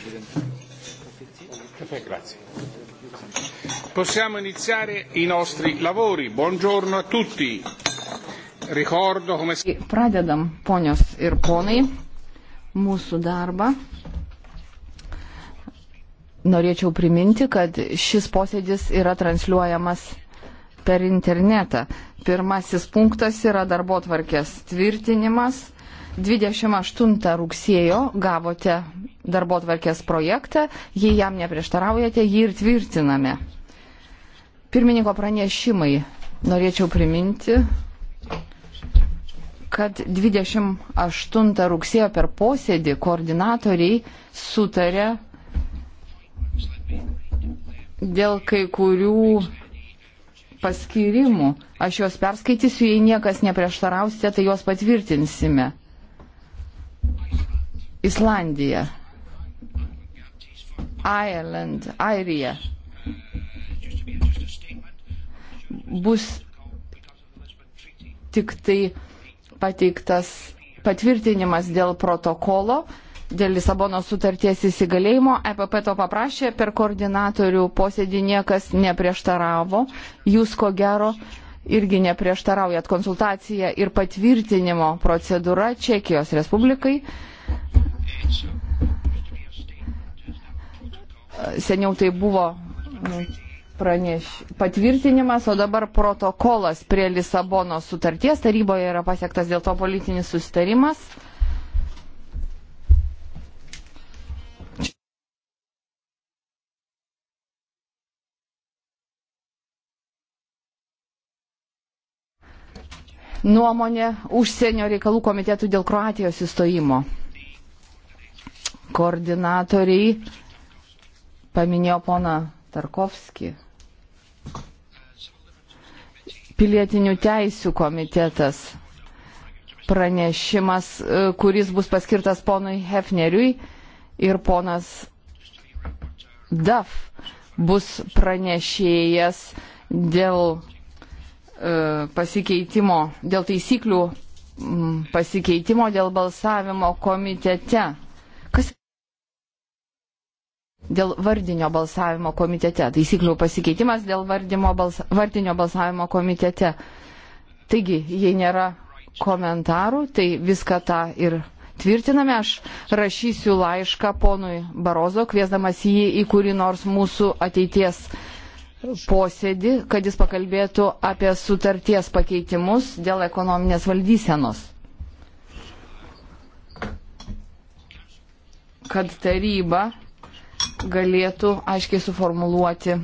Presidente. Caffè, grazie. Possiamo iniziare i nostri lavori. Buongiorno a tutti. Ricordo come si... Pradedam, ponios ir ponai, mūsų darbą. Norėčiau priminti, kad šis posėdis yra transliuojamas per internetą. Pirmasis punktas yra darbo tvarkės tvirtinimas. 28 rugsėjo gavote darbo tvarkės projektą, jei jam neprieštaraujate, jį ir tvirtiname. Pirmininko pranešimai norėčiau priminti, kad 28 rugsėjo per posėdį koordinatoriai sutarė dėl kai kurių paskirimų. Aš juos perskaitysiu, jei niekas neprieštarausite, tai juos patvirtinsime. Islandija, Ireland, Airija bus tik tai pateiktas patvirtinimas dėl protokolo, dėl Lisabono sutarties įsigalėjimo. EPP to paprašė, per koordinatorių posėdį niekas neprieštaravo. Jūs ko gero irgi neprieštaraujat konsultaciją ir patvirtinimo procedūra Čekijos Respublikai. Seniau tai buvo nu, praneš, patvirtinimas, o dabar protokolas prie Lisabonos sutarties taryboje yra pasiektas dėl to politinis sustarimas. nuomonė užsienio reikalų komitetų dėl Kroatijos įstojimo. Koordinatoriai paminėjo poną Tarkovskį. Pilietinių teisių komitetas pranešimas, e, kuris bus paskirtas ponui Hefneriui ir ponas Daf bus pranešėjas dėl e, pasikeitimo, dėl taisyklių pasikeitimo, dėl balsavimo komitete. Dėl vardinio balsavimo komitete. Taisyklių pasikeitimas dėl balsa, vardinio balsavimo komitete. Taigi, jei nėra komentarų, tai viską tą ir tvirtiname. Aš rašysiu laišką ponui Barozo, kviesdamas jį į kurį nors mūsų ateities posėdį, kad jis pakalbėtų apie sutarties pakeitimus dėl ekonominės valdysenos. Kad taryba galėtų aiškiai suformuluoti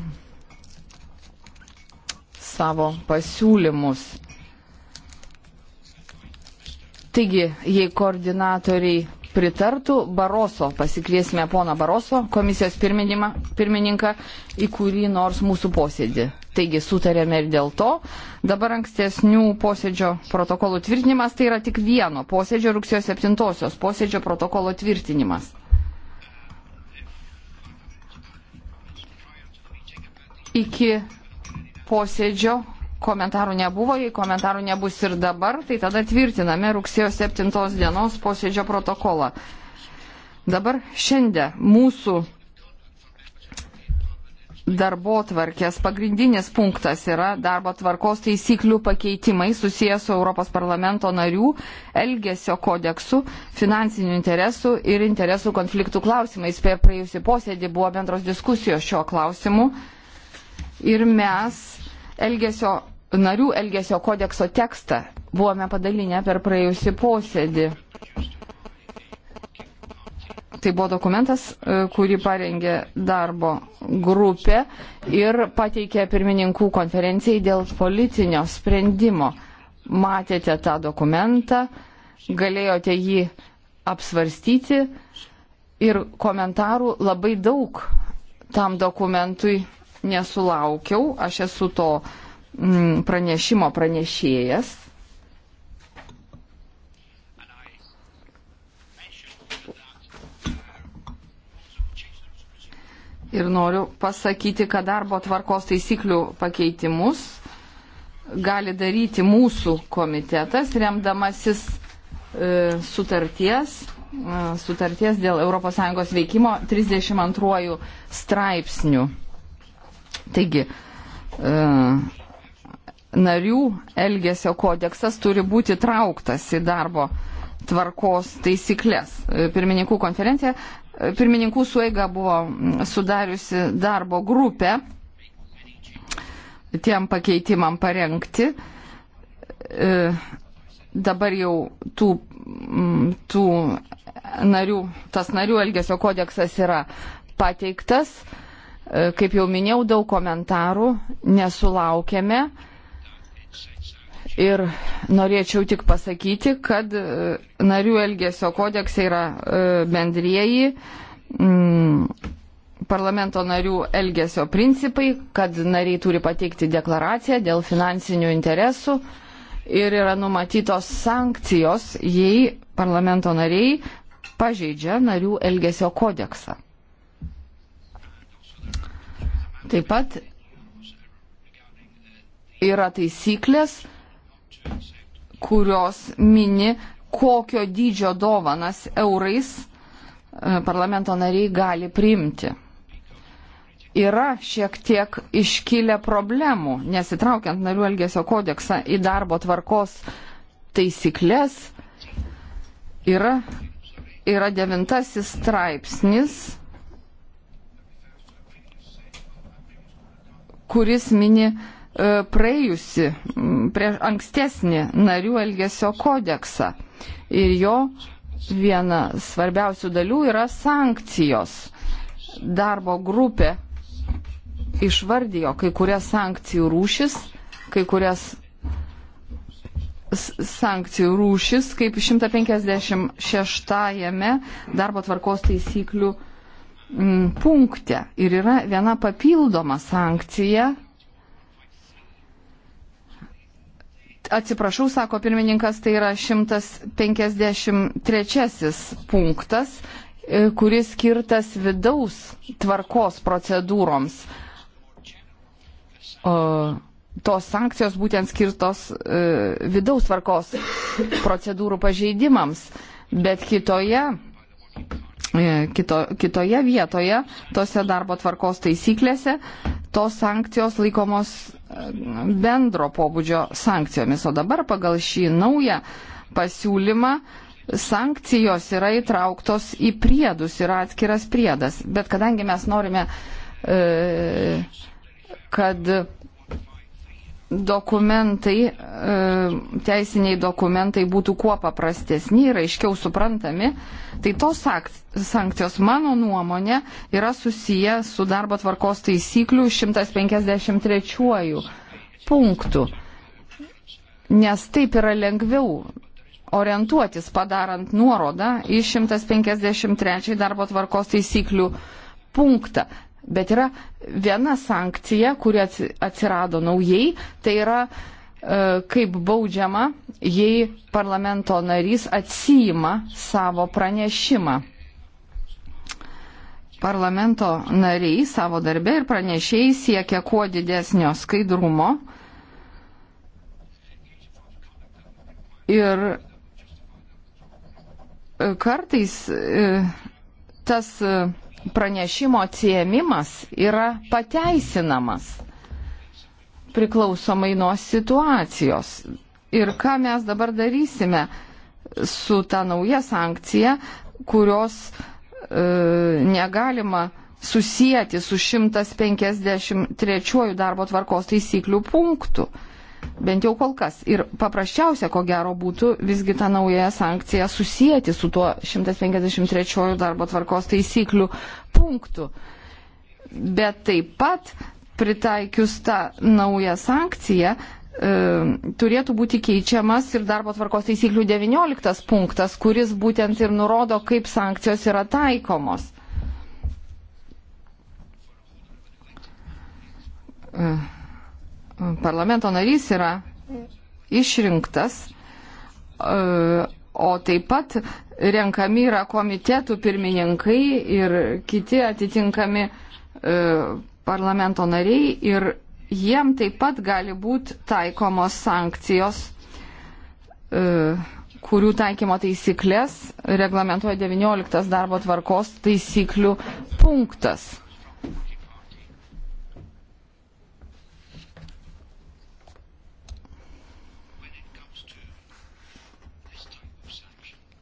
savo pasiūlymus. Taigi, jei koordinatoriai pritartų, Baroso, pasikviesime poną Baroso, komisijos pirmininką, į kurį nors mūsų posėdį. Taigi sutarėme ir dėl to. Dabar ankstesnių posėdžio protokolų tvirtinimas tai yra tik vieno posėdžio rugsėjo 7-osios posėdžio protokolo tvirtinimas. iki posėdžio komentarų nebuvo, jei komentarų nebus ir dabar, tai tada tvirtiname rugsėjo 7 dienos posėdžio protokolą. Dabar šiandien mūsų darbo tvarkės pagrindinis punktas yra darbo tvarkos taisyklių pakeitimai susijęs su Europos parlamento narių elgesio kodeksu, finansinių interesų ir interesų konfliktų klausimais. Per praėjusį posėdį buvo bendros diskusijos šiuo klausimu ir mes elgesio, narių elgesio kodekso tekstą buvome padalinę per praėjusi posėdį. Tai buvo dokumentas, e, kurį parengė darbo grupė ir pateikė pirmininkų konferencijai dėl politinio sprendimo. Matėte tą dokumentą, galėjote jį apsvarstyti ir komentarų labai daug tam dokumentui nesulaukiau, aš esu to mm, pranešimo pranešėjas. Ir noriu pasakyti, kad darbo tvarkos taisyklių pakeitimus gali daryti mūsų komitetas, remdamasis e, sutarties, e, sutarties dėl ES veikimo 32 straipsnių. Taigi, e, narių elgesio kodeksas turi būti trauktas į darbo tvarkos taisyklės. E, pirmininkų konferencija, e, pirmininkų sueiga buvo sudariusi darbo grupę tiem pakeitimam parengti. Dabar jau tų, tų narių, tas narių elgesio kodeksas yra pateiktas E, kaip jau minėjau, daug komentarų nesulaukėme. Ir norėčiau tik pasakyti, kad e, narių elgesio kodeksai yra e, bendrieji mm, parlamento narių elgesio principai, kad nariai turi pateikti deklaraciją dėl finansinių interesų ir yra numatytos sankcijos, jei parlamento nariai pažeidžia narių elgesio kodeksą. Taip pat yra taisyklės, kurios mini, kokio dydžio dovanas eurais e, parlamento nariai gali priimti. Yra šiek tiek iškilę problemų, nesitraukiant narių elgesio kodeksą į darbo tvarkos taisyklės. Yra, yra devintasis straipsnis kuris mini e, praėjusi, prie ankstesnį narių elgesio kodeksą. Ir jo viena svarbiausių dalių yra sankcijos. Darbo grupė išvardijo kai kurias sankcijų rūšis, kai kurias sankcijų rūšis, kaip 156 darbo tvarkos taisyklių Mm, punkte ir yra viena papildoma sankcija. Atsiprašau, sako pirmininkas, tai yra 153 punktas, e, kuris skirtas vidaus tvarkos procedūroms. O, tos sankcijos būtent skirtos e, vidaus tvarkos procedūrų pažeidimams, bet kitoje E, kito, kitoje vietoje, tose darbo tvarkos taisyklėse, tos sankcijos laikomos e, bendro pobūdžio sankcijomis. O dabar pagal šį naują pasiūlymą sankcijos yra įtrauktos į priedus, yra atskiras priedas. Bet kadangi mes norime, e, kad dokumentai, e, teisiniai dokumentai būtų kuo paprastesni ir aiškiau suprantami, tai tos sankcijos, mano nuomonė, yra susiję su darbo tvarkos taisyklių 153 punktų. Nes taip yra lengviau orientuotis padarant nuorodą į 153 darbo tvarkos taisyklių punktą. Bet yra viena sankcija, kuri atsirado naujai, tai yra e, kaip baudžiama, jei parlamento narys atsijima savo pranešimą. Parlamento nariai savo darbę ir pranešėjai siekia kuo didesnio skaidrumo ir e, kartais e, tas pranešimo atsiemimas yra pateisinamas priklausomai nuo situacijos. Ir ką mes dabar darysime su ta nauja sankcija, kurios e, negalima susijęti su 153 darbo tvarkos taisyklių punktu. E, bent jau kol kas. Ir paprasčiausia, ko gero, būtų visgi tą naują sankciją susijęti su tuo 153 darbo tvarkos taisyklių punktu. Bet taip pat pritaikius tą naują sankciją, e, turėtų būti keičiamas ir darbo tvarkos taisyklių 19 punktas, kuris būtent ir nurodo, kaip sankcijos yra taikomos. Uh parlamento narys yra išrinktas, e, o taip pat renkami yra komitetų pirmininkai ir kiti atitinkami e, parlamento nariai ir jiem taip pat gali būti taikomos sankcijos, e, kurių taikymo taisyklės reglamentuoja 19 darbo tvarkos taisyklių punktas.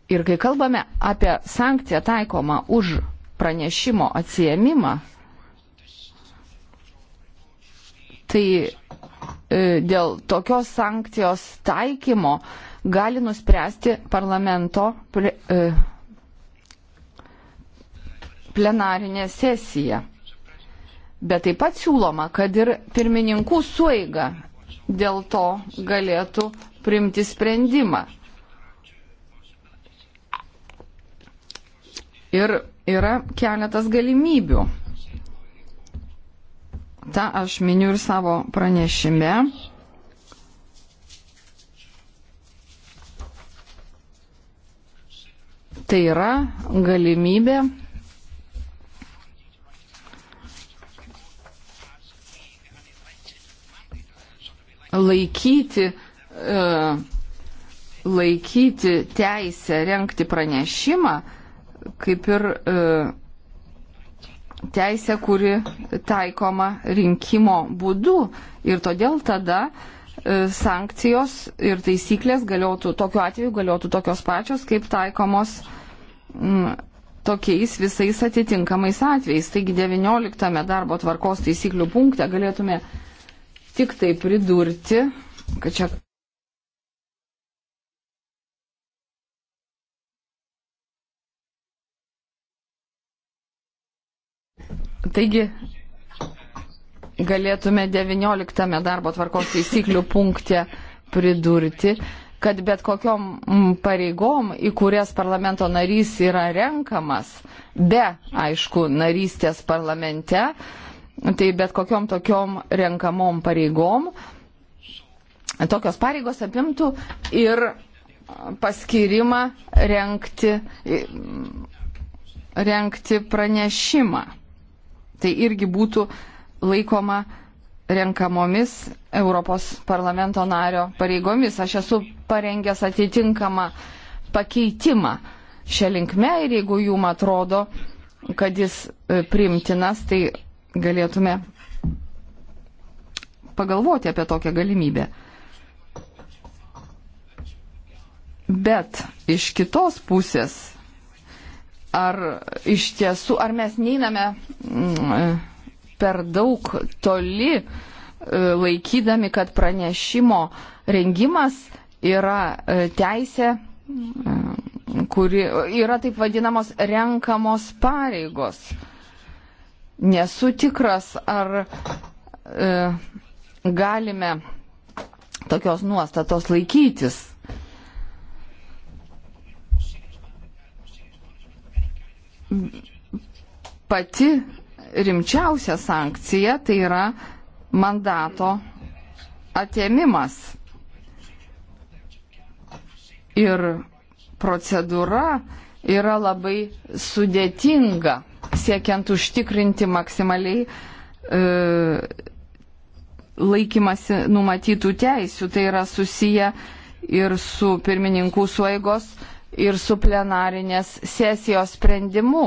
Ir kai kalbame apie sankciją taikomą už pranešimo atsiemimą, tai e, dėl tokios sankcijos taikymo gali nuspręsti parlamento e, plenarinė sesija. Bet taip pat siūloma, kad ir pirmininkų suiga dėl to galėtų primti sprendimą. Ir yra keletas galimybių. Ta aš miniu ir savo pranešime. Tai yra galimybė laikyti, e, laikyti teisę renkti pranešimą kaip ir e, teisė, kuri taikoma rinkimo būdu. Ir todėl tada e, sankcijos ir taisyklės galiotų, tokiu atveju galiotų tokios pačios, kaip taikomos m, tokiais visais atitinkamais atvejais. Taigi 19 darbo tvarkos taisyklių punkte galėtume tik tai pridurti, kad čia Taigi, galėtume 19 darbo tvarkos teisyklių punkte pridurti, kad bet kokiom pareigom, į kurias parlamento narys yra renkamas, be, aišku, narystės parlamente, tai bet kokiom tokiom renkamom pareigom, tokios pareigos apimtų ir paskirimą renkti, renkti pranešimą tai irgi būtų laikoma renkamomis Europos parlamento nario pareigomis. Aš esu parengęs atitinkamą pakeitimą šią linkmę ir jeigu jum atrodo, kad jis e, primtinas, tai galėtume pagalvoti apie tokią galimybę. Bet iš kitos pusės ar iš tiesų, ar mes neiname mm, e, per daug toli e, laikydami, kad pranešimo rengimas yra e, teisė, mm, kuri yra taip vadinamos renkamos pareigos. Nesu tikras, ar e, galime tokios nuostatos laikytis. pati rimčiausia sankcija tai yra mandato atėmimas. Ir procedūra yra labai sudėtinga, siekiant užtikrinti maksimaliai e, laikymasi numatytų teisių. Tai yra susiję ir su pirmininkų suėgos ir su plenarinės sesijos sprendimu.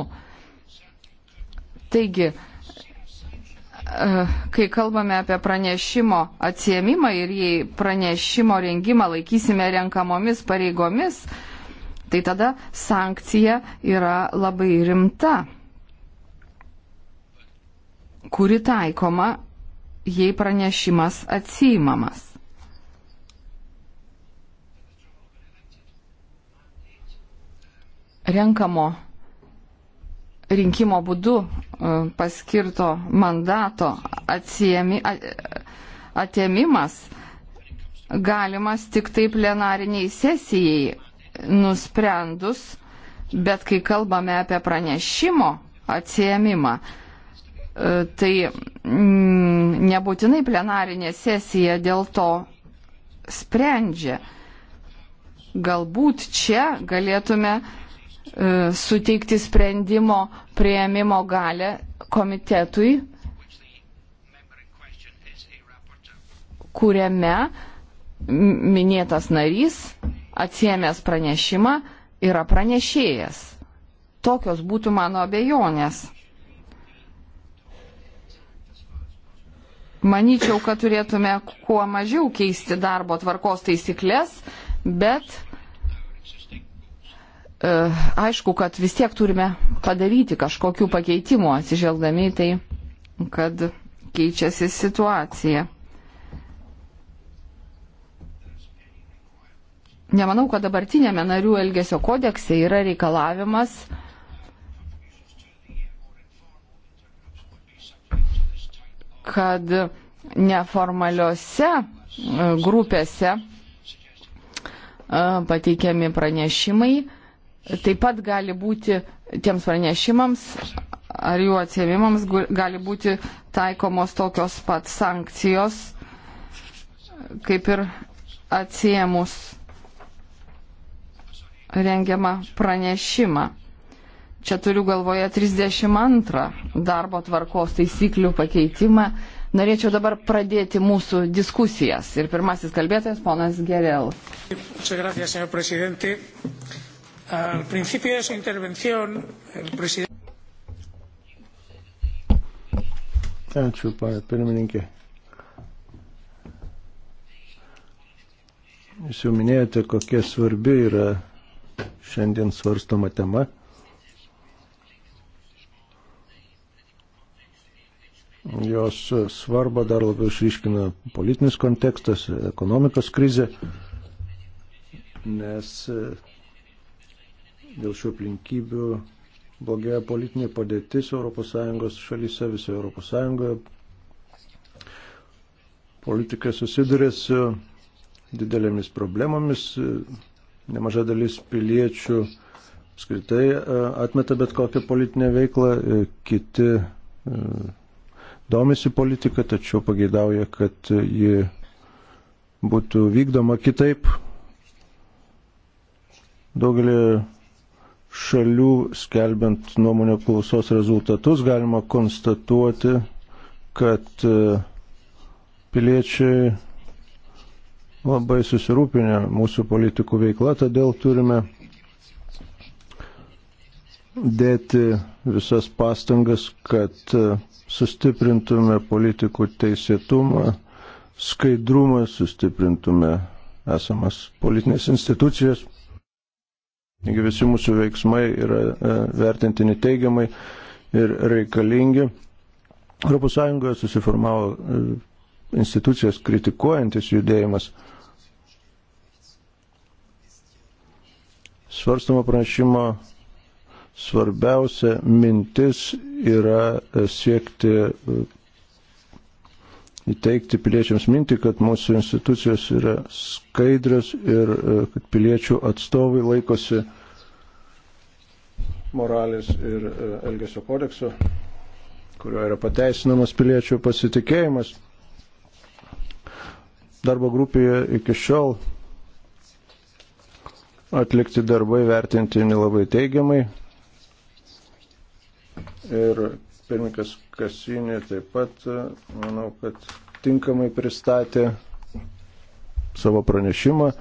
Taigi, eh, kai kalbame apie pranešimo atsiemimą ir jei pranešimo rengimą laikysime renkamomis pareigomis, tai tada sankcija yra labai rimta, kuri taikoma, jei pranešimas atsiimamas. renkamo rinkimo būdu e, paskirto mandato atsiemi, atėmimas galimas tik tai plenariniai sesijai nusprendus, bet kai kalbame apie pranešimo atsiemimą, e, tai mm, nebūtinai plenarinė sesija dėl to sprendžia. Galbūt čia galėtume uh, E, suteikti sprendimo prieimimo galę komitetui, kuriame minėtas narys atsiemęs pranešimą yra pranešėjas. Tokios būtų mano abejonės. Maničiau, kad turėtume kuo mažiau keisti darbo tvarkos taisyklės, bet E, aišku, kad vis tiek turime padaryti kažkokių pakeitimų, atsižvelgdami į tai, kad keičiasi situacija. Nemanau, kad dabartinėme narių elgesio kodekse yra reikalavimas kad neformaliuose e, grupėse e, pateikiami pranešimai taip pat gali būti tiems pranešimams ar jų atsievimams gali būti taikomos tokios pat sankcijos, kaip ir atsiemus rengiamą pranešimą. Čia turiu galvoje 32 darbo tvarkos taisyklių pakeitimą. Norėčiau dabar pradėti mūsų diskusijas. Ir pirmasis kalbėtojas, ponas Gerel. Muchas gracias, señor presidente. Al principio de su intervención, el presidente. Ačiū, pane pirmininkė. Jūs jau minėjote, kokia svarbi yra šiandien svarstoma tema. Jos svarbą dar labiau išryškina politinis kontekstas, ekonomikos krizė, nes dėl šių aplinkybių blogėja politinė padėtis ES šalyse, visoje ES. Politikai susiduria su didelėmis problemomis, nemaža dalis piliečių apskritai e, atmeta bet kokią politinę veiklą, e, kiti e, domisi politika, tačiau pageidauja, kad ji būtų vykdoma kitaip. Daugelį šalių, skelbiant nuomonio klausos rezultatus, galima konstatuoti, kad e, piliečiai labai susirūpinę mūsų politikų veikla, todėl turime dėti visas pastangas, kad e, sustiprintume politikų teisėtumą, skaidrumą, sustiprintume esamas politinės institucijas. Taigi visi mūsų veiksmai yra e, vertintini teigiamai ir reikalingi. ES susiformavo e, institucijas kritikuojantis judėjimas. Svarstamo pranešimo svarbiausia mintis yra e, siekti įteikti piliečiams mintį, kad mūsų institucijos yra skaidrios ir kad piliečių atstovai laikosi moralės ir e, elgesio kodekso, kurio yra pateisinamas piliečių pasitikėjimas. Darbo grupėje iki šiol atlikti darbai vertintini labai teigiamai. Ir pirmininkas Kasinė taip pat, e, manau, kad tinkamai pristatė savo pranešimą.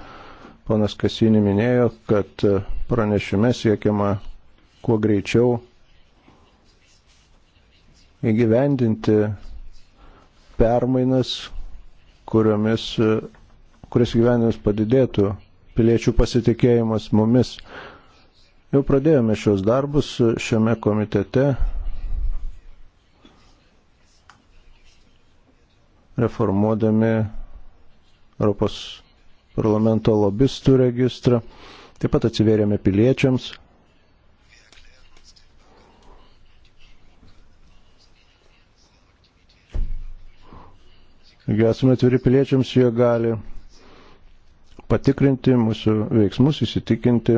Ponas Kasinė minėjo, kad e, pranešime siekiama kuo greičiau įgyvendinti permainas, kuriomis, kuris gyvenimas padidėtų piliečių pasitikėjimas mumis. Jau pradėjome šios darbus šiame komitete. reformuodami Europos parlamento lobistų registrą. Taip pat atsivėrėme piliečiams, Taigi esame atviri piliečiams, jie gali patikrinti mūsų veiksmus, įsitikinti,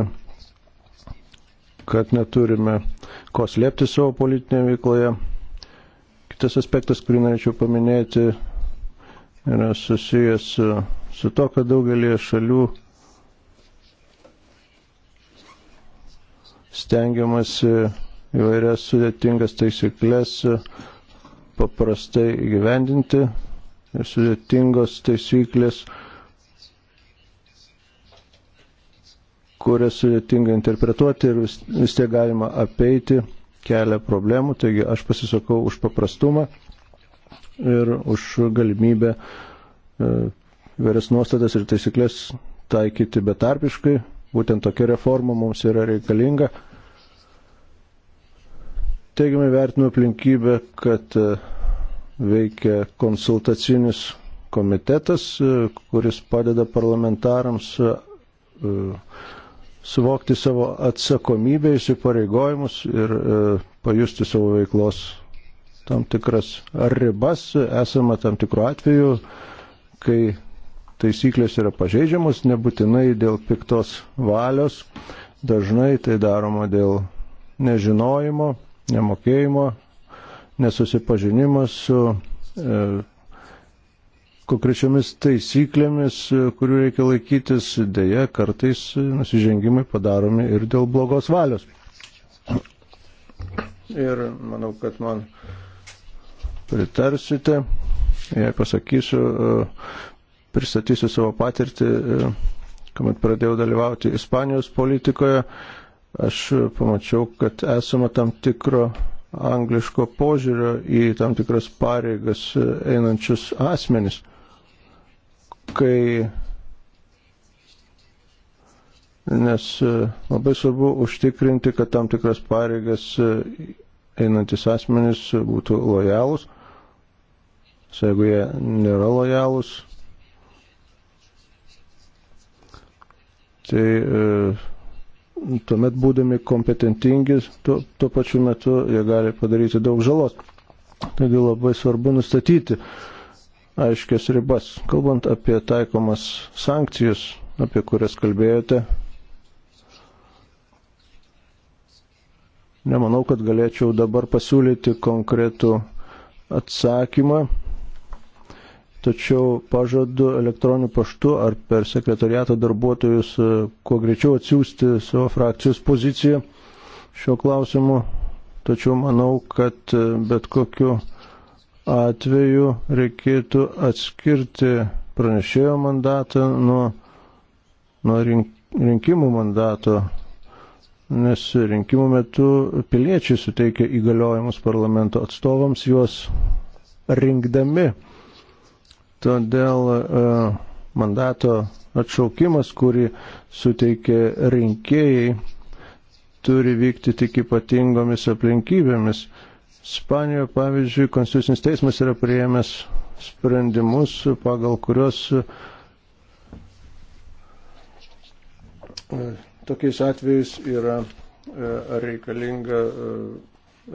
kad neturime ko slėpti savo politinėje veikloje. Kitas aspektas, kurį norėčiau paminėti, yra susijęs su, su to, kad daugelį šalių stengiamasi įvairias sudėtingas taisyklės paprastai įgyvendinti, sudėtingos taisyklės, kurias sudėtinga interpretuoti ir vis, vis tiek galima apeiti, kelia problemų. Taigi aš pasisakau už paprastumą ir už galimybę e, įvairias nuostatas ir taisyklės taikyti betarpiškai. Būtent tokia reforma mums yra reikalinga. Teigiamai vertinu aplinkybę, kad uh, veikia konsultacinis komitetas, e, kuris padeda parlamentarams e, e, suvokti savo atsakomybę, įsipareigojimus ir pajusti savo veiklos tam tikras ribas. Esama tam tikrų atvejų, kai taisyklės yra pažeidžiamos, nebūtinai dėl piktos valios, dažnai tai daroma dėl nežinojimo, nemokėjimo nesusipažinimas su e, konkrečiomis taisyklėmis, e, kurių reikia laikytis, dėja kartais nusižengimai padaromi ir dėl blogos valios. Ir manau, kad man pritarsite, jei pasakysiu, e, pristatysiu savo patirtį, e, kuomet pradėjau dalyvauti Ispanijos politikoje, aš pamačiau, kad esama tam tikro angliško požiūrio į tam tikras pareigas einančius asmenis, kai nes e, labai svarbu užtikrinti, kad tam tikras pareigas e, einantis asmenis būtų lojalus. Jeigu jie nėra lojalus, tai e, tuomet būdami kompetentingi, tuo, tuo pačiu metu jie gali padaryti daug žalos. Taigi labai svarbu nustatyti aiškias ribas. Kalbant apie taikomas sankcijus, apie kurias kalbėjote, nemanau, kad galėčiau dabar pasiūlyti konkretų atsakymą tačiau pažadu elektroniniu paštu ar per sekretariato darbuotojus e, kuo greičiau atsiųsti savo frakcijos poziciją šio klausimu, tačiau manau, kad e, bet kokiu atveju reikėtų atskirti pranešėjo mandatą nuo, nuo rinkimų mandato, nes rinkimų metu piliečiai suteikia įgaliojimus parlamento atstovams juos rinkdami Todėl e, mandato atšaukimas, kurį suteikė rinkėjai, turi vykti tik ypatingomis aplinkybėmis. Spanijoje, pavyzdžiui, Konstitucinis teismas yra prieėmęs sprendimus, pagal kurios e, tokiais atvejais yra e, reikalinga,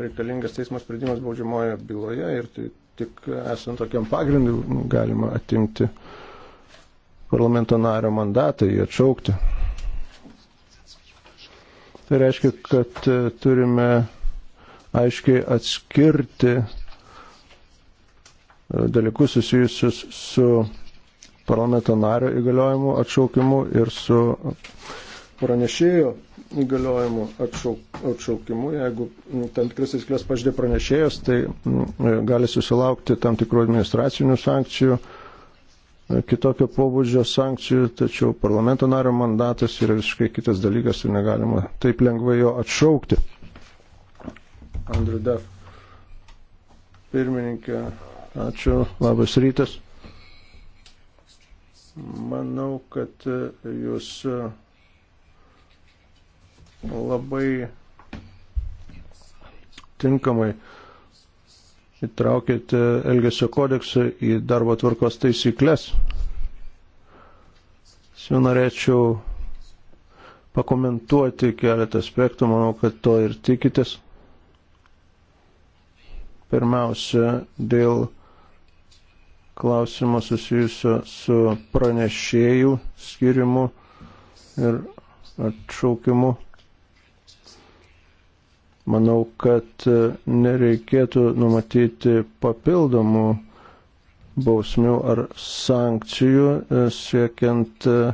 reikalingas teismo sprendimas baudžiamoje byloje ir tai Tik esant tokiam pagrindu galima atimti parlamento nario mandatą, jį atšaukti. Tai reiškia, kad e, turime aiškiai atskirti e, dalykus susijusius su parlamento nario įgaliojimu atšaukimu ir su pranešėjo įgaliojimų atšauk, atšaukimu, jeigu nu, tam tikras taisyklės pažydė pranešėjas, tai nu, e, gali susilaukti tam tikrų administracinių sankcijų, e, kitokio pobūdžio sankcijų, tačiau parlamento nario mandatas yra visiškai kitas dalykas ir negalima taip lengvai jo atšaukti. Andriu Def, pirmininkė, ačiū, labas rytas. Manau, kad e, jūs labai tinkamai įtraukėte Elgesio kodeksą į darbo tvarkos taisyklės. Aš norėčiau pakomentuoti keletą aspektų, manau, kad to ir tikitės. Pirmiausia, dėl klausimo susijusio su pranešėjų skirimu ir atšaukimu Manau, kad e, nereikėtų numatyti papildomų bausmių ar sankcijų e, siekiant e,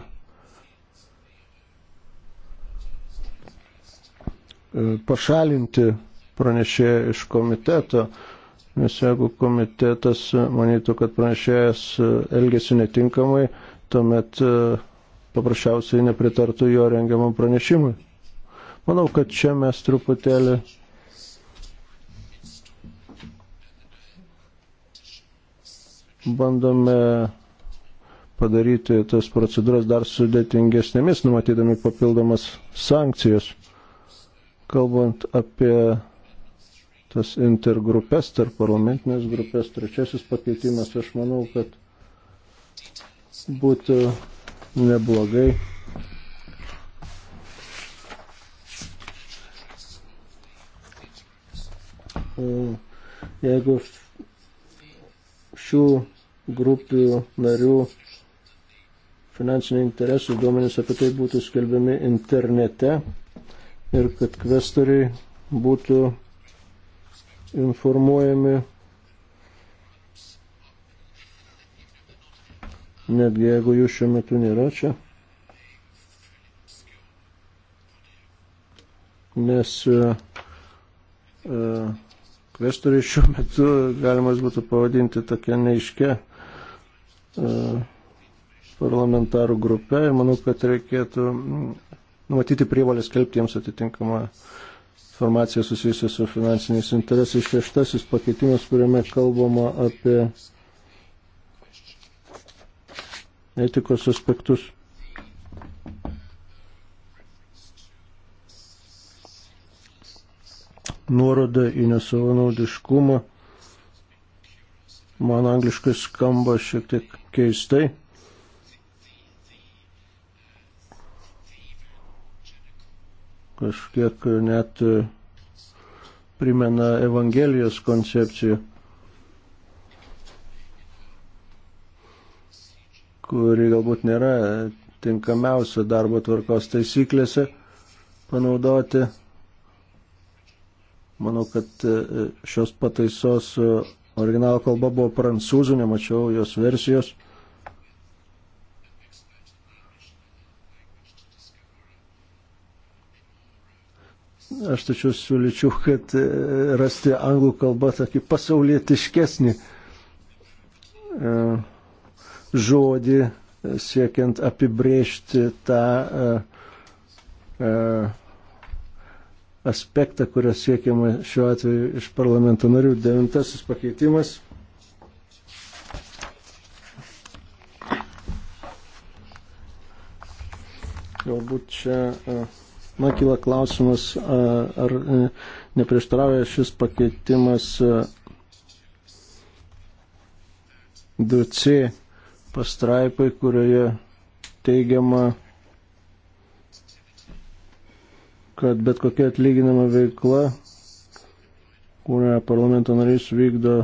pašalinti pranešėją iš komiteto, nes jeigu komitetas manytų, kad pranešėjas elgesi netinkamai, tuomet paprasčiausiai nepritartų jo rengiamam pranešimui. Manau, kad čia mes truputėlį bandome padaryti tas procedūras dar sudėtingesnėmis, numatydami papildomas sankcijas. Kalbant apie tas intergrupės, tarp parlamentinės grupės, trečiasis pakeitimas, aš manau, kad būtų neblogai Jeigu šių grupių narių finansiniai interesai duomenys apie tai būtų skelbiami internete ir kad kvestoriai būtų informuojami netgi jeigu jų šiuo metu nėra čia. Nes uh, uh, kvestoriai šiuo metu galimas būtų pavadinti tokia neiškia e, parlamentarų grupė ir manau, kad reikėtų mm, numatyti prievalę skelbti jiems atitinkamą informaciją susijusią su finansiniais interesais. Šeštasis pakeitimas, kuriame kalbama apie etikos aspektus. nuoroda į nesavanaudiškumą man angliškai skamba šiek tiek keistai. Kažkiek net primena Evangelijos koncepciją, kuri galbūt nėra tinkamiausia darbo tvarkos taisyklėse panaudoti Manau, kad e, e, šios pataisos e, originalo kalba buvo prancūzų, nemačiau jos versijos. Aš tačiau siūlyčiau, kad rasti anglų kalbą tokį pasaulietiškesnį žodį, siekiant apibrėžti tą aspektą, kurio siekiama šiuo atveju iš parlamento narių. Devintasis pakeitimas. Galbūt čia man kyla klausimas, ar neprieštarauja šis pakeitimas 2C pastraipai, kurioje teigiama kad bet kokia atlyginama veikla, kurią parlamento narys vykdo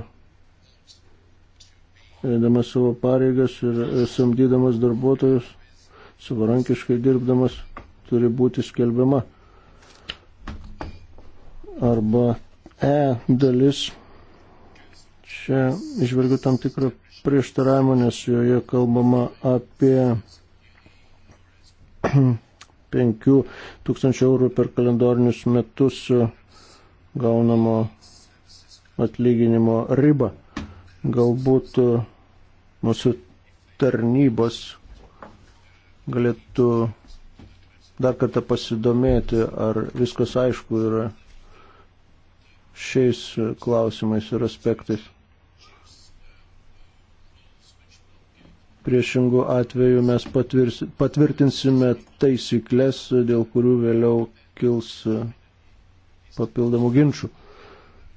eidamas savo pareigas ir samdydamas darbuotojus, savarankiškai dirbdamas, turi būti skelbiama. Arba E dalis. Čia išvelgiu tam tikrą prieštaravimą, nes joje kalbama apie 5000 eurų per kalendorinius metus gaunamo atlyginimo ribą. Galbūt e, mūsų tarnybos galėtų dar kartą pasidomėti, ar viskas aišku yra šiais klausimais ir aspektais. Priešingų atveju mes patvirtinsime taisyklės, dėl kurių vėliau kils e, papildomų ginčių.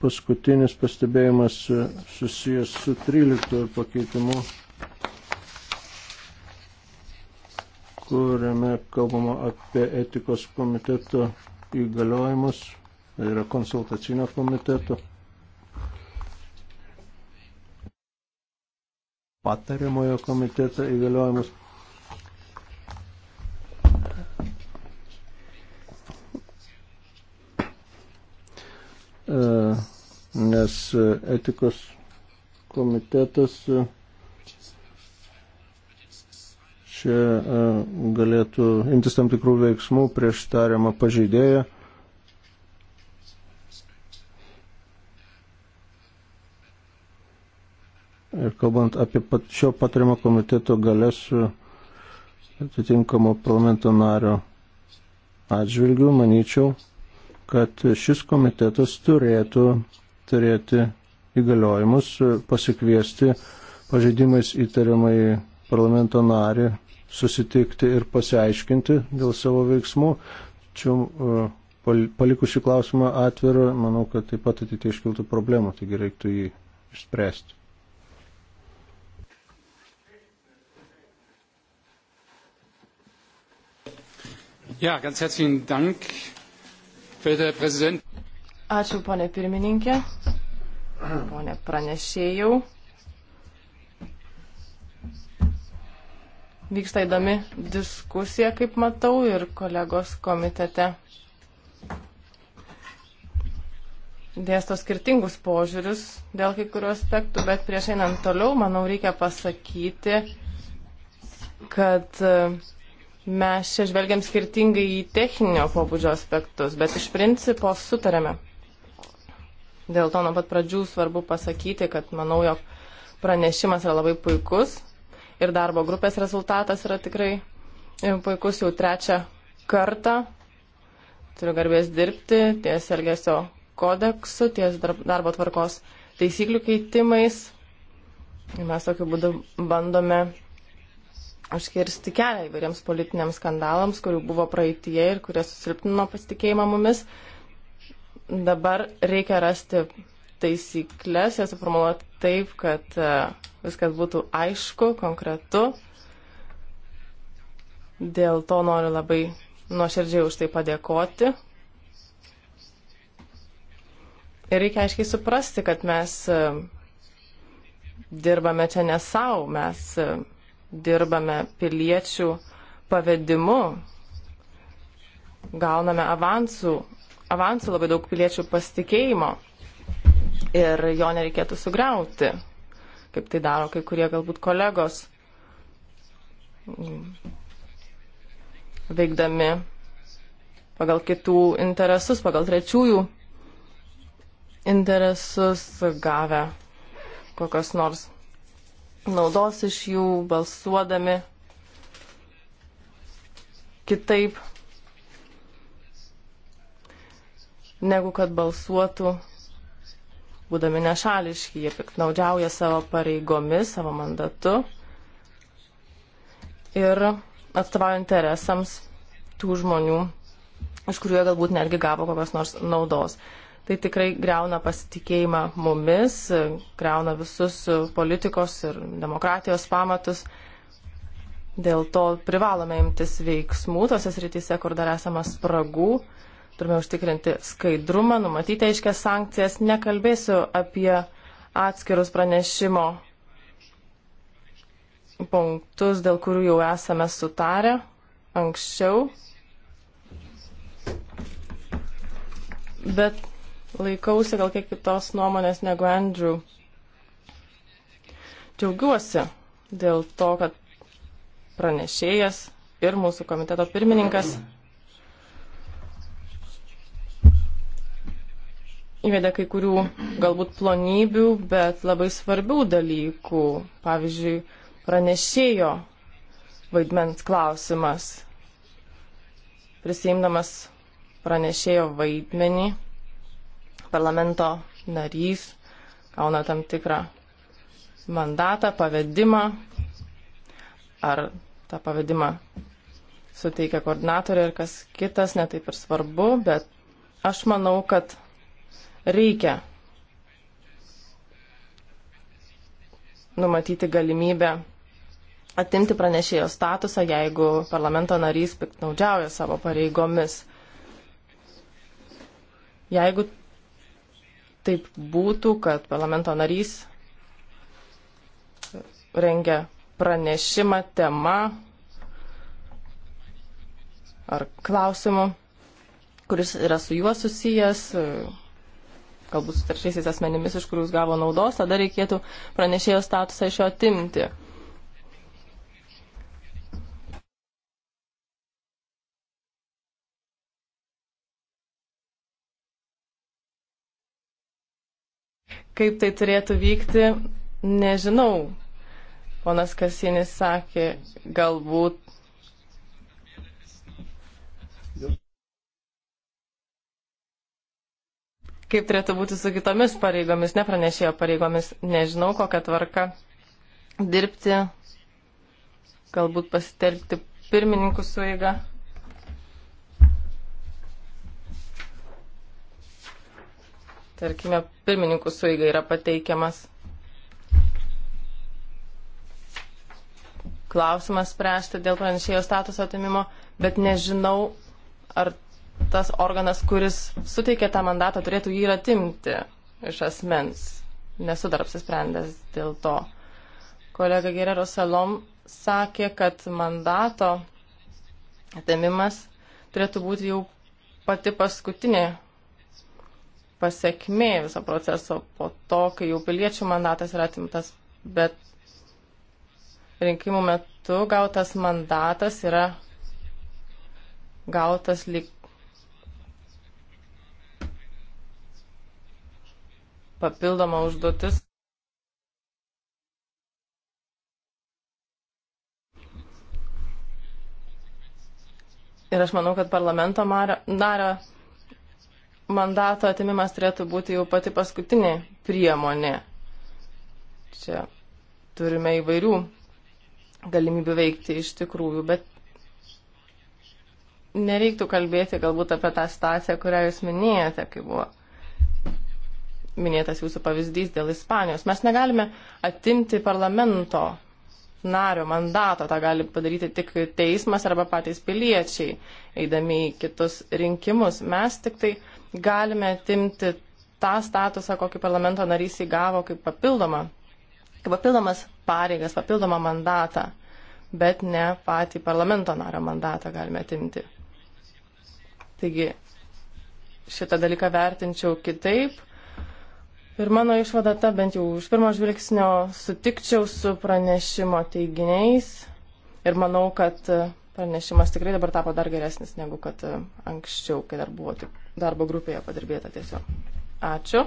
Paskutinis pastebėjimas e, susijęs su 13 pakeitimu, kuriame kalbama apie etikos komiteto įgaliojimus, tai yra konsultacinio komiteto patariamojo komiteto įgaliojimus. E, nes etikos komitetas čia e, galėtų imtis tam tikrų veiksmų prieš tariamą pažeidėją. Ir kalbant apie pat šio patarimo komiteto galės e, atitinkamo parlamento nario atžvilgių, manyčiau, kad šis komitetas turėtų turėti įgaliojimus e, pasikviesti pažeidimais įtariamai parlamento narį susitikti ir pasiaiškinti dėl savo veiksmų. Čia e, palikus šį klausimą atvirą, manau, kad taip pat ateitie iškiltų problemų, taigi reiktų jį išspręsti. Ja, ganz herzlichen Dank, verehrter Herr Präsident. Ačiū, ponė pirmininkė, ponė pranešėjau. Vyksta įdomi diskusija, kaip matau, ir kolegos komitete dėsto skirtingus požiūrius dėl kai kurių aspektų, bet prieš einant toliau, manau, reikia pasakyti, kad uh, mes čia žvelgiam skirtingai į techninio pobūdžio aspektus, bet iš principo sutarėme. Dėl to nuo pat pradžių svarbu pasakyti, kad manau, jog pranešimas yra labai puikus ir darbo grupės rezultatas yra tikrai e, puikus jau trečią kartą. Turiu garbės dirbti ties Elgesio kodeksu, ties darbo tvarkos taisyklių keitimais. Mes tokiu būdu bandome užkirsti kelią įvairiems politiniams skandalams, kurių buvo praeitie ir kurie susilpnino pasitikėjimą mumis. Dabar reikia rasti taisyklės, jas suformuoluoti taip, kad e, viskas būtų aišku, konkretu. Dėl to noriu labai nuoširdžiai už tai padėkoti. Ir reikia aiškiai suprasti, kad mes e, dirbame čia ne savo, mes e, dirbame piliečių pavedimu, gauname avansų, avansų labai daug piliečių pasitikėjimo ir jo nereikėtų sugriauti, kaip tai daro kai kurie galbūt kolegos, veikdami pagal kitų interesus, pagal trečiųjų interesus, gavę kokios nors naudos iš jų, balsuodami kitaip, negu kad balsuotų, būdami nešališki, jie piknaudžiauja savo pareigomis, savo mandatu ir atstovauja interesams tų žmonių, iš kurių jie galbūt netgi gavo kokios nors naudos tai tikrai greuna pasitikėjimą mumis, greuna visus politikos ir demokratijos pamatus. Dėl to privalome imtis veiksmų tose srityse, kur dar esama spragų. Turime užtikrinti skaidrumą, numatyti aiškias sankcijas. Nekalbėsiu apie atskirus pranešimo punktus, dėl kurių jau esame sutarę anksčiau. Bet laikausi gal kiek kitos nuomonės negu Andrew. Džiaugiuosi dėl to, kad pranešėjas ir mūsų komiteto pirmininkas įvedė kai kurių galbūt plonybių, bet labai svarbių dalykų. Pavyzdžiui, pranešėjo vaidmens klausimas. Prisimdamas pranešėjo vaidmenį, parlamento narys gauna tam tikrą mandatą, pavedimą, ar tą pavedimą suteikia koordinatorė ir kas kitas, netaip ir svarbu, bet aš manau, kad reikia numatyti galimybę atimti pranešėjo statusą, jeigu parlamento narys piktnaudžiauja savo pareigomis. Jeigu taip būtų, kad parlamento narys rengia pranešimą tema ar klausimu, kuris yra su juo susijęs, galbūt su taršiaisiais asmenimis, iš kurių jis gavo naudos, tada reikėtų pranešėjo statusą iš jo atimti. kaip tai turėtų vykti, nežinau. Ponas Kasinis sakė, galbūt. Kaip turėtų būti su kitomis pareigomis, nepranešėjo pareigomis, nežinau, kokią tvarką dirbti, galbūt pasitelkti pirmininkų suėgą. tarkime, pirmininkų suiga yra pateikiamas klausimas spręsti dėl pranešėjo statuso atimimo, bet nežinau, ar tas organas, kuris suteikė tą mandatą, turėtų jį ir atimti iš asmens. Nesu dar apsisprendęs dėl to. Kolega Gerero Salom sakė, kad mandato atimimas turėtų būti jau pati paskutinė pasiekmė viso proceso po to, kai jau piliečių mandatas yra atimtas, bet rinkimų metu gautas mandatas yra gautas lyg papildoma užduotis. Ir aš manau, kad parlamento nario mandato atimimas turėtų būti jau pati paskutinė priemonė. Čia turime įvairių galimybių veikti iš tikrųjų, bet nereiktų kalbėti galbūt apie tą situaciją, kurią jūs minėjote, kai buvo minėtas jūsų pavyzdys dėl Ispanijos. Mes negalime atimti parlamento nario mandato, tą gali padaryti tik teismas arba patys piliečiai, eidami į kitus rinkimus. Mes tik tai uh, galime atimti tą statusą, kokį parlamento narys įgavo kaip papildomą, kaip papildomas pareigas, papildomą mandatą, bet ne patį parlamento nario mandatą galime atimti. Taigi šitą dalyką vertinčiau kitaip. Ir mano išvada ta, bent jau iš pirmo žvilgsnio, sutikčiau su pranešimo teiginiais ir manau, kad pranešimas tikrai dabar tapo dar geresnis negu kad e, anksčiau, kai dar buvo tik darbo grupėje padirbėta tiesiog. Ačiū.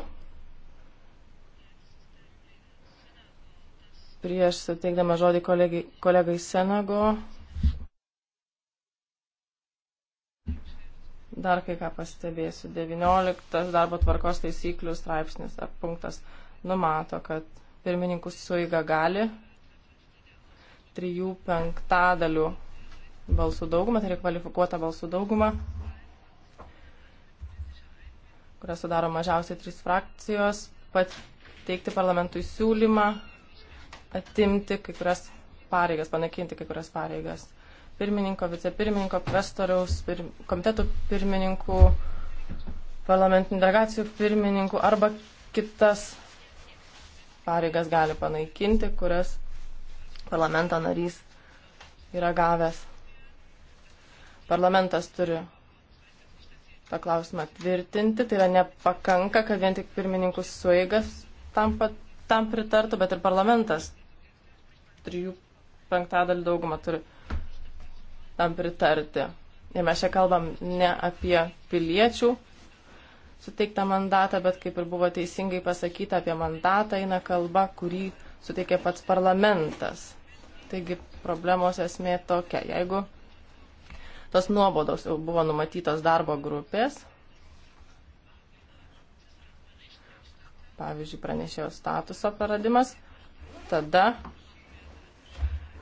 Prieš suteikdama žodį kolegai, kolegai Senago, dar kai ką pastebėsiu. 19 darbo tvarkos taisyklių straipsnis ar punktas numato, kad pirmininkų suiga gali trijų penktadalių balsų daugumą, tai yra kvalifikuota balsų daugumą, kurią sudaro mažiausiai trys frakcijos, pateikti parlamentui siūlymą atimti kai kurias pareigas, panaikinti kai kurias pareigas. Pirmininko, vicepirmininko, kvestoriaus, pir, komitetų pirmininkų, parlamentinių delegacijų pirmininkų arba kitas pareigas gali panaikinti, kurias parlamento narys yra gavęs. Parlamentas turi tą klausimą tvirtinti. Tai yra nepakanka, kad vien tik pirmininkų suėgas tam, pat, tam pritartų, bet ir parlamentas trijų penktadalių daugumą turi tam pritarti. Ir mes čia kalbam ne apie piliečių suteiktą mandatą, bet kaip ir buvo teisingai pasakyta, apie mandatą eina kalba, kurį suteikė pats parlamentas. Taigi problemos esmė tokia. Jeigu tos nuobodos jau buvo numatytos darbo grupės. Pavyzdžiui, pranešėjo statuso paradimas. Tada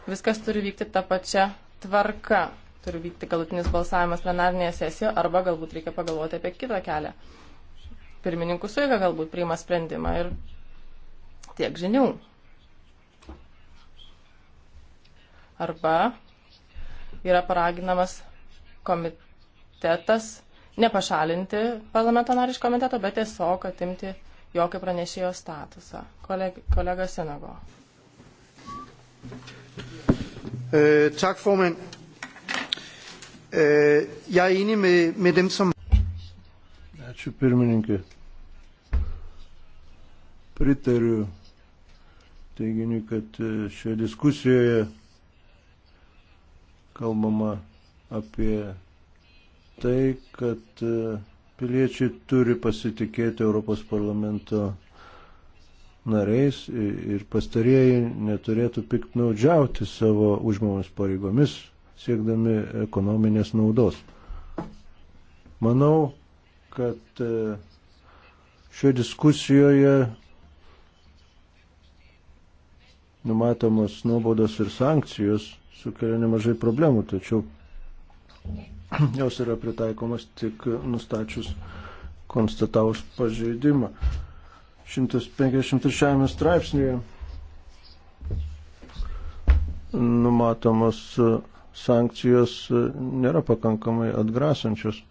viskas turi vykti tą pačią tvarką. Turi vykti galutinis balsavimas plenarnėje sesijoje arba galbūt reikia pagalvoti apie kitą kelią. Pirmininkų suiga galbūt priima sprendimą ir tiek žinių. Arba yra paraginamas komitetas nepašalinti parlamento narį iš komiteto, bet tiesiog atimti jokio pranešėjo statusą. Koleg, kolega Senago. Øh, tak, formand. Øh, jeg er enig med, med dem, som... Ačiū pirmininkė. Pritariu teiginiui, kad e, šioje diskusijoje kalbama apie tai, kad e, piliečiai turi pasitikėti Europos parlamento nariais ir pastarieji neturėtų piktnaudžiauti savo užmomis pareigomis, siekdami ekonominės naudos. Manau, kad e, šioje diskusijoje numatomos nuobodos ir sankcijos sukelia nemažai problemų, tačiau jos yra pritaikomas tik nustačius konstatavus pažeidimą. 153 straipsnėje numatomos e, sankcijos e, nėra pakankamai atgrasančios.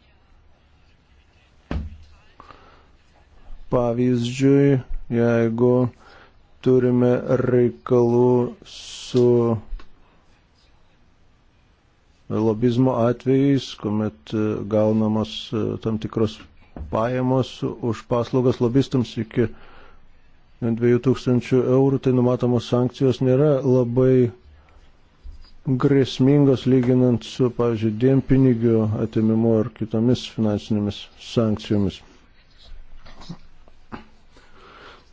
Pavyzdžiui, jeigu turime reikalų su lobizmo atvejais, kuomet e, gaunamos e, tam tikros pajamos už paslaugas lobistams iki 2000 e, eurų, tai numatomos sankcijos nėra labai grėsmingos lyginant su, pavyzdžiui, dienpinigių atimimu ar kitomis finansinėmis sankcijomis.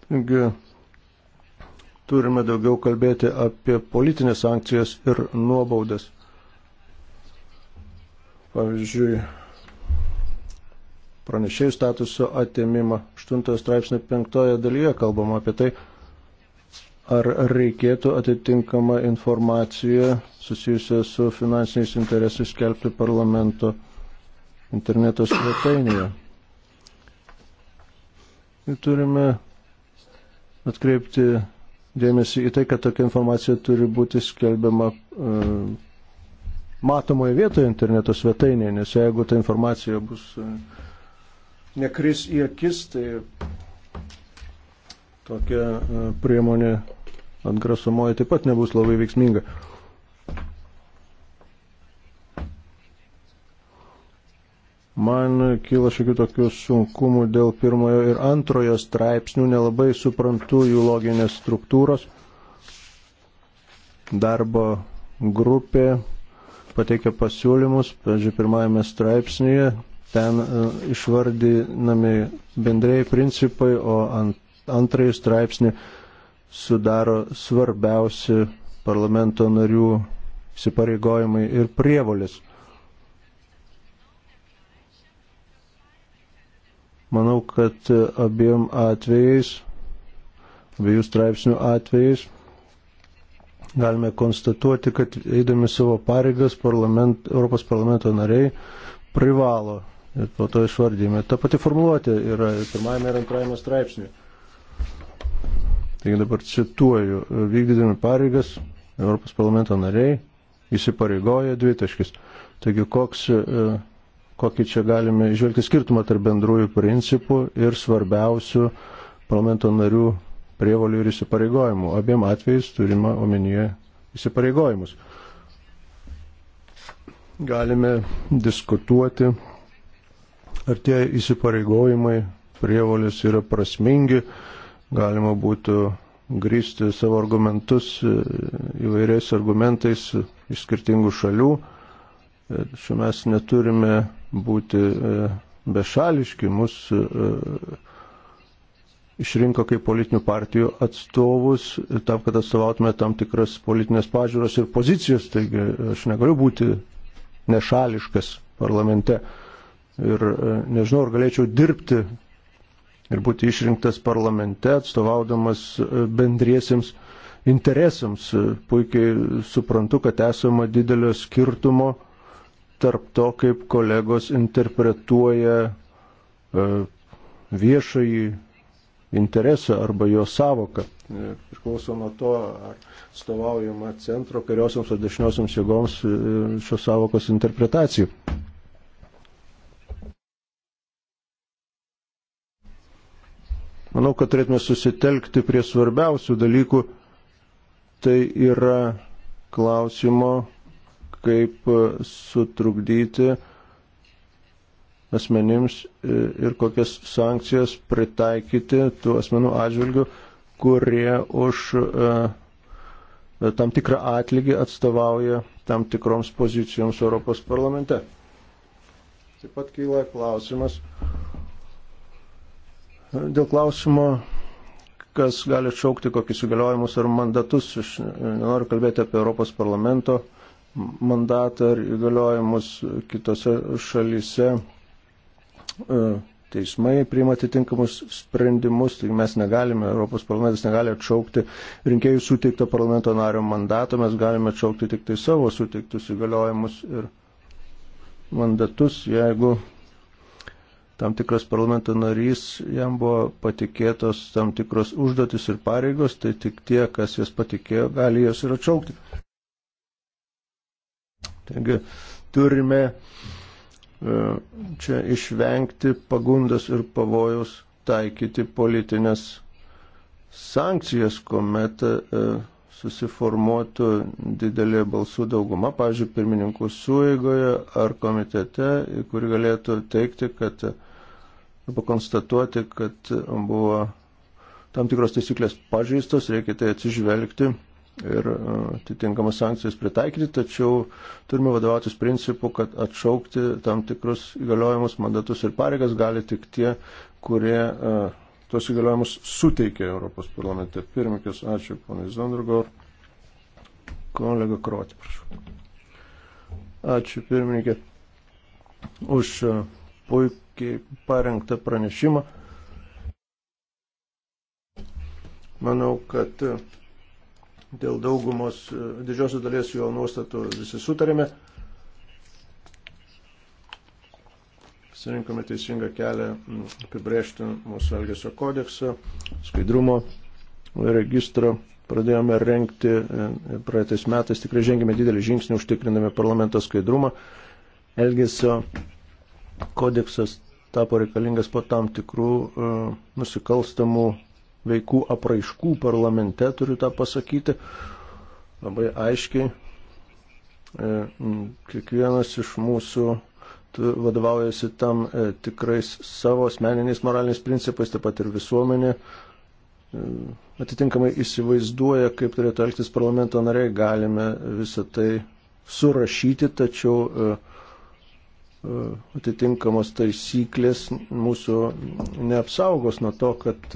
Taigi, turime daugiau kalbėti apie politinės sankcijas ir nuobaudas pavyzdžiui, pranešėjų statuso atėmimą. 8 straipsnio 5 dalyje kalbama apie tai, ar reikėtų atitinkamą informaciją susijusią su finansiniais interesais skelbti parlamento interneto svetainėje. Ir turime atkreipti dėmesį į tai, kad tokia informacija turi būti skelbiama e, matomoje vietoje interneto svetainėje, nes jeigu ta informacija bus e, nekris į akis, tai tokia e, priemonė atgrasomoji taip pat nebus labai veiksminga. Man kyla šiokių tokių sunkumų dėl pirmojo ir antrojo straipsnių, nelabai suprantu jų loginės struktūros. Darbo grupė pateikia pasiūlymus, pažiūrėjau, pirmajame straipsnėje ten e, išvardinami bendrėjai principai, o ant, antrąjį straipsnį sudaro svarbiausi parlamento narių įsipareigojimai ir prievolis. Manau, kad e, abiem atvejais, abiejų straipsnių atvejais galime konstatuoti, kad eidami savo pareigas parlament, Europos parlamento nariai privalo ir po to išvardyme. Ta pati formuluotė yra pirmajame ir antrajame straipsnėje. Taigi dabar cituoju, vykdydami pareigas Europos parlamento nariai įsipareigoja dvitaškis. Taigi koks, e, kokį čia galime išvelgti skirtumą tarp bendrųjų principų ir svarbiausių parlamento narių prievolių ir įsipareigojimų. Abiem atvejais turima omenyje įsipareigojimus. Galime diskutuoti, ar tie įsipareigojimai, prievolės yra prasmingi, galima būtų grįsti savo argumentus e, įvairiais argumentais iš skirtingų šalių. Šiuo e, mes neturime būti e, bešališki, mus išrinko kaip politinių partijų atstovus, tam, kad atstovautume tam tikras politinės pažiūros ir pozicijos, taigi aš negaliu būti nešališkas parlamente. Ir e, nežinau, ar galėčiau dirbti ir būti išrinktas parlamente, atstovaudamas e, bendriesiems interesams. E, puikiai suprantu, kad esama didelio skirtumo tarp to, kaip kolegos interpretuoja viešai interesą arba jo savoką. E, priklauso nuo to, ar stovaujama centro kairiosiams ar dešiniosiams jėgoms e, šios savokos interpretacijų. Manau, kad turėtume susitelkti prie svarbiausių dalykų. Tai yra klausimo, kaip sutrukdyti asmenims e, ir kokias sankcijas pritaikyti tų asmenų atžvilgių, kurie už e, tam tikrą atlygį atstovauja tam tikroms pozicijoms Europos parlamente. Taip pat kyla klausimas e, dėl klausimo, kas gali atšaukti kokius įgaliojimus ar mandatus. Aš nenoriu kalbėti apie Europos parlamento mandatą ar įgaliojimus kitose šalyse. E, teismai priima atitinkamus sprendimus, tai mes negalime, Europos parlamentas negali atšaukti rinkėjų suteikto parlamento nario mandato, mes galime atšaukti tik tai savo suteiktus įgaliojimus ir mandatus, jeigu tam tikras parlamento narys, jam buvo patikėtos tam tikros užduotis ir pareigos, tai tik tie, kas jas patikėjo, gali jas ir atšaukti. Taigi turime E, čia išvengti pagundas ir pavojus taikyti politinės sankcijas, kuomet e, susiformuotų didelė balsų dauguma, pavyzdžiui, pirmininkų suėgoje ar komitete, kuri galėtų teikti, kad arba konstatuoti, kad buvo tam tikros taisyklės pažeistos, reikia tai atsižvelgti ir e, atitinkamas sankcijas pritaikyti, tačiau turime vadovautis principu, kad atšaukti tam tikrus įgaliojimus, mandatus ir pareigas gali tik tie, kurie e, tos įgaliojimus suteikė Europos parlamente. Pirmikis, ačiū, ponai Zondragor. Kolega Kroti, prašau. Ačiū, pirmininkė, už e, puikiai parengtą pranešimą. Manau, kad dėl daugumos, e, didžiosios dalies jo nuostatų visi sutarėme. Pasirinkome teisingą kelią apibrėžti mūsų elgesio kodeksą, skaidrumo registro. Pradėjome renkti e, praeitais metais, tikrai žengėme didelį žingsnį, užtikrindami parlamento skaidrumą. Elgesio kodeksas tapo reikalingas po tam tikrų uh, nusikalstamų veikų apraiškų parlamente, turiu tą pasakyti, labai aiškiai. E, kiekvienas iš mūsų vadovaujasi tam e, tikrais savo asmeniniais moraliniais principais, taip pat ir visuomenė e, atitinkamai įsivaizduoja, kaip turėtų elgtis parlamento nariai, galime visą tai surašyti, tačiau atitinkamos taisyklės mūsų neapsaugos nuo to, kad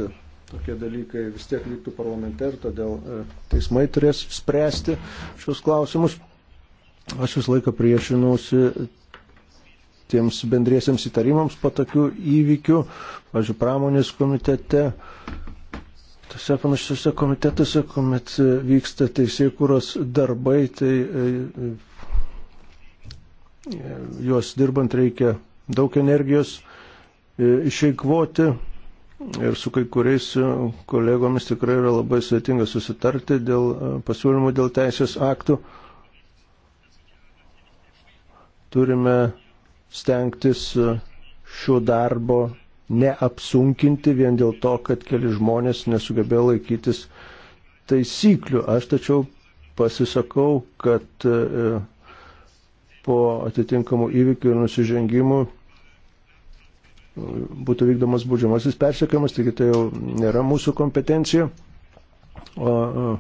tokie dalykai vis tiek vyktų parlamente ir todėl e, teismai turės spręsti šios klausimus. Aš visą laiką priešinausi tiems bendriesiems įtarimams po tokių įvykių, pažiūrėjau, pramonės komitete, tose panašiose komitetuose, kuomet e, vyksta teisėjų kūros darbai, tai e, juos dirbant reikia daug energijos išeikvoti ir su kai kuriais e, kolegomis tikrai yra labai sudėtinga susitarti dėl e, pasiūlymų dėl teisės aktų. Turime stengtis e, šio darbo neapsunkinti vien dėl to, kad keli žmonės nesugebėjo laikytis taisyklių. Aš tačiau pasisakau, kad po atitinkamų įvykių ir nusižengimų būtų vykdomas būdžiamasis persekiojimas, taigi tai jau nėra mūsų kompetencija. O, o,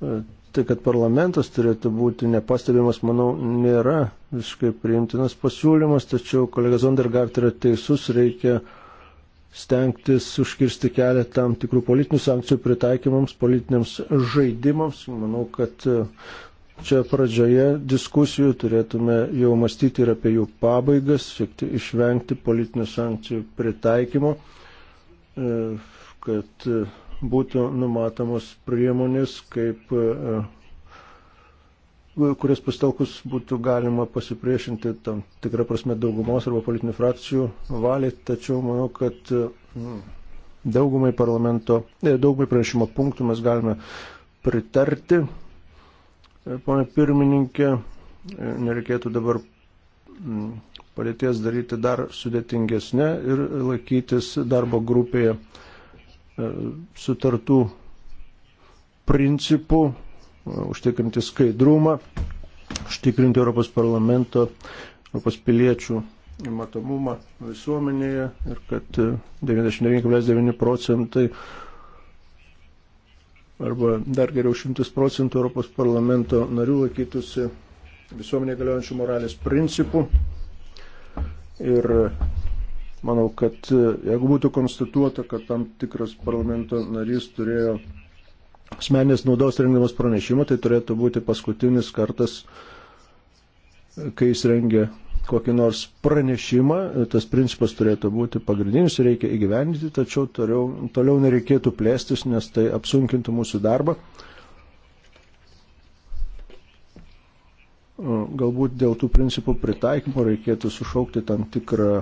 tai, kad parlamentas turėtų būti nepastebimas, manau, nėra visiškai priimtinas pasiūlymas, tačiau kolega Zondergart yra teisus, reikia stengtis užkirsti kelią tam tikrų politinių sankcijų pritaikymams, politiniams žaidimams. Manau, kad čia pradžioje diskusijų turėtume jau mąstyti ir apie jų pabaigas, siekti išvengti politinių sankcijų pritaikymo, e, kad e, būtų numatomos priemonės, kaip, e, kurias pastelkus būtų galima pasipriešinti tam tikrą prasme daugumos arba politinių frakcijų valiai, tačiau manau, kad daugumai parlamento, daugumai pranešimo punktų mes galime pritarti Pone pirmininkė, e, nereikėtų dabar padėties daryti dar sudėtingesnė ir laikytis darbo grupėje e, sutartų principų, e, užtikrinti skaidrumą, užtikrinti Europos parlamento, Europos piliečių matomumą visuomenėje ir kad 99,9 procentai arba dar geriau 100 procentų Europos parlamento narių laikytųsi visuomenė galiojančių moralės principų. Ir manau, kad e, jeigu būtų konstatuota, kad tam tikras parlamento narys turėjo asmenės naudos rengdamas pranešimą, tai turėtų būti paskutinis kartas, e, kai jis rengia kokį nors pranešimą, tas principas turėtų būti pagrindinis, reikia įgyvendinti, tačiau toliau, toliau nereikėtų plėstis, nes tai apsunkintų mūsų darbą. Galbūt dėl tų principų pritaikymo reikėtų sušaukti tam tikrą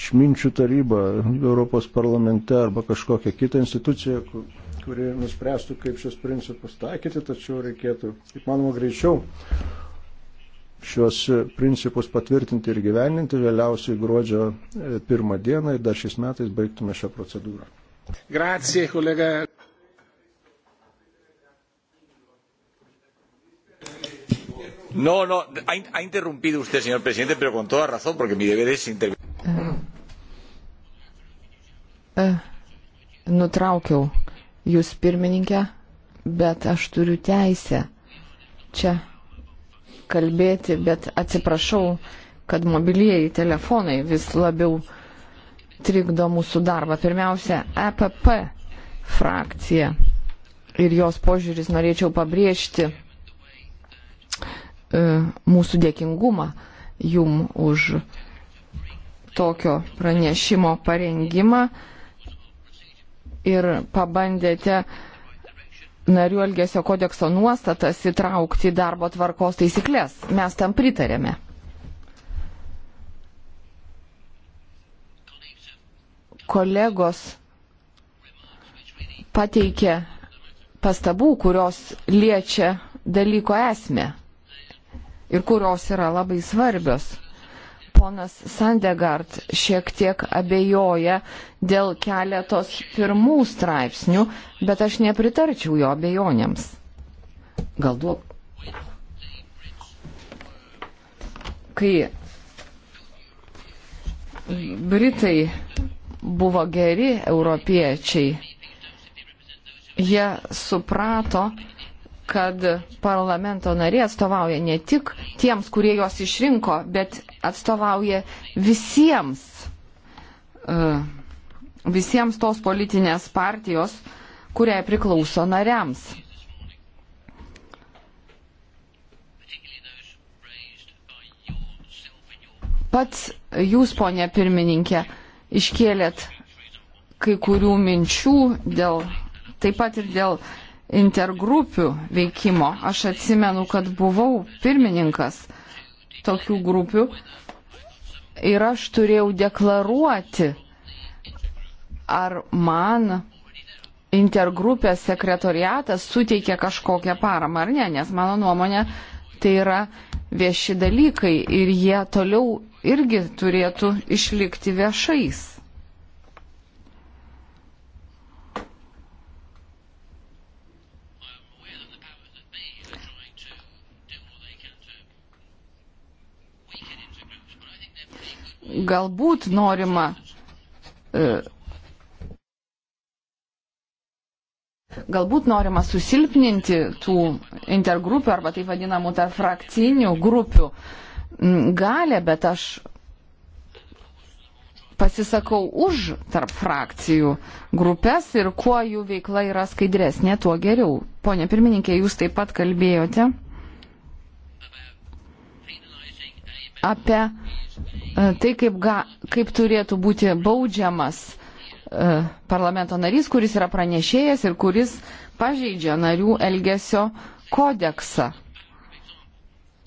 išminčių tarybą Europos parlamente arba kažkokią kitą instituciją, kur kuri nuspręstų, kaip šios principus taikyti, tačiau reikėtų, kaip manoma, greičiau šios principus patvirtinti ir gyveninti vėliausiai gruodžio e, pirmą dieną ir dar šiais metais baigtume šią procedūrą. Grazie, kolega. No, no, ha, ha interrumpido usted, señor presidente, pero con toda razón, porque mi deber es intervenir. Uh, uh, nutraukiau jūs pirmininkė, bet aš turiu teisę čia kalbėti, bet atsiprašau, kad mobilieji telefonai vis labiau trikdo mūsų darbą. Pirmiausia, EPP frakcija ir jos požiūris norėčiau pabrėžti e, mūsų dėkingumą jum už tokio pranešimo parengimą ir pabandėte narių elgesio kodekso nuostatas įtraukti į darbo tvarkos taisyklės. Mes tam pritarėme. Kolegos pateikė pastabų, kurios liečia dalyko esmę ir kurios yra labai svarbios ponas Sandegard šiek tiek abejoja dėl keletos pirmų straipsnių, bet aš nepritarčiau jo abejonėms. Gal duok. Kai Britai buvo geri europiečiai, jie suprato, kad parlamento nariai atstovauja ne tik tiems, kurie juos išrinko, bet atstovauja visiems, e, visiems tos politinės partijos, kuriai priklauso nariams. Pats jūs, ponė pirmininkė, iškėlėt kai kurių minčių dėl, taip pat ir dėl uh, intergrupių veikimo. Aš atsimenu, kad buvau pirmininkas tokių grupių ir aš turėjau deklaruoti, ar man intergrupės sekretoriatas suteikia kažkokią paramą ar ne, nes mano nuomonė tai yra vieši dalykai ir jie toliau irgi turėtų išlikti viešais. galbūt norima. E, galbūt norima susilpninti tų intergrupių arba taip vadinamų tarp frakcinių grupių galę, bet aš pasisakau už tarp frakcijų grupės ir kuo jų veikla yra skaidresnė, tuo geriau. Pone pirmininkė, jūs taip pat kalbėjote apie E, tai, kaip, ga, kaip turėtų būti baudžiamas e, parlamento narys, kuris yra pranešėjas ir kuris pažeidžia narių elgesio kodeksą.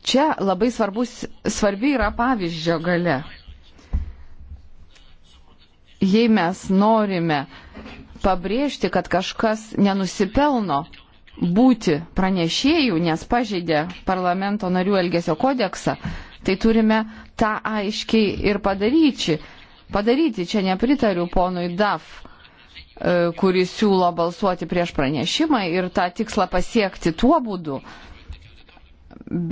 Čia labai svarbus, svarbi yra pavyzdžio gale. Jei mes norime pabrėžti, kad kažkas nenusipelno būti pranešėjų, nes pažeidė parlamento narių elgesio kodeksą, tai turime tą aiškiai ir padaryti. Padaryti čia nepritariu ponui DAF e, kuris siūlo balsuoti prieš pranešimą ir tą tikslą pasiekti tuo būdu.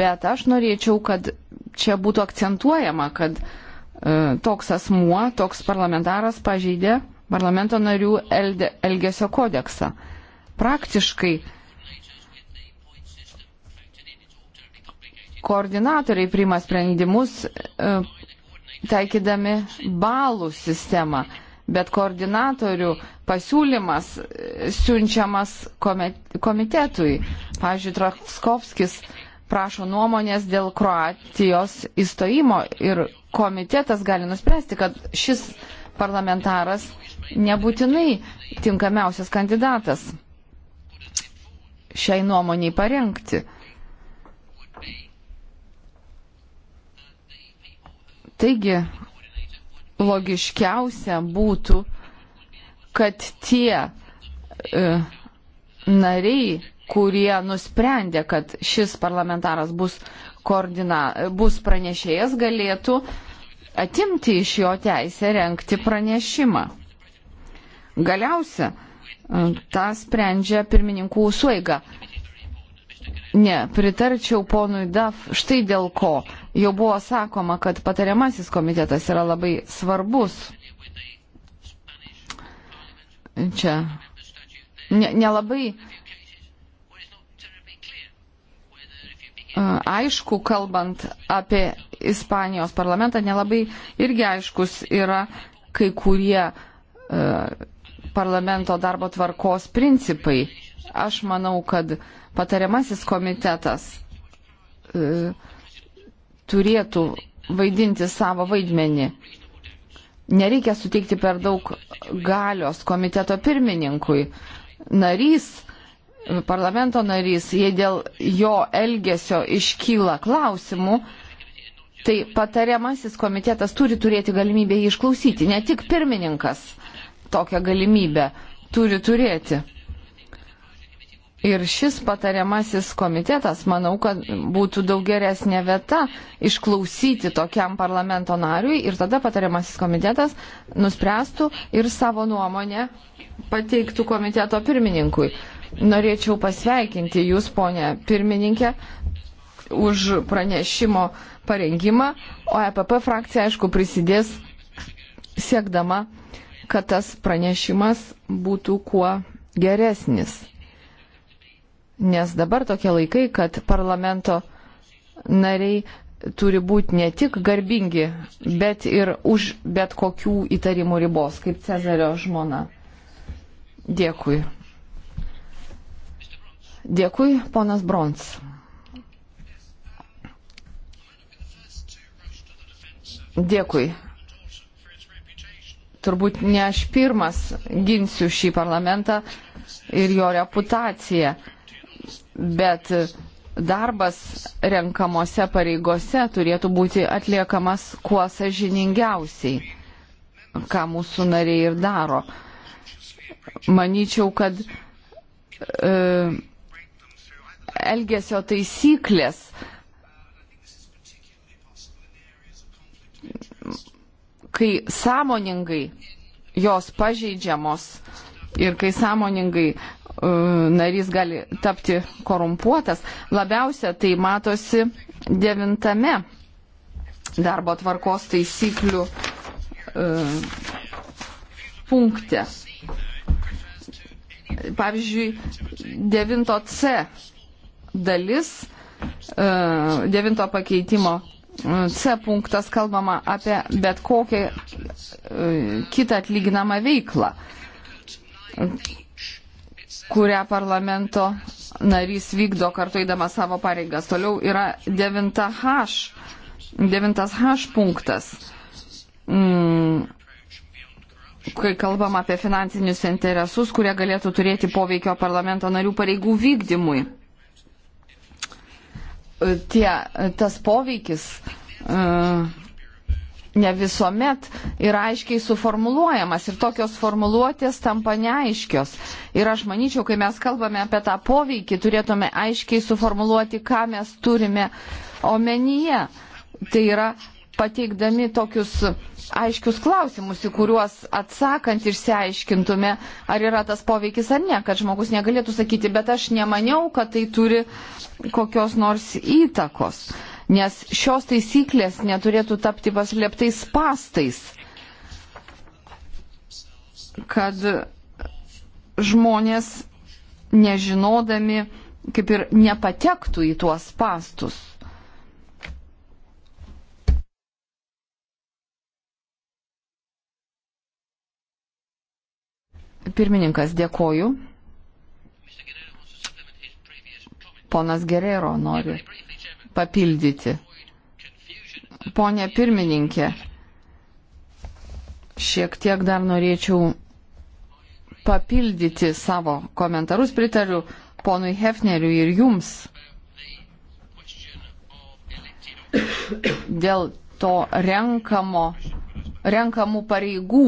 Bet aš norėčiau, kad čia būtų akcentuojama, kad e, toks asmuo, toks parlamentaras pažeidė parlamento narių elgesio kodeksą. Praktiškai koordinatoriai priima sprendimus e, taikydami balų sistemą, bet koordinatorių pasiūlymas e, siunčiamas komitetui. Pavyzdžiui, Trakskovskis prašo nuomonės dėl Kroatijos įstojimo ir komitetas gali nuspręsti, kad šis parlamentaras nebūtinai tinkamiausias kandidatas šiai nuomoniai parengti. Taigi, logiškiausia būtų, kad tie e, nariai, kurie nusprendė, kad šis parlamentaras bus, koordina, bus pranešėjas, galėtų atimti iš jo teisę renkti pranešimą. Galiausia, e, tą sprendžia pirmininkų suiga. Ne, pritarčiau ponui DAF štai dėl ko. Jau buvo sakoma, kad patariamasis komitetas yra labai svarbus. Čia nelabai ne, ne aišku, kalbant apie Ispanijos parlamentą, nelabai irgi aiškus yra kai kurie uh, parlamento darbo tvarkos principai. Aš manau, kad uh, patariamasis komitetas e, turėtų vaidinti savo vaidmenį. Nereikia suteikti per daug galios komiteto pirmininkui. Narys, parlamento narys, jei dėl jo elgesio iškyla klausimų, tai patariamasis komitetas turi turėti galimybę jį išklausyti. Ne tik pirmininkas tokią galimybę turi turėti. Ir šis patariamasis komitetas, manau, kad būtų daug geresnė vieta išklausyti tokiam parlamento nariui ir tada patariamasis komitetas nuspręstų ir savo nuomonę pateiktų komiteto pirmininkui. Norėčiau pasveikinti Jūs, ponė pirmininkė, už pranešimo parengimą, o EPP frakcija, aišku, prisidės siekdama, kad tas pranešimas būtų kuo geresnis. Nes dabar tokie laikai, kad parlamento nariai turi būti ne tik garbingi, bet ir už bet kokių įtarimų ribos, kaip Cezario žmona. Dėkui. Dėkui, ponas Brons. Dėkui. Turbūt ne aš pirmas ginsiu šį parlamentą ir jo reputaciją bet darbas renkamose pareigose turėtų būti atliekamas kuo sažiningiausiai, ką mūsų nariai ir daro. Manyčiau, kad e, elgesio taisyklės kai sąmoningai jos pažeidžiamos ir kai sąmoningai E, narys gali tapti korumpuotas. Labiausia tai matosi devintame darbo tvarkos taisyklių e, punkte. Pavyzdžiui, 9C dalis, 9 e, pakeitimo C punktas kalbama apie bet kokią kitą atlyginamą veiklą kurią parlamento narys vykdo kartu eidamas savo pareigas. Toliau yra 9H, 9H punktas, mm, kai kalbam apie finansinius interesus, kurie galėtų turėti poveikio parlamento narių pareigų vykdymui. Tie, tas poveikis uh, ne visuomet yra aiškiai suformuluojamas ir tokios formuluotės tampa neaiškios. Ir aš manyčiau, kai mes kalbame apie tą poveikį, turėtume aiškiai suformuluoti, ką mes turime omenyje. Tai yra pateikdami tokius aiškius klausimus, į kuriuos atsakant išsiaiškintume, ar yra tas poveikis ar ne, kad žmogus negalėtų sakyti, bet aš nemaniau, kad tai turi kokios nors įtakos. Uh, nes šios taisyklės neturėtų tapti paslėptais pastais, kad žmonės nežinodami kaip ir nepatektų į tuos pastus. Pirmininkas, dėkoju. Ponas Gerero nori papildyti. Pone pirmininkė, šiek tiek dar norėčiau papildyti savo komentarus, pritariu ponui Hefneriui ir jums dėl to renkamo, renkamų pareigų.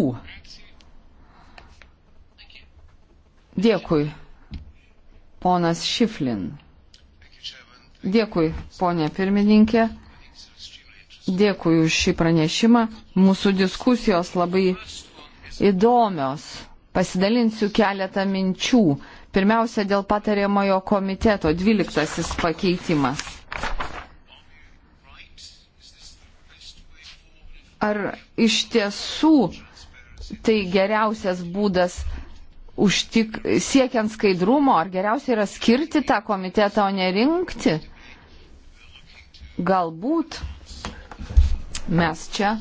Dėkui, ponas Šiflin. Dėkui, ponė pirmininkė. Dėkui už šį pranešimą. Mūsų diskusijos labai įdomios. Pasidalinsiu keletą minčių. Pirmiausia, dėl patariamojo komiteto 12 pakeitimas. Ar iš tiesų tai geriausias būdas užtik, siekiant skaidrumo, ar geriausia yra skirti tą komitetą, o nerinkti? Galbūt mes čia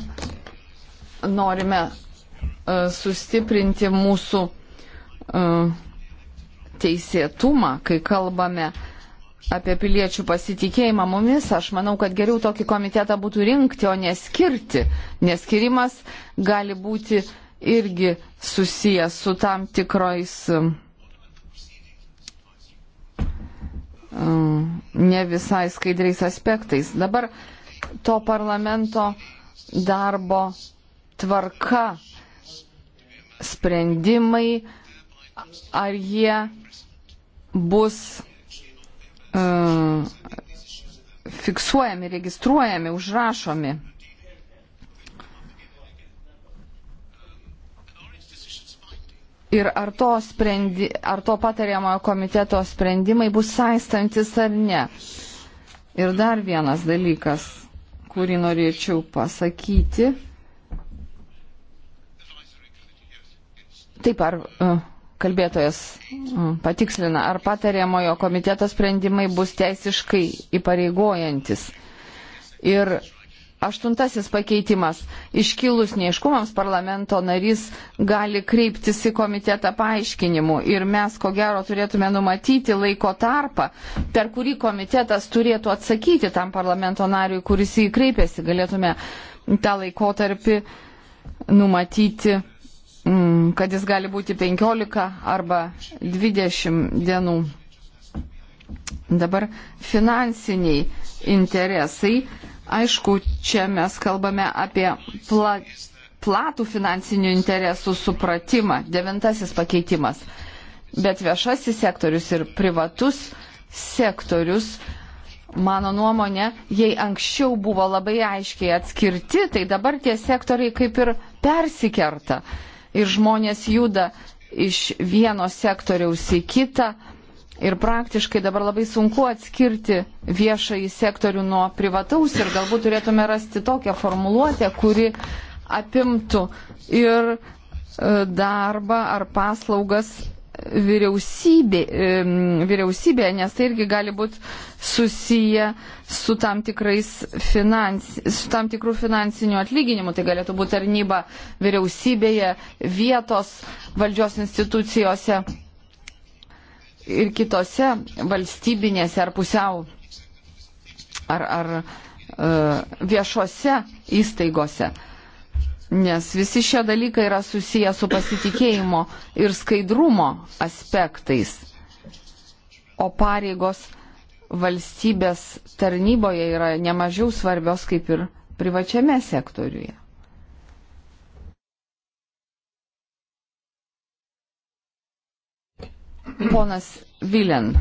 norime uh, sustiprinti mūsų uh, teisėtumą, kai kalbame apie piliečių pasitikėjimą mumis, aš manau, kad geriau tokį komitetą būtų rinkti, o neskirti. Neskirimas gali būti uh, irgi susijęs su tam tikrais um, ne visai skaidriais aspektais. Dabar to parlamento darbo tvarka, sprendimai, ar jie bus uh, fiksuojami, registruojami, užrašomi. ir ar to, sprendi, ar to patariamojo komiteto sprendimai bus saistantis ar ne. Ir dar vienas dalykas, kurį norėčiau pasakyti. Taip, ar e, kalbėtojas e, patikslina, ar patariamojo komiteto sprendimai bus teisiškai įpareigojantis. Ir Aštuntasis pakeitimas. Iškilus neiškumams parlamento narys gali kreiptis į komitetą paaiškinimu ir mes ko gero turėtume numatyti laiko tarpą, per kurį komitetas turėtų atsakyti tam parlamento nariui, kuris į jį kreipėsi. Galėtume tą laikotarpį numatyti, mm, kad jis gali būti 15 arba 20 dienų. Dabar finansiniai interesai Aišku, čia mes kalbame apie pla, platų finansinių interesų supratimą, devintasis pakeitimas. Bet viešasis sektorius ir privatus sektorius, mano nuomonė, jei anksčiau buvo labai aiškiai atskirti, tai dabar tie sektoriai kaip ir persikerta. Ir žmonės juda iš vieno sektoriaus į kitą, Ir praktiškai dabar labai sunku atskirti viešąjį sektorių nuo privataus ir galbūt turėtume rasti tokią formuluotę, kuri apimtų ir e, darbą ar paslaugas vyriausybė, e, vyriausybė, nes tai irgi gali būti susiję su tam, finans, su tam tikrų finansinių atlyginimų. Tai galėtų būti tarnyba vyriausybėje, vietos valdžios institucijose ir kitose valstybinėse ar pusiau ar, ar e, viešose įstaigose. Nes visi šie dalykai yra susiję su pasitikėjimo ir skaidrumo aspektais. O pareigos valstybės tarnyboje yra nemažiau svarbios kaip ir privačiame sektoriuje. Ponas Vilen.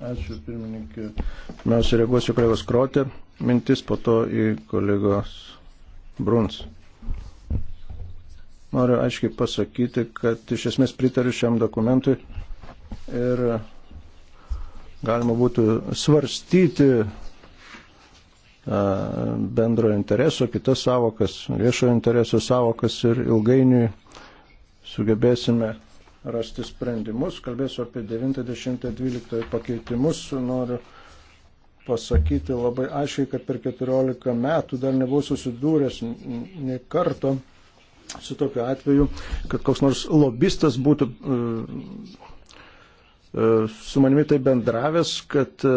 Ačiū, pirmininkė. Pirmiausia, reaguosiu kolegos Krotė mintis, po to į kolegos Bruns. Noriu aiškiai pasakyti, kad iš esmės pritariu šiam dokumentui ir galima būtų svarstyti bendrojo intereso, kitas savokas, viešojo intereso savokas ir ilgainiui sugebėsime rasti sprendimus. Kalbėsiu apie 90-12 pakeitimus. Noriu pasakyti labai aiškiai, kad per 14 metų dar nebuvau susidūręs nei karto su tokiu atveju, kad koks nors lobistas būtų e, e, su manimi tai bendravęs, kad e,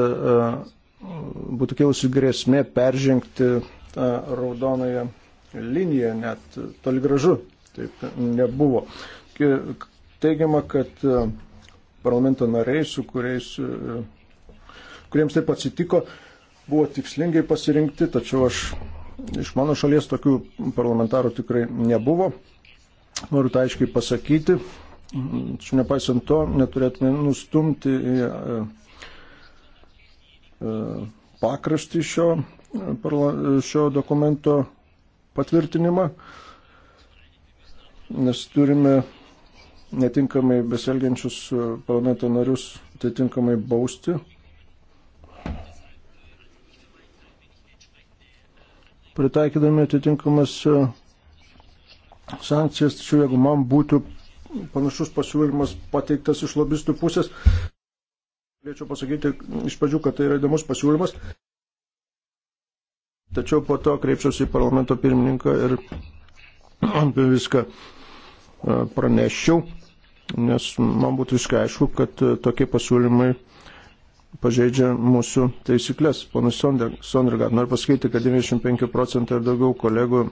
būtų kilusi grėsmė peržengti tą raudonąją liniją, net toli gražu Taip nebuvo. Teigiama, kad e, parlamento nariai, su kuriais, e, kuriems taip atsitiko, buvo tikslingai pasirinkti, tačiau aš iš mano šalies tokių parlamentarų tikrai nebuvo. Noriu tai aiškiai pasakyti. Čia nepaisant to, neturėtume nustumti į e, pakraštį šio, šio dokumento patvirtinimą nes turime netinkamai beselgiančius e, parlamento narius atitinkamai bausti. Pritaikydami atitinkamas e, sankcijas, tačiau jeigu man būtų panašus pasiūlymas pateiktas iš lobistų pusės, galėčiau pasakyti iš pradžių, kad tai yra įdomus pasiūlymas. Tačiau po to kreipsiuosi į parlamento pirmininką ir apie viską pranešiau, nes man būtų viskai aišku, kad tokie pasiūlymai pažeidžia mūsų taisyklės. Ponas Sondrigat, noriu pasakyti, kad 95 procentai ir daugiau kolegų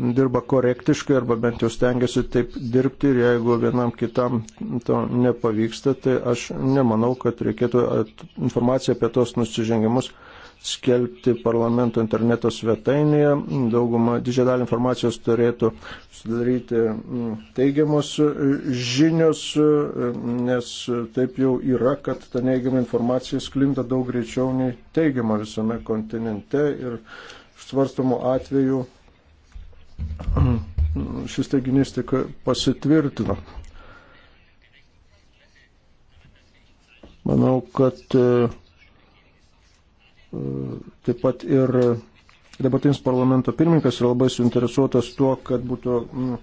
dirba korektiškai arba bent jau stengiasi taip dirbti ir jeigu vienam kitam to nepavyksta, tai aš nemanau, kad reikėtų informaciją apie tos nusižengimus skelbti parlamento interneto svetainėje. Daugumą didžią dalį informacijos turėtų sudaryti mm, teigiamos e, žinios, e, nes taip jau yra, kad ta neigiama informacija sklinda daug greičiau nei teigiama visame kontinente ir svarstamų atvejų mm, šis teiginys tik pasitvirtino. Manau, kad e, Taip pat ir dabartinis parlamento pirmininkas yra labai suinteresuotas tuo, kad būtų mm,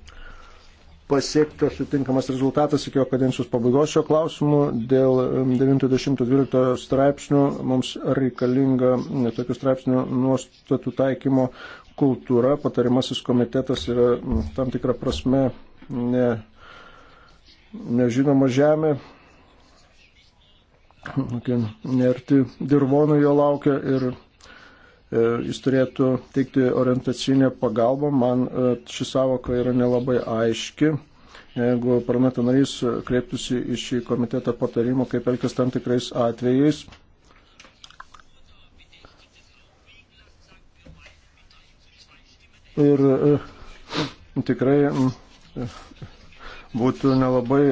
pasiektas sutinkamas rezultatas iki jo kadencijos pabaigos šio klausimu. Dėl 90-12 mm, straipsnių mums reikalinga mm, tokių straipsnių nuostatų taikymo kultūra. Patarimasis komitetas yra tam tikrą prasme ne, nežinoma žemė nerti dirvonų jo laukia ir e, jis turėtų teikti orientacinę pagalbą. Man e, ši savoka yra nelabai aiški. Jeigu parlamento narys kreiptųsi į šį komitetą patarimo, kaip elgtis tam tikrais atvejais. Ir e, tikrai būtų nelabai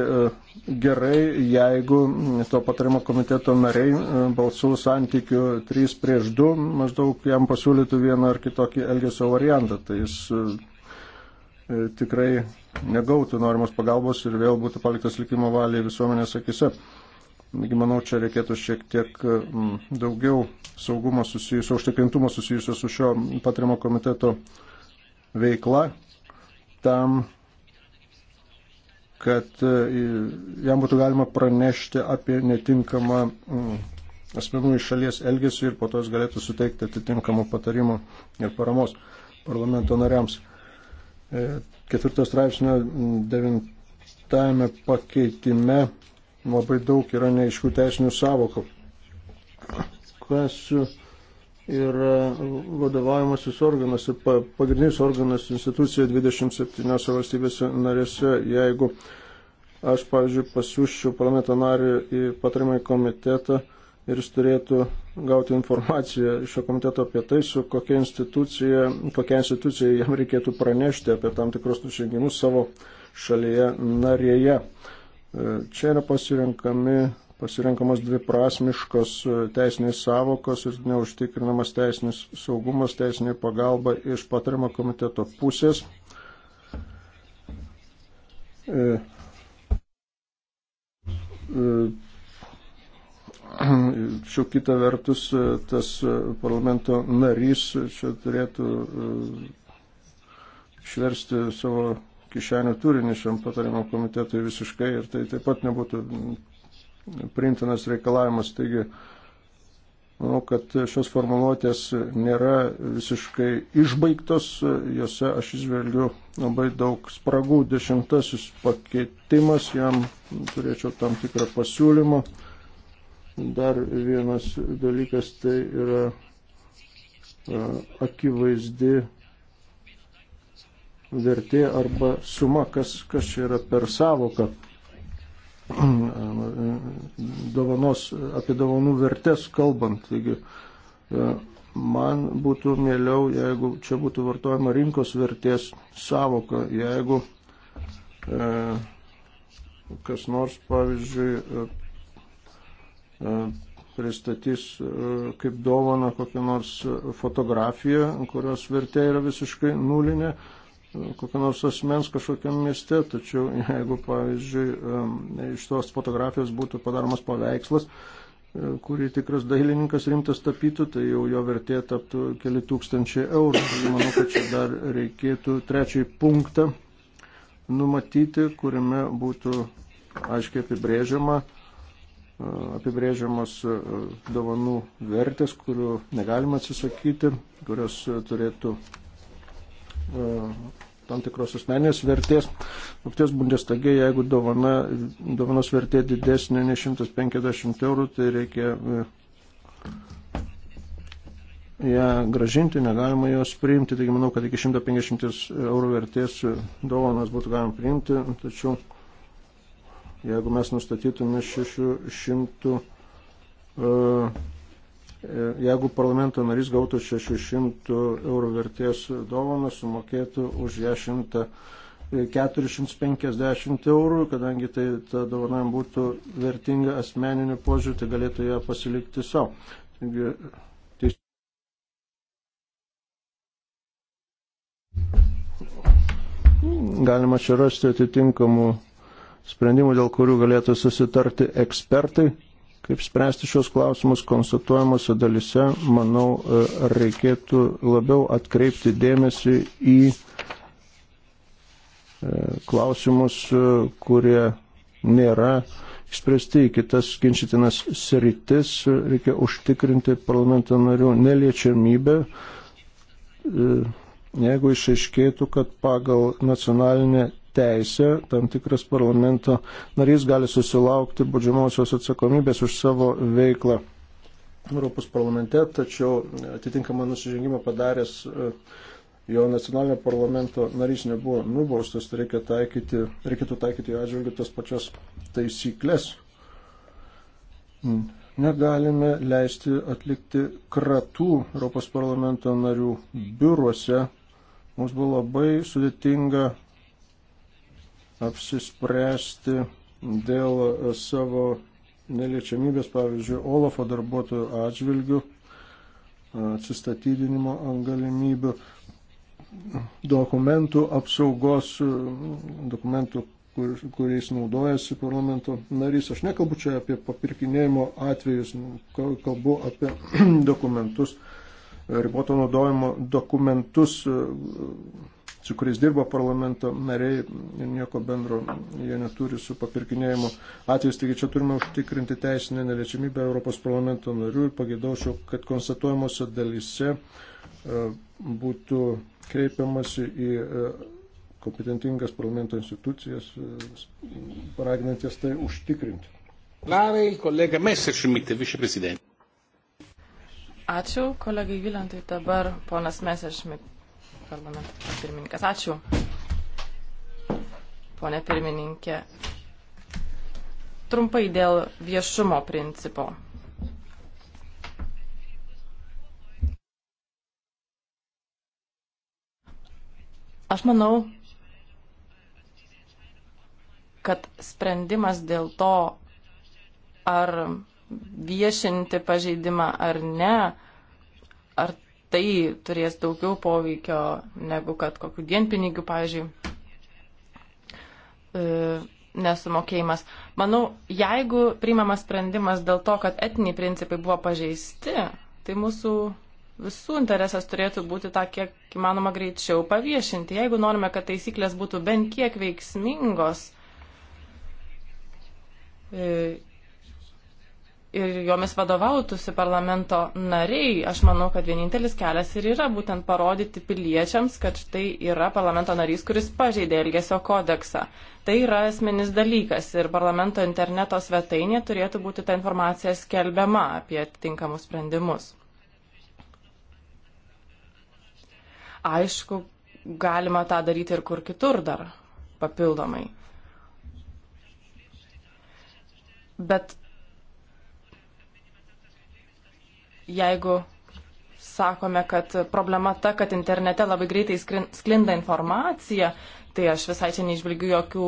gerai, jeigu to patarimo komiteto nariai e, balsų santykių 3 prieš 2 maždaug jam pasiūlytų vieną ar kitokį elgesio variantą. Tai jis e, e, tikrai negautų norimos pagalbos ir vėl būtų paliktas likimo valiai visuomenės akise. Taigi, manau, čia reikėtų šiek tiek daugiau saugumo susijusio, užtikrintumo susijusio su šio patarimo komiteto veikla tam, kad e, jam būtų galima pranešti apie netinkamą mm, asmenų iš šalies elgesį ir po to jis galėtų suteikti atitinkamų patarimų ir paramos parlamento nariams. E, Ketvirtos straipsnio mm, devintame pakeitime labai daug yra neiškių teisinių savokų. Kas yra vadovaujamasis organas ir e, pagrindinis organas institucija 27 valstybėse narėse. Jeigu aš, pavyzdžiui, pasiūščiau parlamento narį į patarimą komitetą ir jis turėtų gauti informaciją iš šio komiteto apie tai, su kokia institucija, kokia institucija jam reikėtų pranešti apie tam tikrus nusižengimus savo šalyje narėje. E, čia yra pasirinkami pasirenkamos dviprasmiškos e, teisinės savokos ir neužtikrinamas teisinis saugumas, teisinė pagalba iš patarimo komiteto pusės. E, e, Šiuo kitą vertus, e, tas e, parlamento narys čia turėtų išversti savo kišenių turinį šiam patarimo komitetui visiškai ir tai taip pat nebūtų priimtinas reikalavimas. Taigi, manau, kad šios formuluotės nėra visiškai išbaigtos, jose aš išvelgiu labai daug spragų. Dešimtasis pakeitimas, jam turėčiau tam tikrą pasiūlymą. Dar vienas dalykas tai yra e, akivaizdi vertė arba suma, kas, kas čia yra per savoką dovanos, apie dovanų vertės kalbant. Taigi, e, man būtų mieliau, jeigu čia būtų vartojama rinkos vertės savoka, jeigu e, kas nors, pavyzdžiui, e, e pristatys e, kaip dovana kokią nors fotografiją, kurios vertė yra visiškai nulinė. E, kokio nors asmens kažkokiam mieste, tačiau jeigu, pavyzdžiui, iš tos fotografijos būtų padaromas paveikslas, e, kurį tikras dailininkas rimtas tapytų, tai jau jo vertė taptų keli tūkstančiai eurų. Tai manau, kad čia dar reikėtų trečiai punktą numatyti, kuriame būtų aiškiai apibrėžiama e, apibrėžiamos e, dovanų vertės, kurių negalima atsisakyti, kurios turėtų E, tam tikros asmenės vertės. Vokietijos bundestage, jeigu dovana, dovanos vertė didesnė nei 150 eurų, tai reikia e, ją gražinti, negalima jos priimti. Taigi manau, kad iki 150 eurų vertės dovanas būtų galima priimti, tačiau jeigu mes nustatytume 600 uh, jeigu parlamento narys gautų 600 eurų vertės dovaną, sumokėtų už ją 100 450 e, eurų, kadangi tai ta dovana jam būtų vertinga asmeniniu požiūriu, tai galėtų ją pasilikti savo. Taigi, teis... Galima čia rasti atitinkamų sprendimų, dėl kurių galėtų susitarti ekspertai. Kaip spręsti šios klausimus konstatuojamose dalise, manau, e, reikėtų labiau atkreipti dėmesį į e, klausimus, e, kurie nėra išspręsti į kitas ginčytinas sritis, reikia užtikrinti parlamento narių neliečiamybę, jeigu išaiškėtų, kad pagal nacionalinę teisę, tam tikras parlamento narys gali susilaukti baudžiamosios atsakomybės už savo veiklą Europos parlamente, tačiau e, atitinkamą nusižengimą padaręs e, jo nacionalinio parlamento narys nebuvo nubaustas, tai reikia taikyti, reikėtų taikyti jo atžvilgiu tas pačias taisyklės. Mm. Negalime leisti atlikti kratų Europos parlamento narių biuruose. Mums buvo labai sudėtinga apsispręsti dėl savo neliečiamybės, pavyzdžiui, Olafo darbuotojų atžvilgių, atsistatydinimo galimybių, dokumentų apsaugos, dokumentų, kur, kuriais naudojasi parlamento narys. Aš nekalbu čia apie papirkinėjimo atvejus, kalbu apie dokumentus, riboto naudojimo dokumentus su kuriais dirbo parlamento nariai, nieko bendro jie neturi su papirkinėjimu atvejais. Taigi čia turime užtikrinti teisinę neliečiamybę Europos parlamento narių ir pagėdaučiau, kad konstatuojamosiose dalyse e, būtų kreipiamasi į e, kompetentingas parlamento institucijas, paraginant e, jas tai užtikrinti. Ačiū kolegai Vilantai, dabar ponas Messerschmidt parlamento pirmininkas. Ačiū. Pone pirmininkė. Trumpai dėl viešumo principo. Aš manau, kad sprendimas dėl to, ar viešinti pažeidimą ar ne, ar tai turės daugiau poveikio negu kad kokių dienpinigių, pavyzdžiui, e, nesumokėjimas. Manau, jeigu priimamas sprendimas dėl to, kad etiniai principai buvo pažeisti, tai mūsų visų interesas turėtų būti tą kiek įmanoma greičiau paviešinti. Jeigu norime, kad taisyklės būtų bent kiek veiksmingos, e, ir jomis vadovautųsi parlamento nariai, aš manau, kad vienintelis kelias ir yra būtent parodyti piliečiams, kad štai yra parlamento narys, kuris pažeidė Elgesio kodeksą. Tai yra esminis dalykas ir parlamento interneto svetainė turėtų būti ta informacija skelbiama apie atitinkamus sprendimus. Aišku, galima tą daryti ir kur kitur dar papildomai. Bet jeigu sakome, kad problema ta, kad internete labai greitai sklinda informacija, tai aš visai čia neižvelgiu jokių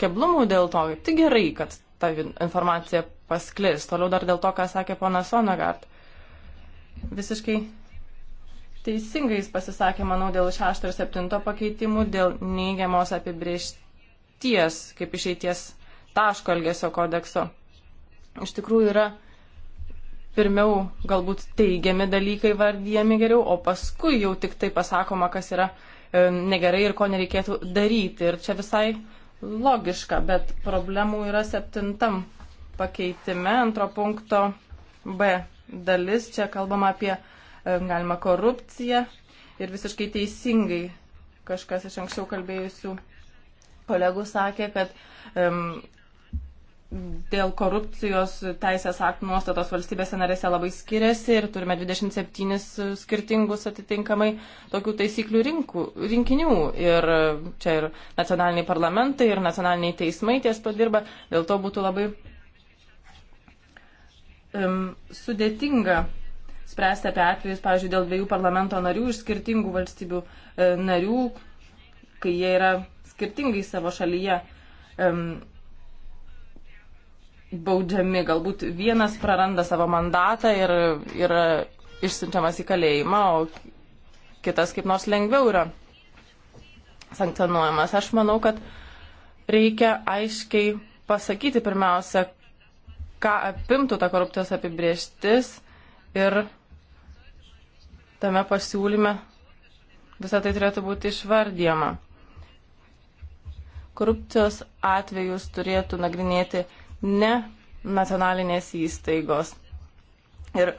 keblumų dėl to. Tai gerai, kad ta informacija pasklis. Toliau dar dėl to, ką sakė ponas Sonagart. Visiškai teisingai jis pasisakė, manau, dėl 6 ir 7 pakeitimų, dėl neigiamos apibriešties, kaip išeities taško elgesio kodekso. Iš tikrųjų yra pirmiau galbūt teigiami dalykai vardyjami geriau, o paskui jau tik tai pasakoma, kas yra e, negerai ir ko nereikėtų daryti. Ir čia visai logiška, bet problemų yra septintam pakeitime, antro punkto B dalis. Čia kalbama apie e, galima korupciją ir visiškai teisingai kažkas iš anksčiau kalbėjusių kolegų sakė, kad um, dėl korupcijos teisės aktų nuostatos valstybėse narėse labai skiriasi ir turime 27 skirtingus atitinkamai tokių taisyklių rinkų, rinkinių. Ir čia ir nacionaliniai parlamentai, ir nacionaliniai teismai ties padirba. Dėl to būtų labai um, sudėtinga spręsti apie atvejus, pavyzdžiui, dėl dviejų parlamento narių iš skirtingų valstybių e, narių, kai jie yra skirtingai savo šalyje. Um, baudžiami, galbūt vienas praranda savo mandatą ir yra išsiunčiamas į kalėjimą, o kitas kaip nors lengviau yra sankcionuojamas. Aš manau, kad reikia aiškiai pasakyti pirmiausia, ką apimtų ta korupcijos apibrieštis ir tame pasiūlyme visą tai turėtų būti išvardyjama. Korupcijos atvejus turėtų nagrinėti ne nacionalinės įstaigos. Ir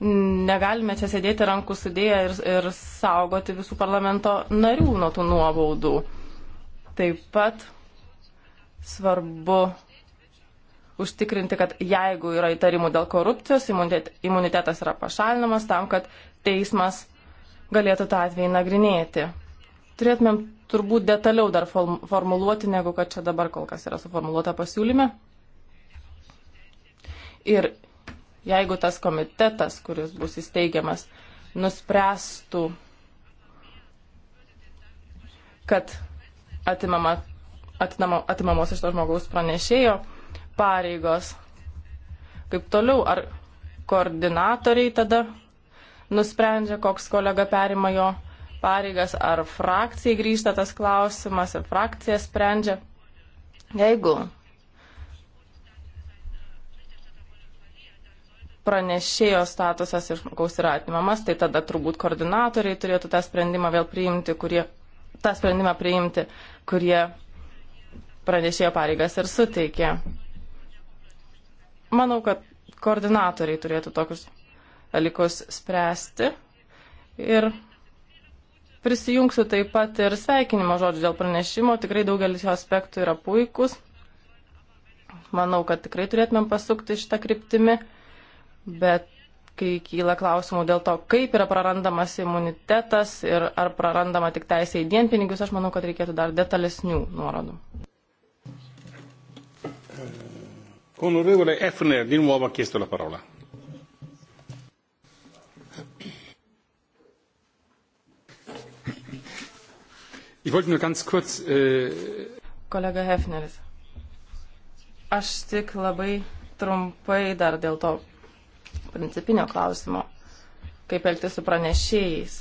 negalime čia sėdėti rankų sudėję ir, ir saugoti visų parlamento narių nuo tų nuobaudų. Taip pat svarbu užtikrinti, kad jeigu yra įtarimų dėl korupcijos, imunitetas yra pašalinamas tam, kad teismas galėtų tą atvejį nagrinėti. Turėtumėm turbūt detaliau dar formuluoti, negu kad čia dabar kol kas yra suformuluota pasiūlyme. Ir jeigu tas komitetas, kuris bus įsteigiamas, nuspręstų, kad atimama, atinama, atimamos iš to žmogaus pranešėjo pareigos, kaip toliau, ar koordinatoriai tada nusprendžia, koks kolega perima jo pareigas, ar frakcijai grįžta tas klausimas, ar frakcija sprendžia. Jeigu pranešėjo statusas iš žmogaus yra atimamas, tai tada turbūt koordinatoriai turėtų tą sprendimą vėl priimti, kurie, tą sprendimą priimti, kurie pranešėjo pareigas ir suteikė. Manau, kad koordinatoriai turėtų tokius dalykus spręsti ir Prisijungsiu taip pat ir sveikinimo žodžiu dėl pranešimo. Tikrai daugelis jo aspektų yra puikus. Manau, kad tikrai turėtumėm pasukti šitą kryptimį, bet kai kyla klausimų dėl to, kaip yra prarandamas imunitetas ir ar prarandama tik teisė į dienpinigius, aš manau, kad reikėtų dar detalesnių nuorodų. Onorevole Efner, di nuovo ha chiesto la parola. Ich wollte nur ganz kurz. Äh Kolega Hefneris. Aš tik labai trumpai dar dėl to principinio klausimo, kaip elgtis su pranešėjais.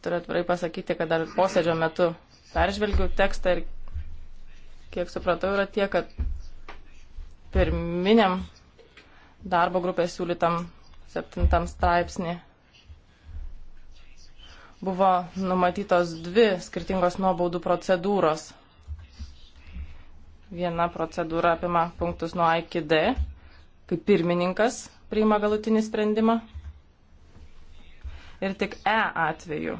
Turiu atvirai pasakyti, kad dar posėdžio metu peržvelgiau tekstą ir kiek supratau yra tie, kad pirminiam darbo grupės siūlytam septintam straipsnį buvo numatytos dvi skirtingos nuobaudų procedūros. Viena procedūra apima punktus nuo A iki D, kai pirmininkas priima galutinį sprendimą. Ir tik E atveju,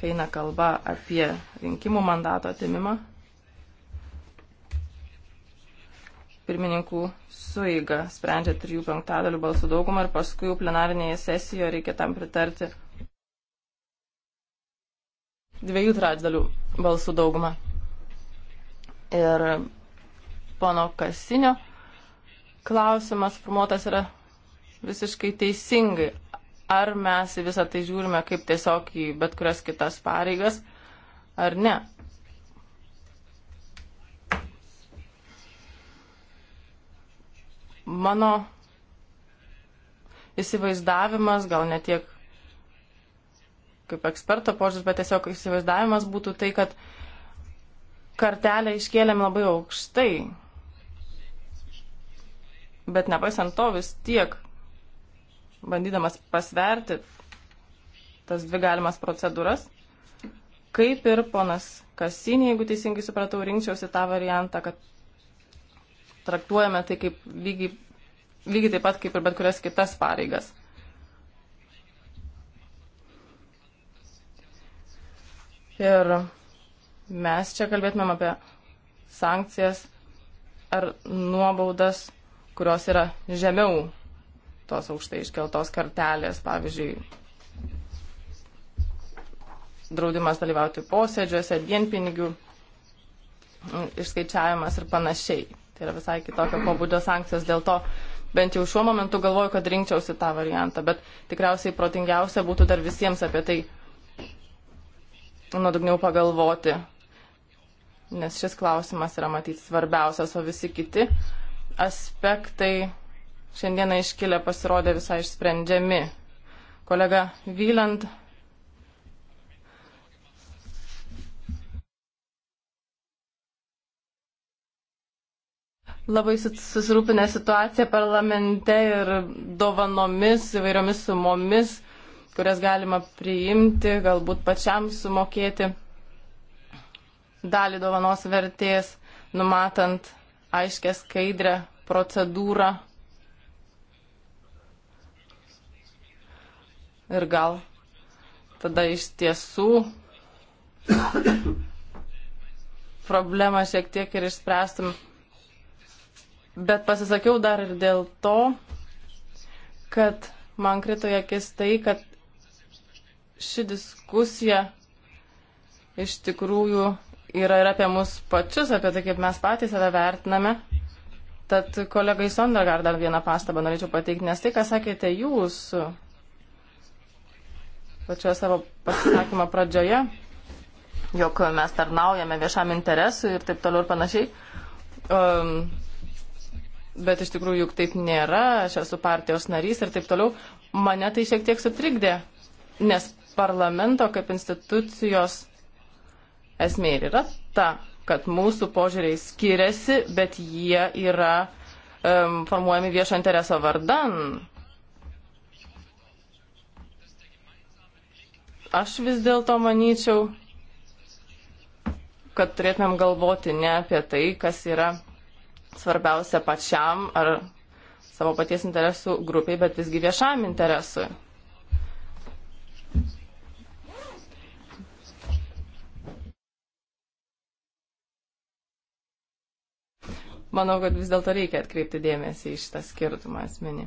kai eina kalba apie rinkimų mandato atimimą, pirmininkų suiga sprendžia trijų penktadalių balsų daugumą ir paskui plenarinėje sesijoje reikia tam pritarti dviejų trečdalių balsų daugumą. Ir pono Kasinio klausimas formuotas yra visiškai teisingai. Ar mes į visą tai žiūrime kaip tiesiog į bet kurias kitas pareigas, ar ne. Mano įsivaizdavimas, gal netiek kaip eksperto požiūris, bet tiesiog įsivaizdavimas būtų tai, kad kartelę iškėlėm labai aukštai. Bet nepaisant to vis tiek, bandydamas pasverti tas dvi galimas procedūras, kaip ir ponas Kasinė, jeigu teisingai supratau, rinkčiausi tą variantą, kad traktuojame tai kaip lygiai, lygiai taip pat kaip ir bet kurias kitas pareigas. Ir mes čia kalbėtumėm apie sankcijas ar nuobaudas, kurios yra žemiau tos aukštai iškeltos kartelės, pavyzdžiui, draudimas dalyvauti posėdžiuose, dienpinigių išskaičiavimas ir panašiai. Tai yra visai kitokio pobūdžio sankcijos, dėl to bent jau šiuo momentu galvoju, kad rinkčiausi tą variantą, bet tikriausiai protingiausia būtų dar visiems apie tai nuodugniau pagalvoti, nes šis klausimas yra matyti svarbiausias, o visi kiti aspektai šiandieną iškilę pasirodė visai išsprendžiami. Kolega Vyland. Labai susirūpinę situaciją parlamente ir dovanomis, įvairiomis sumomis kurias galima priimti, galbūt pačiam sumokėti dalį dovanos vertės, numatant aiškę skaidrę procedūrą. Ir gal tada iš tiesų problemą šiek tiek ir išspręstum. Bet pasisakiau dar ir dėl to, kad man krito akis tai, kad ši diskusija iš tikrųjų yra ir apie mus pačius, apie tai, kaip mes patys save vertiname. Tad kolegai Sondergar dar vieną pastabą norėčiau pateikti, nes tai, ką sakėte jūs pačioje savo pasisakymo pradžioje, jog mes tarnaujame viešam interesui ir taip toliau ir panašiai. Um, bet iš tikrųjų juk taip nėra, aš esu partijos narys ir taip toliau. Mane tai šiek tiek sutrikdė, nes parlamento kaip institucijos esmė ir yra ta, kad mūsų požiūriai skiriasi, bet jie yra um, formuojami viešo intereso vardan. Aš vis dėlto manyčiau, kad turėtumėm galvoti ne apie tai, kas yra svarbiausia pačiam ar savo paties interesų grupiai, bet visgi viešam interesui. manau, kad vis dėlto reikia atkreipti dėmesį į šitą skirtumą asmenį.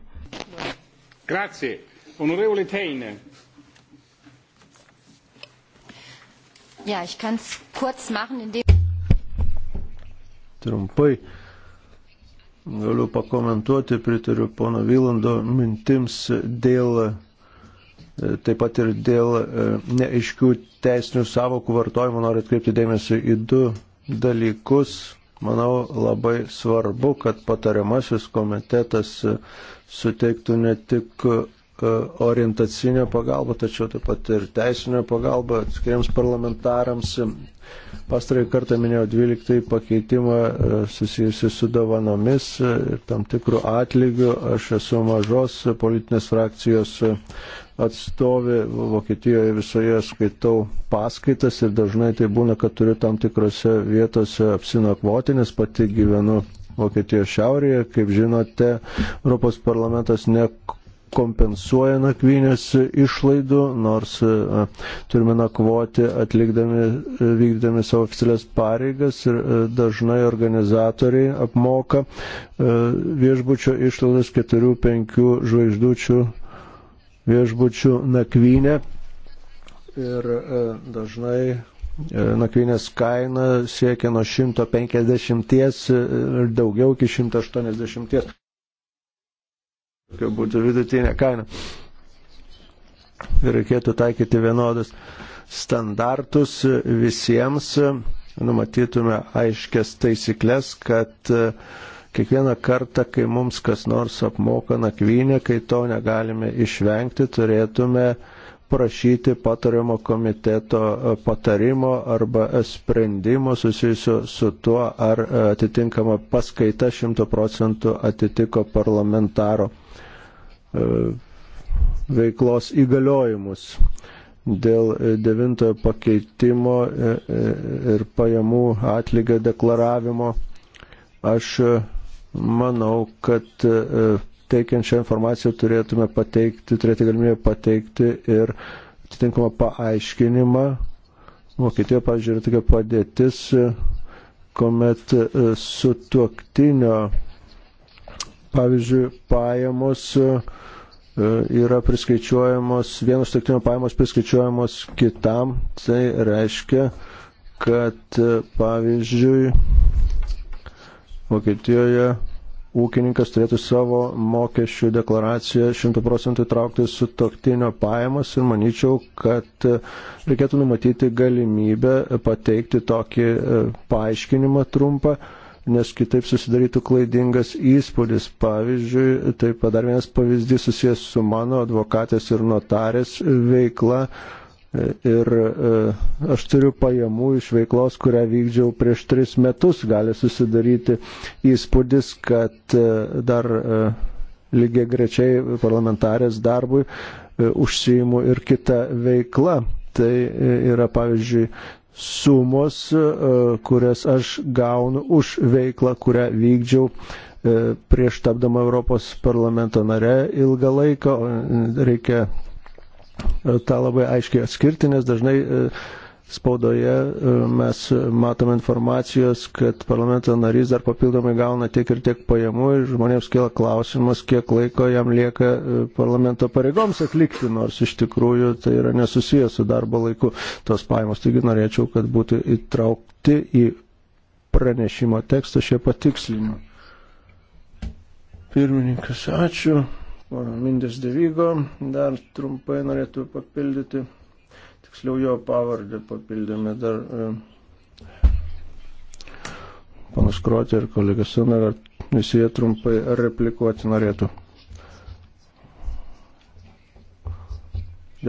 Grazie. Honorevole Teine. Ja, ich kann es kurz machen, indem. Trumpai galiu pakomentuoti, pritariu pono Vylando mintims dėl, e, taip pat ir dėl e, neaiškių teisinių savokų vartojimo, noriu atkreipti dėmesį į du dalykus. Manau labai svarbu, kad patariamasis komitetas suteiktų ne tik e, orientacinę pagalbą, tačiau taip pat ir teisinę pagalbą atskiriams parlamentarams. Pastarai kartą minėjau 12 pakeitimą e, susijusi su davanomis ir e, tam tikrų atlygių. Aš esu mažos politinės frakcijos atstovė Vokietijoje visoje skaitau paskaitas ir dažnai tai būna, kad turiu tam tikrose vietose apsinakvoti, nes pati gyvenu Vokietijos šiaurėje. Kaip žinote, Europos parlamentas nekompensuoja nakvynės išlaidų, nors e, turime nakvoti atlikdami, e, vykdami savo oficialias pareigas ir e, dažnai organizatoriai apmoka viešbučio išlaidas 4-5 žvaigždučių viešbučių nakvynę ir e, dažnai e, nakvynės kaina siekia nuo 150 e, ir daugiau iki 180. Tokia būtų vidutinė kaina. Reikėtų taikyti vienodus standartus visiems, numatytume aiškias taisyklės, kad uh, Kiekvieną kartą, kai mums kas nors apmoka nakvynę, kai to negalime išvengti, turėtume prašyti patariamo komiteto e, patarimo arba e, sprendimo susijusiu su tuo, ar e, atitinkama paskaita šimto procentų atitiko parlamentaro veiklos įgaliojimus. Dėl devintojo pakeitimo ir pajamų atlygio deklaravimo aš manau, kad e, teikiančią informaciją turėtume pateikti, turėti galimybę pateikti ir atitinkamą paaiškinimą. Vokietijoje, pavyzdžiui, yra tokia padėtis, e, kuomet e, su tuoktinio, pavyzdžiui, pajamos yra priskaičiuojamos, vienos tuoktinio pajamos priskaičiuojamos kitam, tai reiškia, kad, pavyzdžiui, Vokietijoje ūkininkas turėtų savo mokesčių deklaraciją 100 procentų traukti su toktinio pajamas ir manyčiau, kad reikėtų numatyti galimybę pateikti tokį e, paaiškinimą trumpą, nes kitaip susidarytų klaidingas įspūdis. Pavyzdžiui, taip pat dar vienas pavyzdys susijęs su mano advokatės ir notarės veikla ir e, aš turiu pajamų iš veiklos, kurią vykdžiau prieš tris metus, gali susidaryti įspūdis, kad e, dar e, lygiai grečiai parlamentarės darbui užsijimu ir kita veikla. Tai yra, pavyzdžiui, sumos, kurias aš gaunu už veiklą, kurią vykdžiau prieš tapdama Europos parlamento nare ilgą laiką, reikia E, tą labai aiškiai atskirti, nes dažnai e, spaudoje e, mes matome informacijos, kad parlamento narys dar papildomai gauna tiek ir tiek pajamų ir žmonėms kila klausimas, kiek laiko jam lieka parlamento pareigoms atlikti, nors iš tikrųjų tai yra nesusijęs su darbo laiku tos pajamos. Taigi norėčiau, kad būtų įtraukti į pranešimo tekstą šie patikslinimai. Pirmininkas, ačiū. Mindės Devygo dar trumpai norėtų papildyti, tiksliau jo pavardę papildėme dar e, panas Krotė ir kolega Sunar, visi jie trumpai replikuoti norėtų.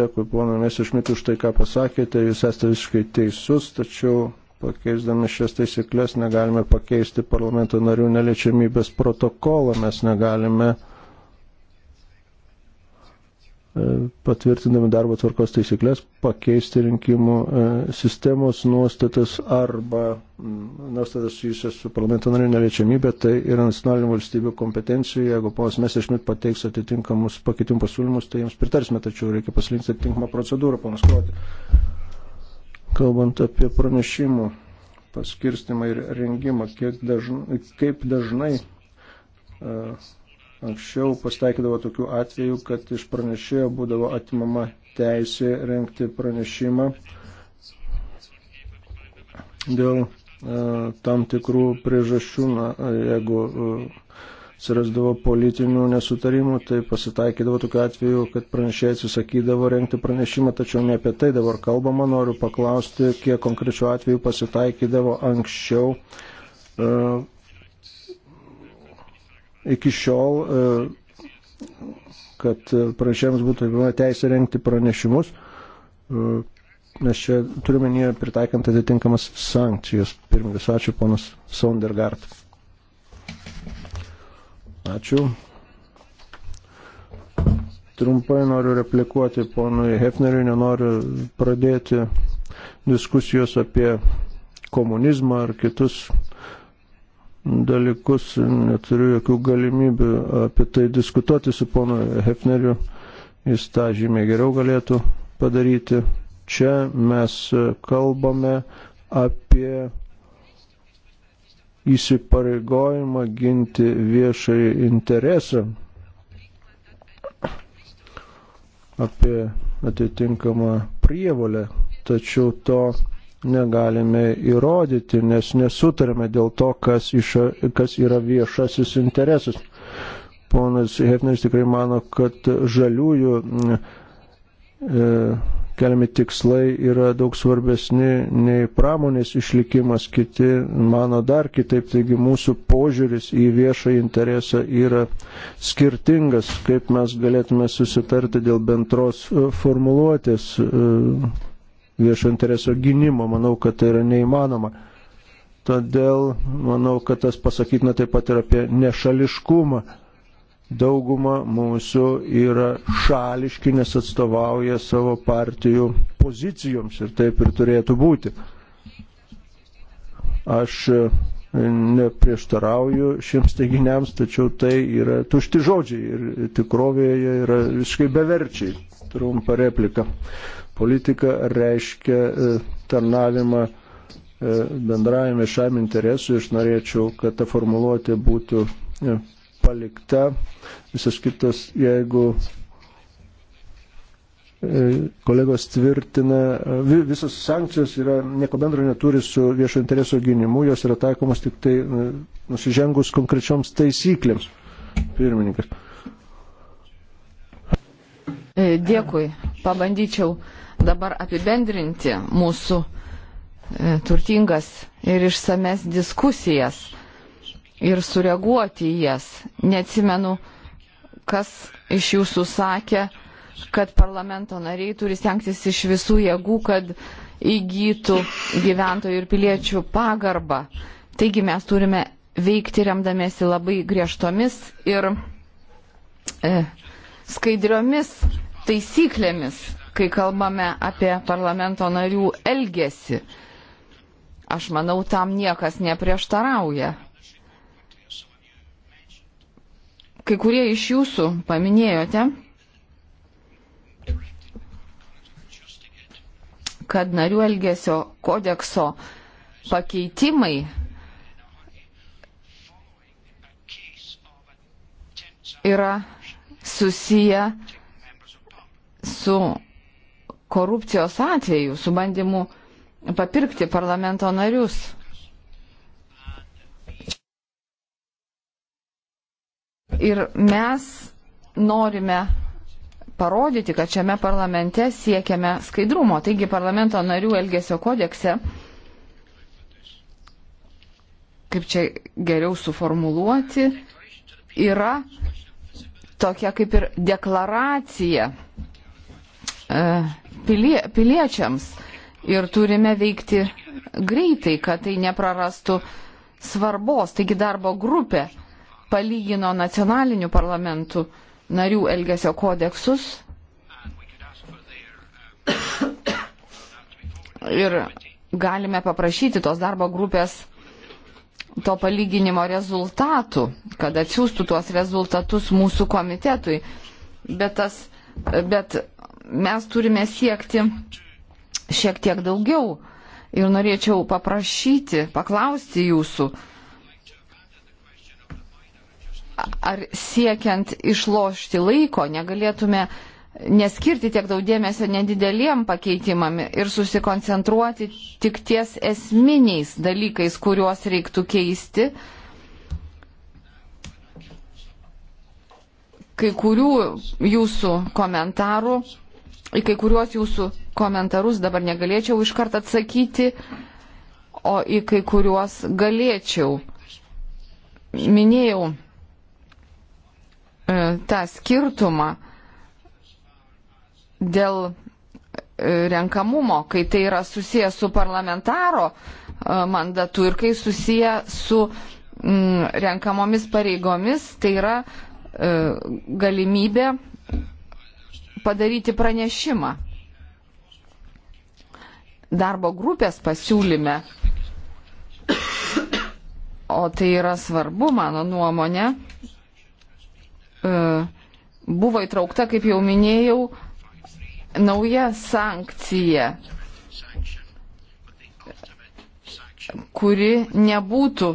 Dėkui, pono Mesišmit, už tai, ką pasakėte. Jūs esate visiškai teisus, tačiau pakeisdami šias taisyklės negalime pakeisti parlamento narių neliečiamybės protokolą. Mes negalime uh, E, patvirtindami darbo tvarkos taisyklės, pakeisti rinkimų e, sistemos nuostatas arba nuostatas susijusias su parlamento narių neliečiamybė, tai yra nacionalinių valstybių kompetencijų. Jeigu ponas Mesešmit pateiks atitinkamus pakeitimų pasiūlymus, tai jiems pritarsime, tačiau reikia pasirinkti atitinkamą procedūrą, ponas Klotė. Kalbant apie pranešimų paskirstimą ir rengimą, dažn, kaip dažnai uh, Anksčiau pasteikydavo tokių atvejų, kad iš pranešėjo būdavo atimama teisė renkti pranešimą dėl e, tam tikrų priežasčių, na, jeigu e, atsirasdavo e, politinių nesutarimų, tai pasitaikydavo tokiu atveju, kad pranešėjai atsisakydavo renkti pranešimą, tačiau ne apie tai dabar kalbama, noriu paklausti, kiek konkrečių atvejų pasitaikydavo anksčiau e, iki šiol, e, kad pranešėjams būtų įvama teisė renkti pranešimus, nes e, čia turime nie pritaikant atitinkamas sankcijas. Pirmininkas, ačiū ponas Sondergaard. Ačiū. Trumpai noriu replikuoti ponui Hefneriui, nenoriu pradėti diskusijos apie komunizmą ar kitus dalykus, neturiu jokių galimybių apie tai diskutuoti su ponu Hefneriu, jis tą žymiai geriau galėtų padaryti. Čia mes kalbame apie įsipareigojimą ginti viešai interesą, apie atitinkamą prievolę, tačiau to negalime įrodyti, nes nesutarėme dėl to, kas, iš, kas yra viešasis interesas. Ponas Hefneris tikrai mano, kad žaliųjų e, keliami tikslai yra daug svarbesni nei pramonės išlikimas, kiti mano dar kitaip, taigi mūsų požiūris į viešą interesą yra skirtingas, kaip mes galėtume susitarti dėl bendros e, formuluotės. E, viešo intereso gynimo. Manau, kad tai yra neįmanoma. Todėl manau, kad tas pasakytina taip pat ir apie nešališkumą. Dauguma mūsų yra šališki, nes atstovauja savo partijų pozicijoms ir taip ir turėtų būti. Aš e, neprieštarauju šiems teiginiams, tačiau tai yra tušti žodžiai ir tikrovėje yra visiškai beverčiai. Trumpa replika politika reiškia e, tarnavimą e, bendrajame šiam interesui. Aš norėčiau, kad ta formuluotė būtų e, palikta. Visas kitas, jeigu kolegos tvirtina, visos sankcijos yra nieko bendro neturi su viešo intereso gynimu, jos yra taikomos tik tai nusižengus konkrečioms taisyklėms. Pirmininkas. Dėkui, pabandyčiau dabar apibendrinti mūsų e, turtingas ir išsames diskusijas ir sureaguoti į jas. Neatsimenu, kas iš jūsų sakė, kad parlamento nariai turi stengtis iš visų jėgų, kad įgytų gyventojų ir piliečių pagarbą. Taigi mes turime veikti remdamėsi labai griežtomis ir e, skaidriomis taisyklėmis kai kalbame apie parlamento narių elgesį. Aš manau, tam niekas neprieštarauja. Kai kurie iš jūsų paminėjote, kad narių elgesio kodekso pakeitimai yra susiję su korupcijos atvejų, su bandymu papirkti parlamento narius. Ir mes norime parodyti, kad šiame parlamente siekiame skaidrumo. Taigi parlamento narių elgesio kodekse, kaip čia geriau suformuluoti, yra tokia kaip ir deklaracija. E, pilie, piliečiams ir turime veikti greitai, kad tai neprarastų svarbos. Taigi darbo grupė palygino nacionalinių parlamentų narių elgesio kodeksus ir galime paprašyti tos darbo grupės to palyginimo rezultatų, kad atsiųstų tuos rezultatus mūsų komitetui. Bet, tas, bet mes turime siekti šiek tiek daugiau. Ir norėčiau paprašyti, paklausti jūsų, ar siekiant išlošti laiko negalėtume neskirti tiek daug dėmesio nedideliem pakeitimam ir susikoncentruoti tik ties esminiais dalykais, kuriuos reiktų keisti. Kai kurių jūsų komentarų į kai kuriuos jūsų komentarus dabar negalėčiau iškart atsakyti, o į kai kuriuos galėčiau. Minėjau e, tą skirtumą dėl e, renkamumo, kai tai yra susiję su parlamentaro e, mandatu ir kai susiję su mm, renkamomis pareigomis, tai yra e, galimybė padaryti pranešimą. Darbo grupės pasiūlyme, o tai yra svarbu, mano nuomonė, e, buvo įtraukta, kaip jau minėjau, nauja sankcija, kuri nebūtų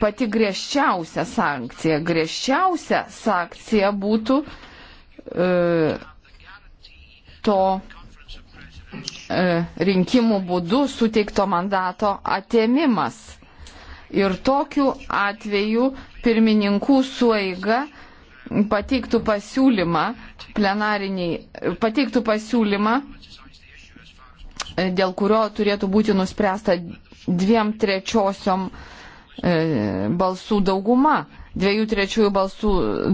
pati griežčiausia sankcija. Griežčiausia sankcija būtų uh, E, to e, rinkimų būdu suteikto mandato atėmimas. Ir tokiu atveju pirmininkų suiga pateiktų pasiūlymą plenariniai, pateiktų pasiūlymą, e, dėl kurio turėtų būti nuspręsta dviem trečiosiom balsų dauguma dviejų trečiųjų balsų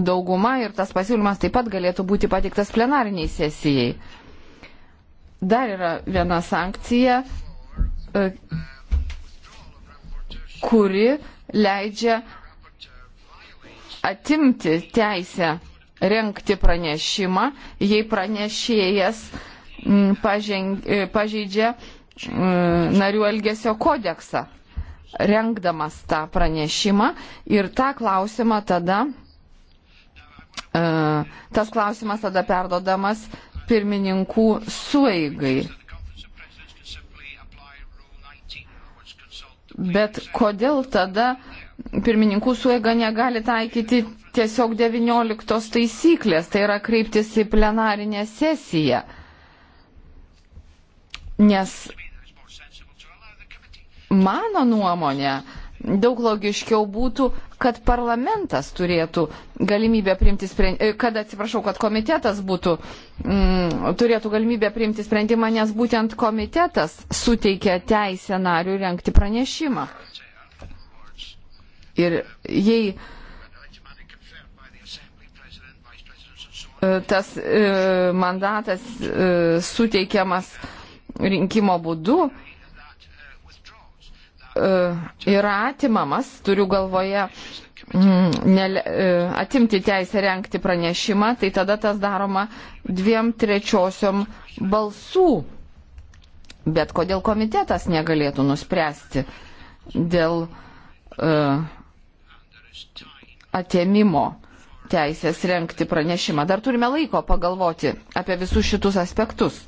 dauguma ir tas pasiūlymas taip pat galėtų būti patiktas plenariniai sesijai. Dar yra viena sankcija, e, kuri leidžia atimti teisę renkti pranešimą, jei pranešėjas e, pažeidžia narių elgesio kodeksą renkdamas tą pranešimą ir tą klausimą tada, e, tas klausimas tada perdodamas pirmininkų sueigai. Bet kodėl tada pirmininkų sueiga negali taikyti tiesiog 19 taisyklės, tai yra kreiptis į plenarinę sesiją? Nes Mano nuomonė, daug logiškiau būtų, kad parlamentas turėtų galimybę priimti sprendimą, e, kad atsiprašau, kad komitetas būtų, mm, turėtų galimybę priimti sprendimą, nes būtent komitetas suteikia teisę nariui renkti pranešimą. Ir jei e, tas e, mandatas e, suteikiamas rinkimo būdu, E, yra atimamas, turiu galvoje mm, nele, e, atimti teisę renkti pranešimą, tai tada tas daroma dviem trečiosiom balsų. Bet kodėl komitetas negalėtų nuspręsti dėl uh, atėmimo teisės renkti pranešimą? Dar turime laiko pagalvoti apie visus šitus aspektus.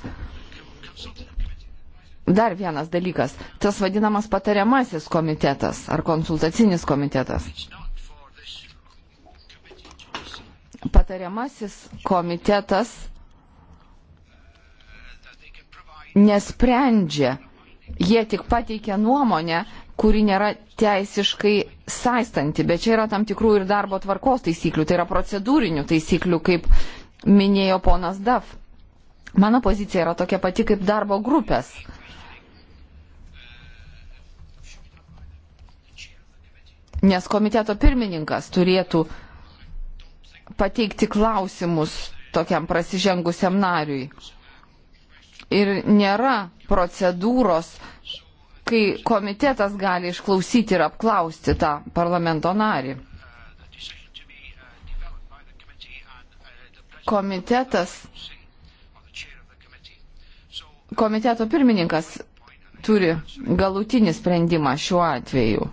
Dar vienas dalykas, tas vadinamas patariamasis komitetas ar konsultacinis komitetas. Patariamasis komitetas nesprendžia, jie tik pateikia nuomonę, kuri nėra teisiškai saistanti, bet čia yra tam tikrų ir darbo tvarkos taisyklių, tai yra procedūrinių taisyklių, kaip minėjo ponas Daf. Mano pozicija yra tokia pati kaip darbo grupės nes komiteto pirmininkas turėtų pateikti klausimus tokiam prasižengusiam nariui. Ir nėra procedūros, kai komitetas gali išklausyti ir apklausti tą parlamento narį. Komitetas, komiteto pirmininkas turi galutinį sprendimą šiuo atveju.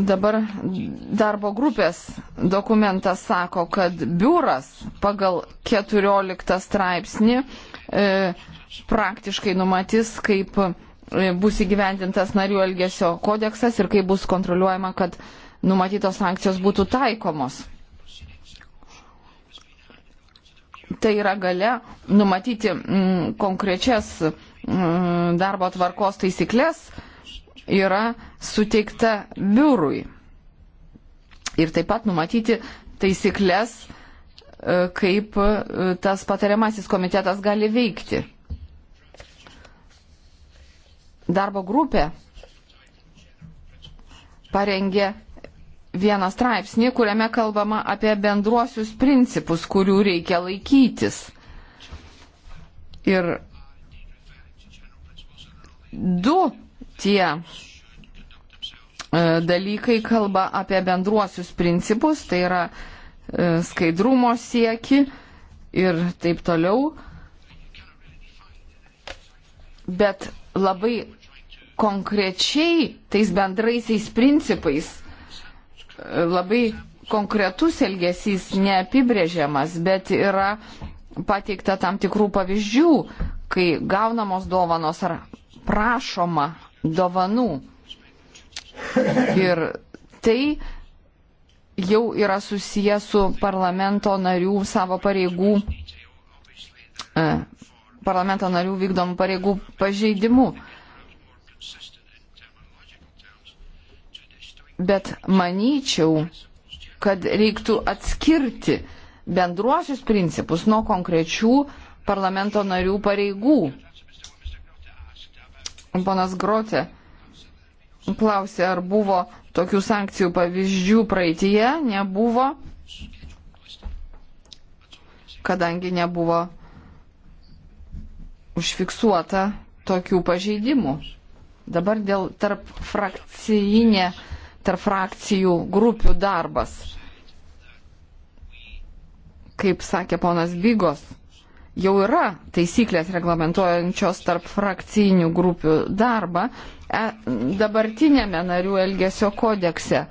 Dabar darbo grupės dokumentas sako, kad biuras pagal 14 straipsnį e, praktiškai numatys, kaip e, bus įgyvendintas narių elgesio kodeksas ir kaip bus kontroliuojama, kad numatytos sankcijos būtų taikomos. Tai yra gale numatyti m, mm, konkrečias m, mm, darbo tvarkos taisyklės, m, yra suteikta biurui. Ir taip pat numatyti taisyklės, e, kaip e, tas patariamasis komitetas gali veikti. Darbo grupė parengė vieną straipsnį, kuriame kalbama apie bendruosius principus, kurių reikia laikytis. Ir du tie e, dalykai kalba apie bendruosius principus, tai yra e, skaidrumo sieki ir taip toliau. Bet labai konkrečiai tais bendraisiais principais e, labai konkretus elgesys neapibrėžiamas, bet yra pateikta tam tikrų pavyzdžių, kai gaunamos dovanos ar prašoma dovanų. Ir tai jau yra susiję su parlamento narių savo pareigų, eh, parlamento narių vykdomų pareigų pažeidimu. Bet manyčiau, kad reiktų atskirti bendruosius principus nuo konkrečių parlamento narių pareigų. Ponas Grotė klausė, ar buvo tokių sankcijų pavyzdžių praeitie, nebuvo, kadangi nebuvo užfiksuota tokių pažeidimų. Dabar dėl tarp frakcijinė, tarp frakcijų grupių darbas. Kaip sakė ponas Bygos, jau yra taisyklės reglamentuojančios tarp frakcijinių grupių darbą e, dabartinėme narių elgesio kodekse.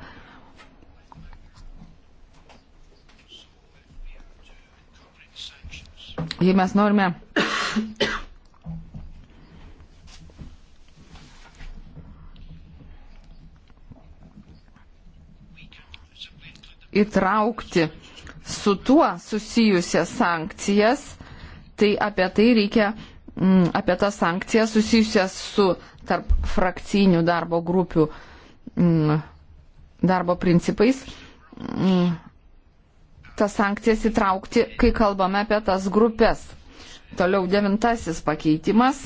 Jei mes norime įtraukti su tuo susijusias sankcijas, tai apie tai reikia, mm, apie tas sankcijas susijusias su tarp frakcijinių darbo grupių mm, darbo principais, mm, tas sankcijas įtraukti, kai kalbame apie tas grupės. Toliau devintasis pakeitimas.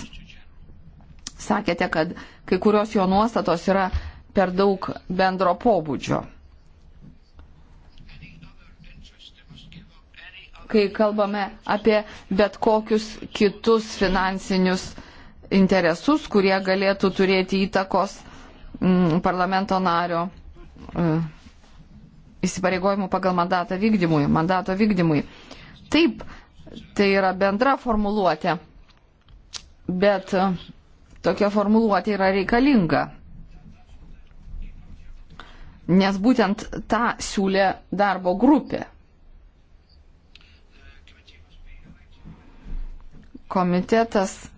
Sakėte, kad kai kurios jo nuostatos yra per daug bendro pobūdžio. kai kalbame apie bet kokius kitus finansinius interesus, kurie galėtų turėti įtakos m, mm, parlamento nario m, e, įsipareigojimų pagal mandatą vykdymui, mandato vykdymui. Taip, tai yra bendra formuluotė, bet e, tokia formuluotė yra reikalinga. Nes būtent tą siūlė darbo grupė. komitetas.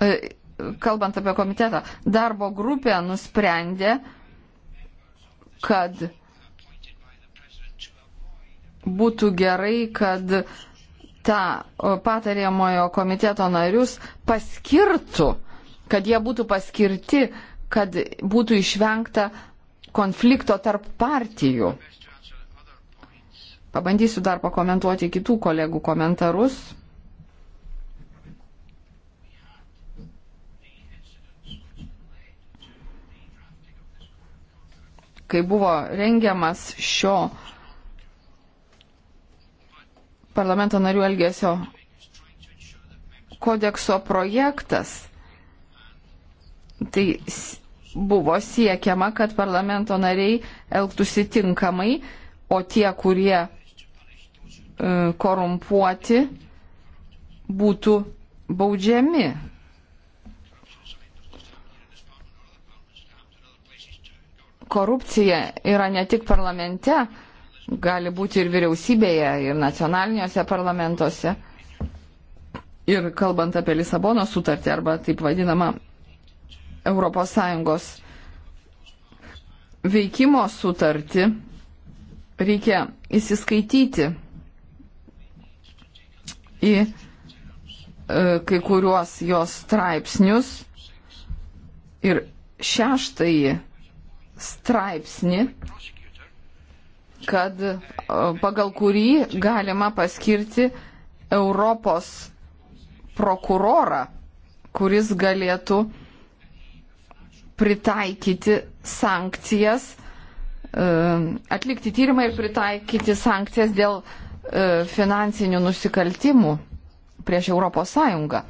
E, kalbant apie komitetą, darbo grupė nusprendė, kad būtų gerai, kad tą patariamojo komiteto narius paskirtų, kad jie būtų paskirti, kad būtų išvengta konflikto tarp partijų. Pabandysiu dar pakomentuoti kitų kolegų komentarus. Kai buvo rengiamas šio parlamento narių elgesio kodekso projektas, tai buvo siekiama, kad parlamento nariai elgtųsi tinkamai, o tie, kurie E, korumpuoti būtų baudžiami. Korupcija yra ne tik parlamente, gali būti ir vyriausybėje, ir nacionaliniuose parlamentuose. Ir kalbant apie Lisabono sutartį arba taip vadinamą ES veikimo sutartį, reikia įsiskaityti į e, kai kuriuos jos straipsnius ir šeštąjį straipsnį, kad e, pagal kurį galima paskirti Europos prokurorą, kuris galėtų pritaikyti sankcijas, e, atlikti tyrimą ir pritaikyti sankcijas dėl E, finansinių nusikaltimų prieš Europos Sąjungą.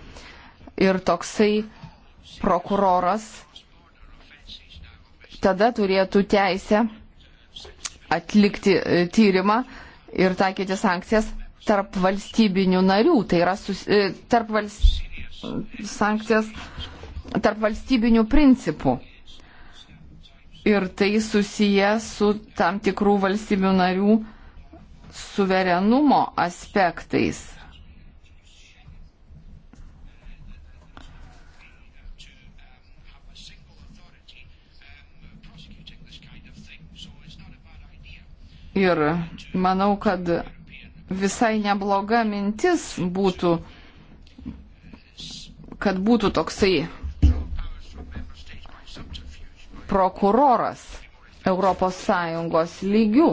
Ir toksai prokuroras tada turėtų teisę atlikti e, tyrimą ir taikyti sankcijas tarp valstybinių narių. Tai yra sus, e, tarp vals, sankcijas tarp valstybinių principų. Ir tai susiję su tam tikrų valstybių narių suverenumo aspektais. Ir manau, kad visai nebloga mintis būtų, kad būtų toksai prokuroras Europos Sąjungos lygių.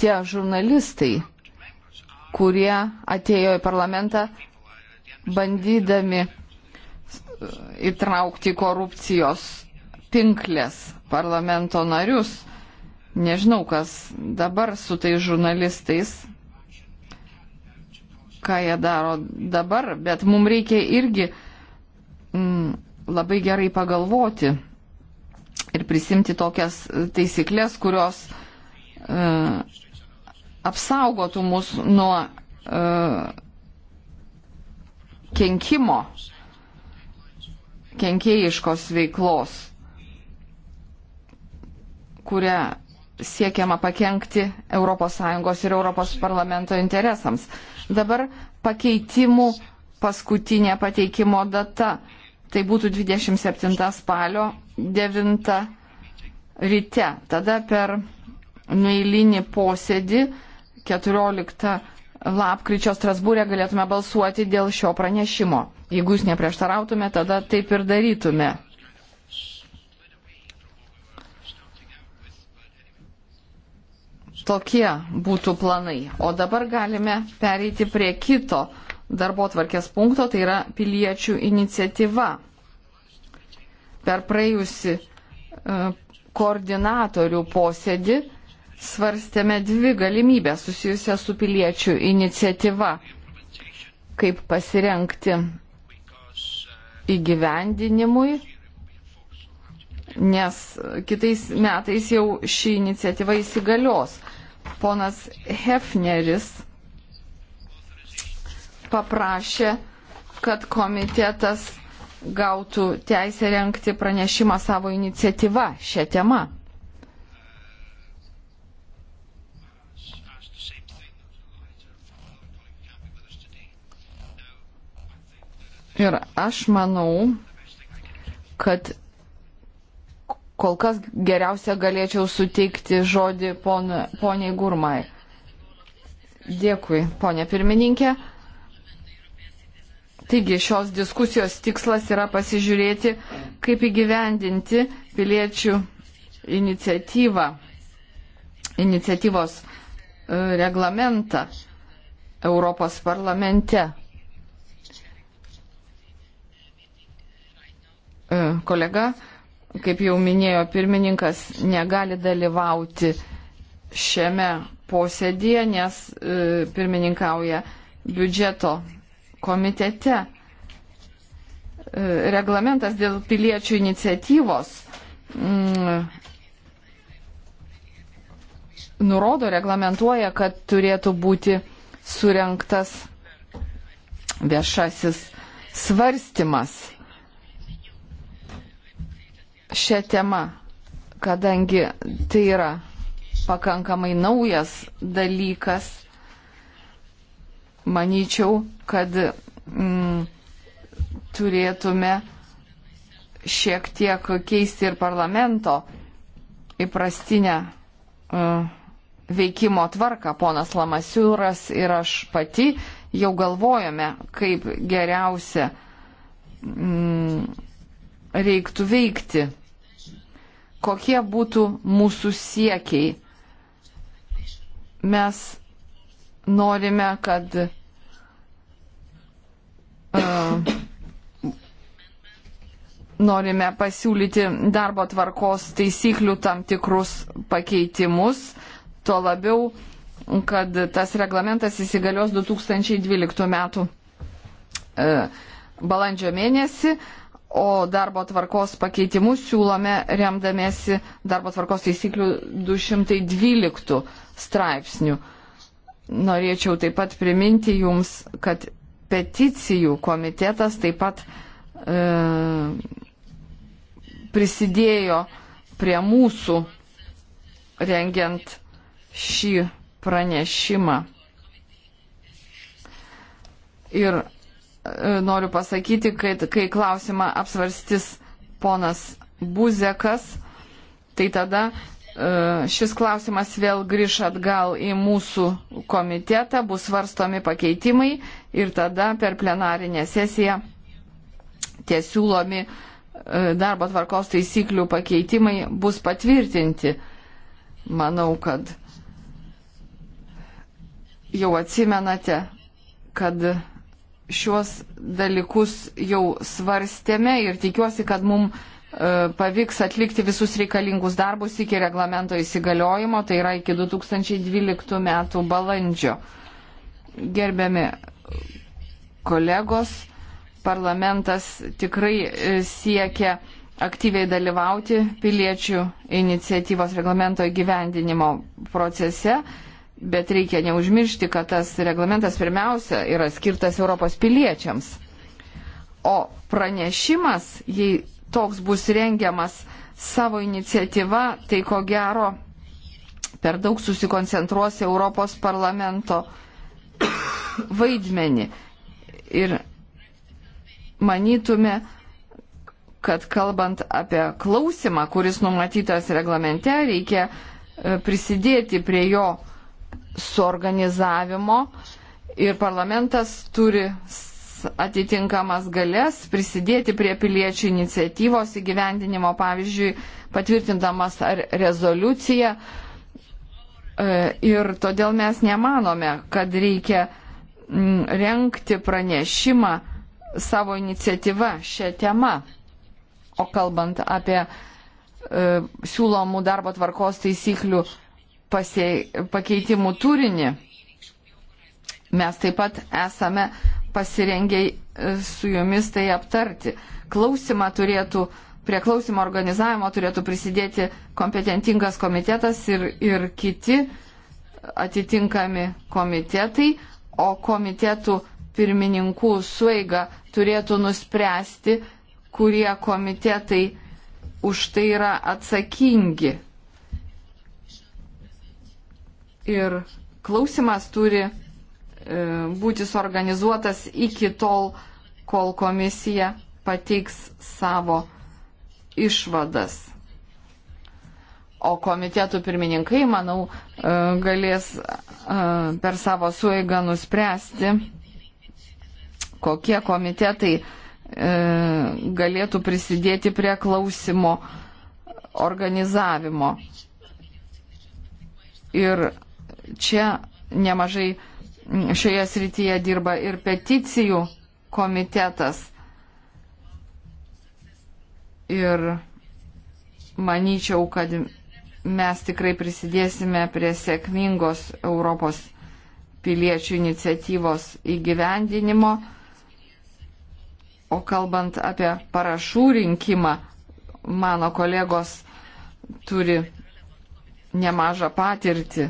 tie žurnalistai, kurie atėjo į parlamentą bandydami įtraukti korupcijos tinklės parlamento narius. Nežinau, kas dabar su tais žurnalistais, ką jie daro dabar, bet mums reikia irgi mm, labai gerai pagalvoti ir prisimti tokias taisyklės, kurios mm, apsaugotų mus nuo uh, kenkimo, kenkėjiškos veiklos, kurią siekiama pakengti ES ir ES parlamento interesams. Dabar pakeitimų paskutinė pateikimo data. Tai būtų 27 spalio 9 ryte. Tada per neįlinį posėdį uh, 14 lapkričio Strasbūrė galėtume balsuoti dėl šio pranešimo. Jeigu jūs neprieštarautume, tada taip ir darytume. Tokie būtų planai. O dabar galime pereiti prie kito darbo tvarkės punkto, tai yra piliečių iniciatyva. Per praėjusi e, koordinatorių posėdį svarstėme dvi galimybės susijusią su piliečių iniciatyva, kaip pasirenkti įgyvendinimui, nes kitais metais jau ši iniciatyva įsigalios. Ponas Hefneris paprašė, kad komitetas gautų teisę renkti pranešimą savo iniciatyvą šią temą. Ir aš manau, kad kol kas geriausia galėčiau suteikti žodį pon, poniai Gurmai. Dėkui, ponė pirmininkė. Taigi šios diskusijos tikslas yra pasižiūrėti, kaip įgyvendinti piliečių iniciatyvą, iniciatyvos e, reglamentą Europos parlamente. E, kolega, kaip jau minėjo pirmininkas, negali dalyvauti šiame posėdėje, nes e, pirmininkauja biudžeto komitete. E, reglamentas dėl piliečių iniciatyvos mm, nurodo, reglamentuoja, kad turėtų būti surenktas viešasis svarstymas šią temą, kadangi tai yra pakankamai naujas dalykas, manyčiau, kad mm, turėtume šiek tiek keisti ir parlamento įprastinę uh, veikimo tvarką. Ponas Lamasiūras ir aš pati jau galvojame, kaip geriausia mm, reiktų veikti kokie būtų mūsų siekiai. Mes norime, kad uh, norime pasiūlyti darbo tvarkos taisyklių tam tikrus pakeitimus, tuo labiau, kad tas reglamentas įsigalios 2012 m. balandžio mėnesį o darbo tvarkos pakeitimus siūlome remdamėsi darbo tvarkos taisyklių 212 straipsnių. Norėčiau taip pat priminti Jums, kad peticijų komitetas taip pat e, prisidėjo prie mūsų rengiant šį pranešimą. Ir E, noriu pasakyti, kad kai klausimą apsvarstys ponas Buzekas, tai tada e, šis klausimas vėl grįž atgal į mūsų komitetą, bus svarstomi pakeitimai ir tada per plenarinę sesiją tie siūlomi e, darbo tvarkos taisyklių pakeitimai bus patvirtinti. Manau, kad jau atsimenate, kad šiuos dalykus jau svarstėme ir tikiuosi, kad mums e, pavyks atlikti visus reikalingus darbus iki reglamento įsigaliojimo, tai yra iki 2012 metų balandžio. Gerbiami kolegos, parlamentas tikrai e, siekia aktyviai dalyvauti piliečių iniciatyvos reglamento įgyvendinimo procese. Bet reikia neužmiršti, kad tas reglamentas pirmiausia yra skirtas Europos piliečiams. O pranešimas, jei toks bus rengiamas savo iniciatyva, tai ko gero per daug susikoncentruos Europos parlamento vaidmenį. Ir manytume, kad kalbant apie klausimą, kuris numatytas reglamente, reikia e, prisidėti prie jo suorganizavimo ir parlamentas turi atitinkamas galės prisidėti prie piliečių iniciatyvos įgyvendinimo, pavyzdžiui, patvirtindamas ar rezoliuciją. E, ir todėl mes nemanome, kad reikia renkti pranešimą savo iniciatyvą šią temą. O kalbant apie e, siūlomų darbo tvarkos taisyklių pasie, pakeitimų turinį. Mes taip pat esame pasirengiai e, su jumis tai aptarti. Klausimą turėtų, prie klausimo organizavimo turėtų prisidėti kompetentingas komitetas ir, ir kiti atitinkami komitetai, o komitetų pirmininkų suiga turėtų nuspręsti, kurie komitetai už tai yra atsakingi ir klausimas turi e, būti suorganizuotas iki tol, kol komisija pateiks savo išvadas. O komitetų pirmininkai, manau, e, galės e, per savo sueigą nuspręsti, kokie komitetai e, galėtų prisidėti prie klausimo organizavimo. Ir čia nemažai šioje srityje dirba ir peticijų komitetas. Ir manyčiau, kad mes tikrai prisidėsime prie sėkmingos Europos piliečių iniciatyvos įgyvendinimo. O kalbant apie parašų rinkimą, mano kolegos turi nemažą patirtį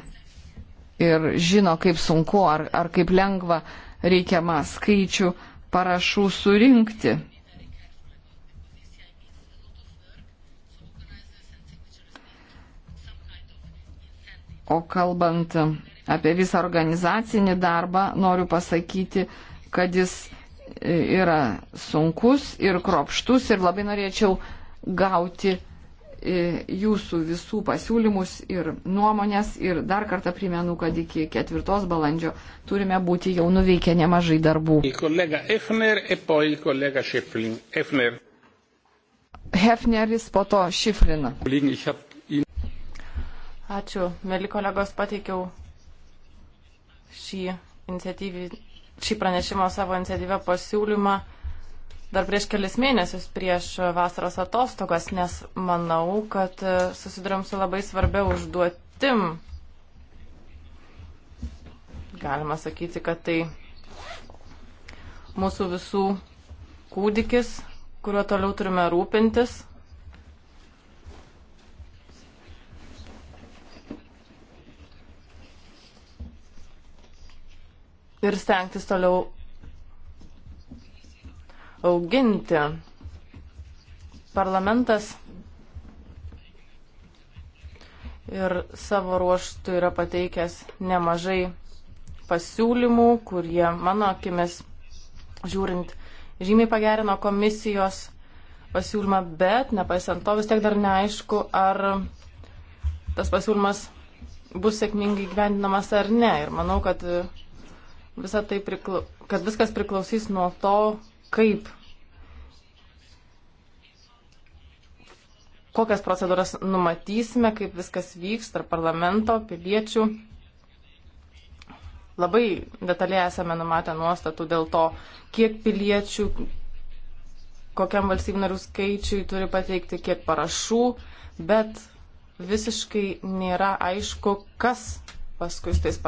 ir žino, kaip sunku ar, ar kaip lengva reikiamą skaičių parašų surinkti. O kalbant apie visą organizacinį darbą, noriu pasakyti, kad jis yra sunkus ir kropštus ir labai norėčiau gauti jūsų visų pasiūlymus ir nuomonės ir dar kartą primenu, kad iki ketvirtos balandžio turime būti jau nuveikę nemažai darbų. Hefner, e Hefner. Hefneris po to Šifrina. Ačiū, mėly kolegos, pateikiau šį, šį pranešimo savo iniciatyvę pasiūlymą dar prieš kelis mėnesius prieš vasaros atostogas, nes manau, kad e, susidurėm su labai svarbia užduotim. Galima sakyti, kad tai mūsų visų kūdikis, kuriuo toliau turime rūpintis. Ir stengtis toliau auginti. Parlamentas ir savo ruoštų yra pateikęs nemažai pasiūlymų, kurie mano akimis žiūrint žymiai pagerino komisijos pasiūlymą, bet nepaisant to vis tiek dar neaišku, ar tas pasiūlymas bus sėkmingai gyvendinamas ar ne. Ir manau, kad, visa tai prikla... kad viskas priklausys nuo to, kaip, kokias procedūras numatysime, kaip viskas vyks tarp parlamento, piliečių. Labai detaliai esame numatę nuostatų dėl to, kiek piliečių, kokiam valstybinarių skaičiui turi pateikti, kiek parašų, bet visiškai nėra aišku, kas paskui su tais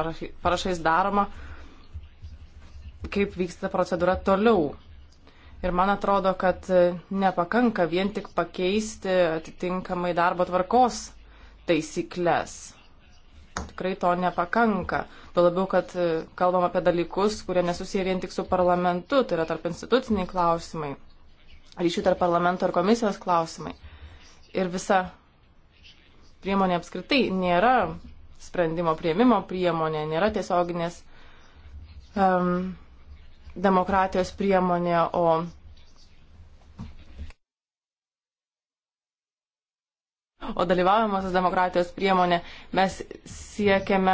parašais daroma, kaip vyksta procedūra toliau. Ir man atrodo, kad nepakanka vien tik pakeisti atitinkamai darbo tvarkos taisyklės. Tikrai to nepakanka. Tuo labiau, kad kalbam apie dalykus, kurie nesusiję vien tik su parlamentu, tai yra tarp instituciniai klausimai, ryšių tarp parlamento ir komisijos klausimai. Ir visa priemonė apskritai nėra sprendimo prieimimo priemonė, nėra tiesioginės um, demokratijos priemonė, o O dalyvaujamosios demokratijos priemonė mes siekiame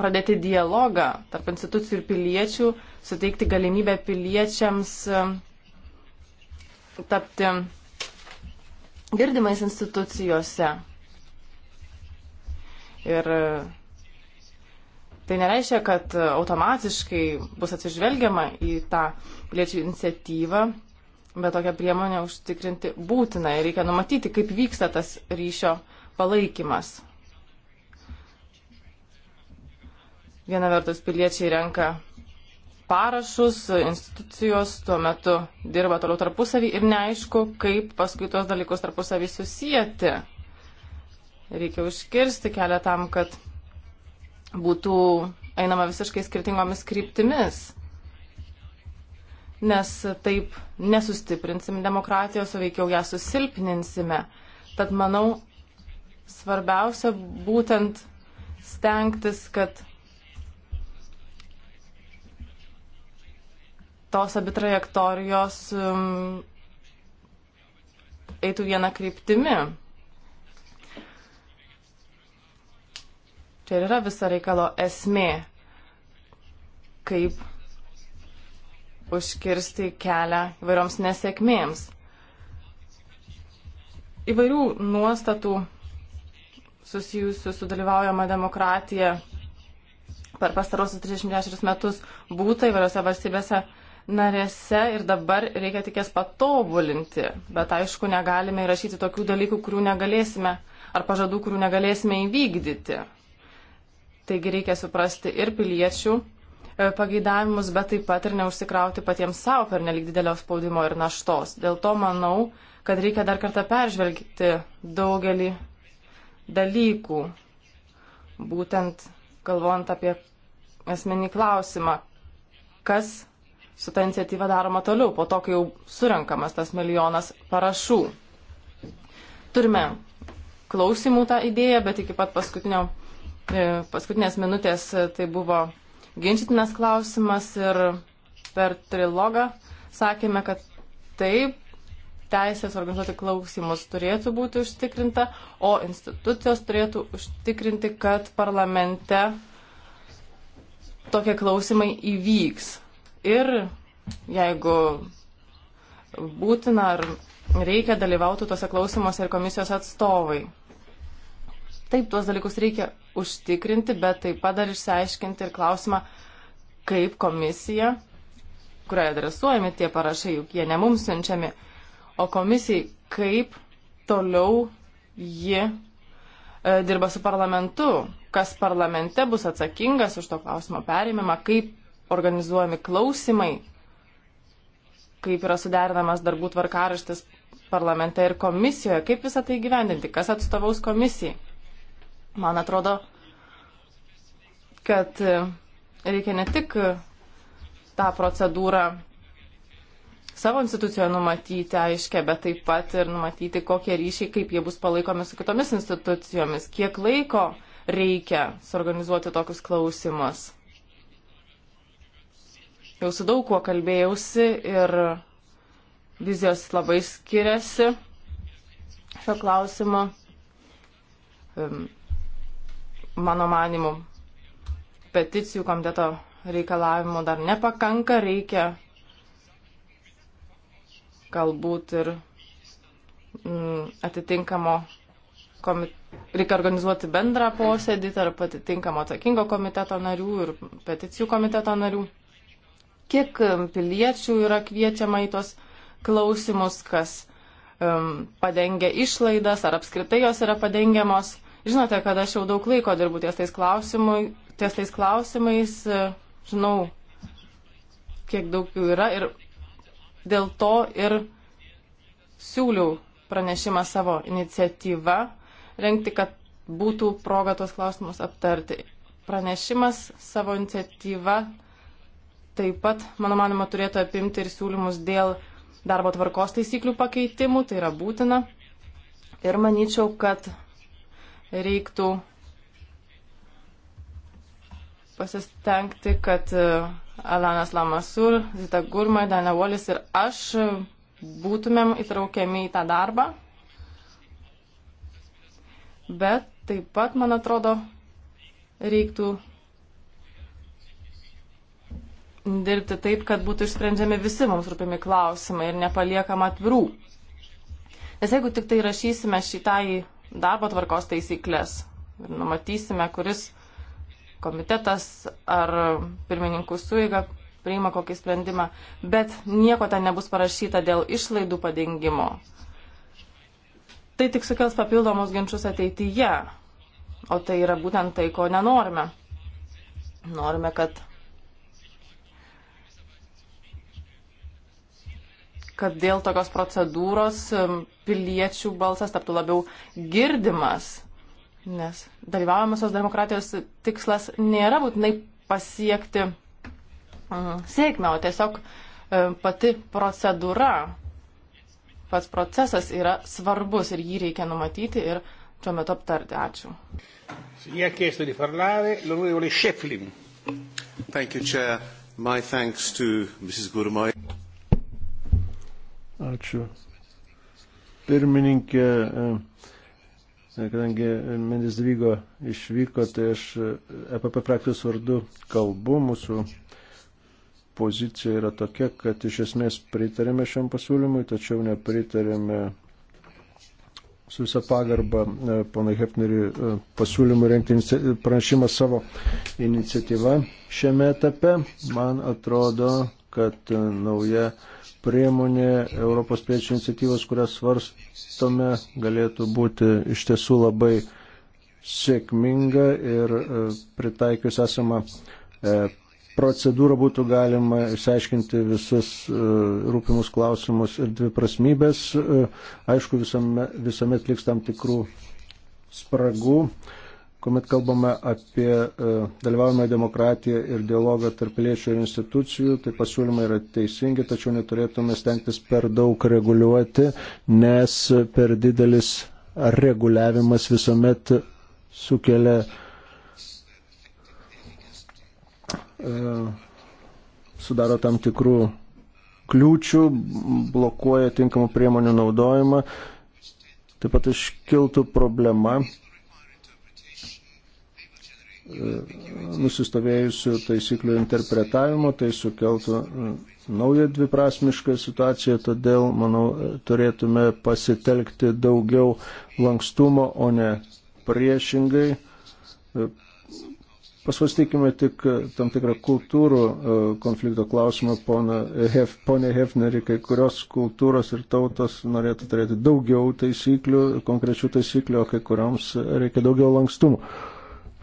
pradėti dialogą tarp institucijų ir piliečių, suteikti galimybę piliečiams um, tapti girdimais institucijose. Ir Tai nereiškia, kad automatiškai bus atsižvelgiama į tą piliečių iniciatyvą, bet tokią priemonę užtikrinti būtina ir reikia numatyti, kaip vyksta tas ryšio palaikymas. Viena vertus piliečiai renka parašus, institucijos tuo metu dirba toliau tarpusavį ir neaišku, kaip paskui tuos dalykus tarpusavį susijęti. Reikia užkirsti kelią tam, kad būtų einama visiškai skirtingomis kryptimis. Nes taip nesustiprinsim demokratijos, o veikiau ją susilpninsime. Tad manau, svarbiausia būtent stengtis, kad tos abi trajektorijos um, eitų vieną kryptimį. Čia ir yra visa reikalo esmė, kaip užkirsti kelią įvairioms nesėkmėms. Įvairių nuostatų susijusių su dalyvaujama demokratija per pastarosius 36 metus būta įvairiose valstybėse narėse ir dabar reikia tik jas patobulinti. Bet aišku, negalime įrašyti tokių dalykų, kurių negalėsime ar pažadų, kurių negalėsime įvykdyti. Taigi reikia suprasti ir piliečių e, pageidavimus, bet taip pat ir neužsikrauti patiems savo per nelik didelio spaudimo ir naštos. Dėl to manau, kad reikia dar kartą peržvelgti daugelį dalykų, būtent galvojant apie esmenį klausimą, kas su ta iniciatyva daroma toliau, po to, kai jau surinkamas tas milijonas parašų. Turime klausimų tą idėją, bet iki pat paskutinio E, paskutinės minutės e, tai buvo ginčytinas klausimas ir per trilogą sakėme, kad taip, teisės organizuoti klausimus turėtų būti užtikrinta, o institucijos turėtų užtikrinti, kad parlamente tokie klausimai įvyks. Ir jeigu būtina ar reikia dalyvauti tuose klausimuose ir komisijos atstovai. Taip, tuos dalykus reikia užtikrinti, bet taip pat dar išsiaiškinti ir klausimą, kaip komisija, kuriai adresuojami tie parašai, juk jie ne mums siunčiami, o komisijai, kaip toliau ji e, dirba su parlamentu, kas parlamente bus atsakingas už to klausimo perėmimą, kaip organizuojami klausimai, kaip yra suderinamas darbų tvarkaraštis parlamente ir komisijoje, kaip visą tai gyvendinti, kas atstovaus komisijai. Man atrodo, kad reikia ne tik tą procedūrą savo institucijoje numatyti aiškę, bet taip pat ir numatyti, kokie ryšiai, kaip jie bus palaikomi su kitomis institucijomis, kiek laiko reikia suorganizuoti tokius klausimus. Jau su daug kuo kalbėjausi ir vizijos labai skiriasi šio klausimo mano manimu, peticijų komiteto reikalavimų dar nepakanka, reikia galbūt ir m, mm, atitinkamo komiteto. Reikia organizuoti bendrą posėdį tarp atitinkamo atsakingo komiteto narių ir peticijų komiteto narių. Kiek mm, piliečių yra kviečiama į tos klausimus, kas um, padengia išlaidas, ar apskritai jos yra padengiamos Žinote, kad aš jau daug laiko dirbu ties tais, ties tais klausimais, e, žinau, kiek daug jų yra ir dėl to ir siūliau pranešimą savo iniciatyvą rengti, kad būtų proga tuos klausimus aptarti. Pranešimas savo iniciatyva taip pat, mano manimo, turėtų apimti ir siūlymus dėl darbo tvarkos taisyklių pakeitimų, tai yra būtina. Ir manyčiau, kad reiktų pasistengti, kad e, Alanas Lamasur, Zita Gurma, Dana Wallis ir aš būtumėm įtraukiami į tą darbą. Bet taip pat, man atrodo, reiktų dirbti taip, kad būtų išsprendžiami visi mums rūpimi klausimai ir nepaliekam atvirų. Nes jeigu tik tai rašysime šitą į darbo tvarkos taisyklės ir numatysime, kuris komitetas ar pirmininkų suiga priima kokį sprendimą, bet nieko ten nebus parašyta dėl išlaidų padengimo. Tai tik sukels papildomus ginčius ateityje, o tai yra būtent tai, ko nenorime. Norime, kad kad dėl tokios procedūros piliečių balsas taptų labiau girdimas. Nes dalyvaujamosios demokratijos tikslas nėra būtinai pasiekti sėkmę, o tiesiog pati procedūra, pats procesas yra svarbus ir jį reikia numatyti ir tuo metu aptarti. Ačiū. Thank you, Chair. My thanks to Mrs. Gurmai. Ačiū. Pirmininkė, e, kadangi Mendis Dvygo išvyko, tai aš EPP e praktikos vardu kalbu. Mūsų pozicija yra tokia, kad iš esmės pritarėme šiam pasiūlymui, tačiau nepritarėme su visą pagarbą e, pana Hepneriui pasiūlymų renkti pranešimą savo iniciatyvą šiame etape. Man atrodo, kad e, nauja priemonė Europos priečių iniciatyvos, kurią svarstome, galėtų būti iš tiesų labai sėkminga ir e, pritaikius esamą e, procedūrą būtų galima išsiaiškinti visus rūpimus klausimus ir dviprasmybės. Aišku, visame, visuomet liks tam tikrų spragų kuomet kalbame apie e, dalyvavimą demokratiją ir dialogą tarp piliečių ir institucijų, tai pasiūlymai yra teisingi, tačiau neturėtume stengtis per daug reguliuoti, nes per didelis reguliavimas visuomet sukelia e, sudaro tam tikrų kliūčių, blokuoja tinkamų priemonių naudojimą. Taip pat iškiltų problema, nusistovėjusių taisyklių interpretavimo, tai sukeltų e, naują dviprasmišką situaciją, todėl, manau, e, turėtume pasitelkti daugiau lankstumo, o ne priešingai. E, Pasvastykime tik tam tikrą kultūrų konflikto klausimą, Hef, ponė Hefneri, kai kurios kultūros ir tautos norėtų turėti daugiau taisyklių, konkrečių taisyklių, o kai kurioms reikia daugiau lankstumo.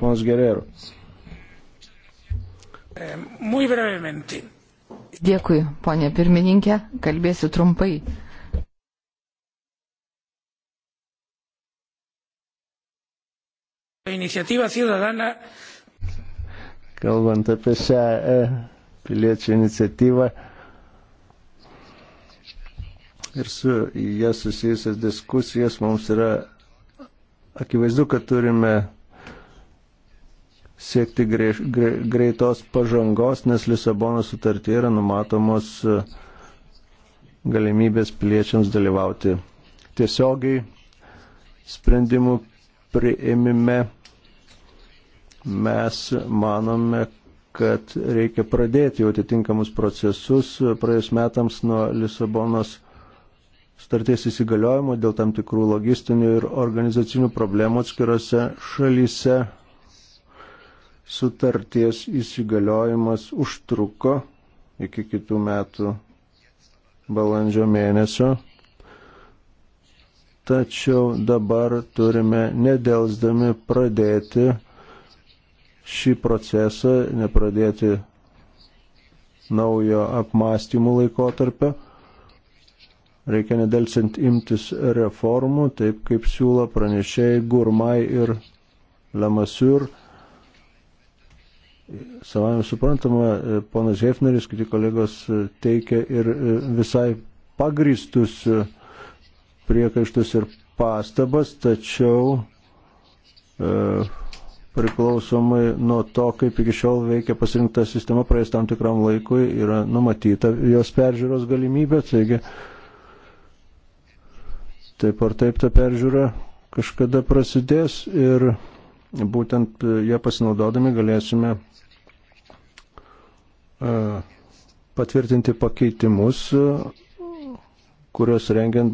Ponas Gerero. E, Dėkui, ponė pirmininkė, kalbėsiu trumpai. Kalbant apie šią e, piliečių iniciatyvą ir su jie susijusias diskusijas, mums yra akivaizdu, kad turime siekti grei, grei, greitos pažangos, nes Lisabono sutartyje yra numatomos e, galimybės piliečiams dalyvauti tiesiogiai sprendimų priėmime. Mes manome, kad reikia pradėti jau atitinkamus procesus praėjus metams nuo Lisabonos starties įsigaliojimo dėl tam tikrų logistinių ir organizacinių problemų atskirose šalyse sutarties įsigaliojimas užtruko iki kitų metų balandžio mėnesio. Tačiau dabar turime nedelsdami pradėti šį procesą, nepradėti naujo apmąstymų laikotarpio. Reikia nedelsiant imtis reformų, taip kaip siūlo pranešėjai Gurmai ir Lemasiur. Savame suprantama, e, ponas Hefneris, kiti kolegos e, teikia ir e, visai pagristus priekaištus ir pastabas, tačiau e, priklausomai nuo to, kaip iki šiol veikia pasirinkta sistema, praėjus tam tikram laikui yra numatyta jos peržiūros galimybė, taigi taip ar taip ta peržiūra kažkada prasidės ir būtent ją pasinaudodami galėsime E, patvirtinti pakeitimus, e, kuriuos rengiant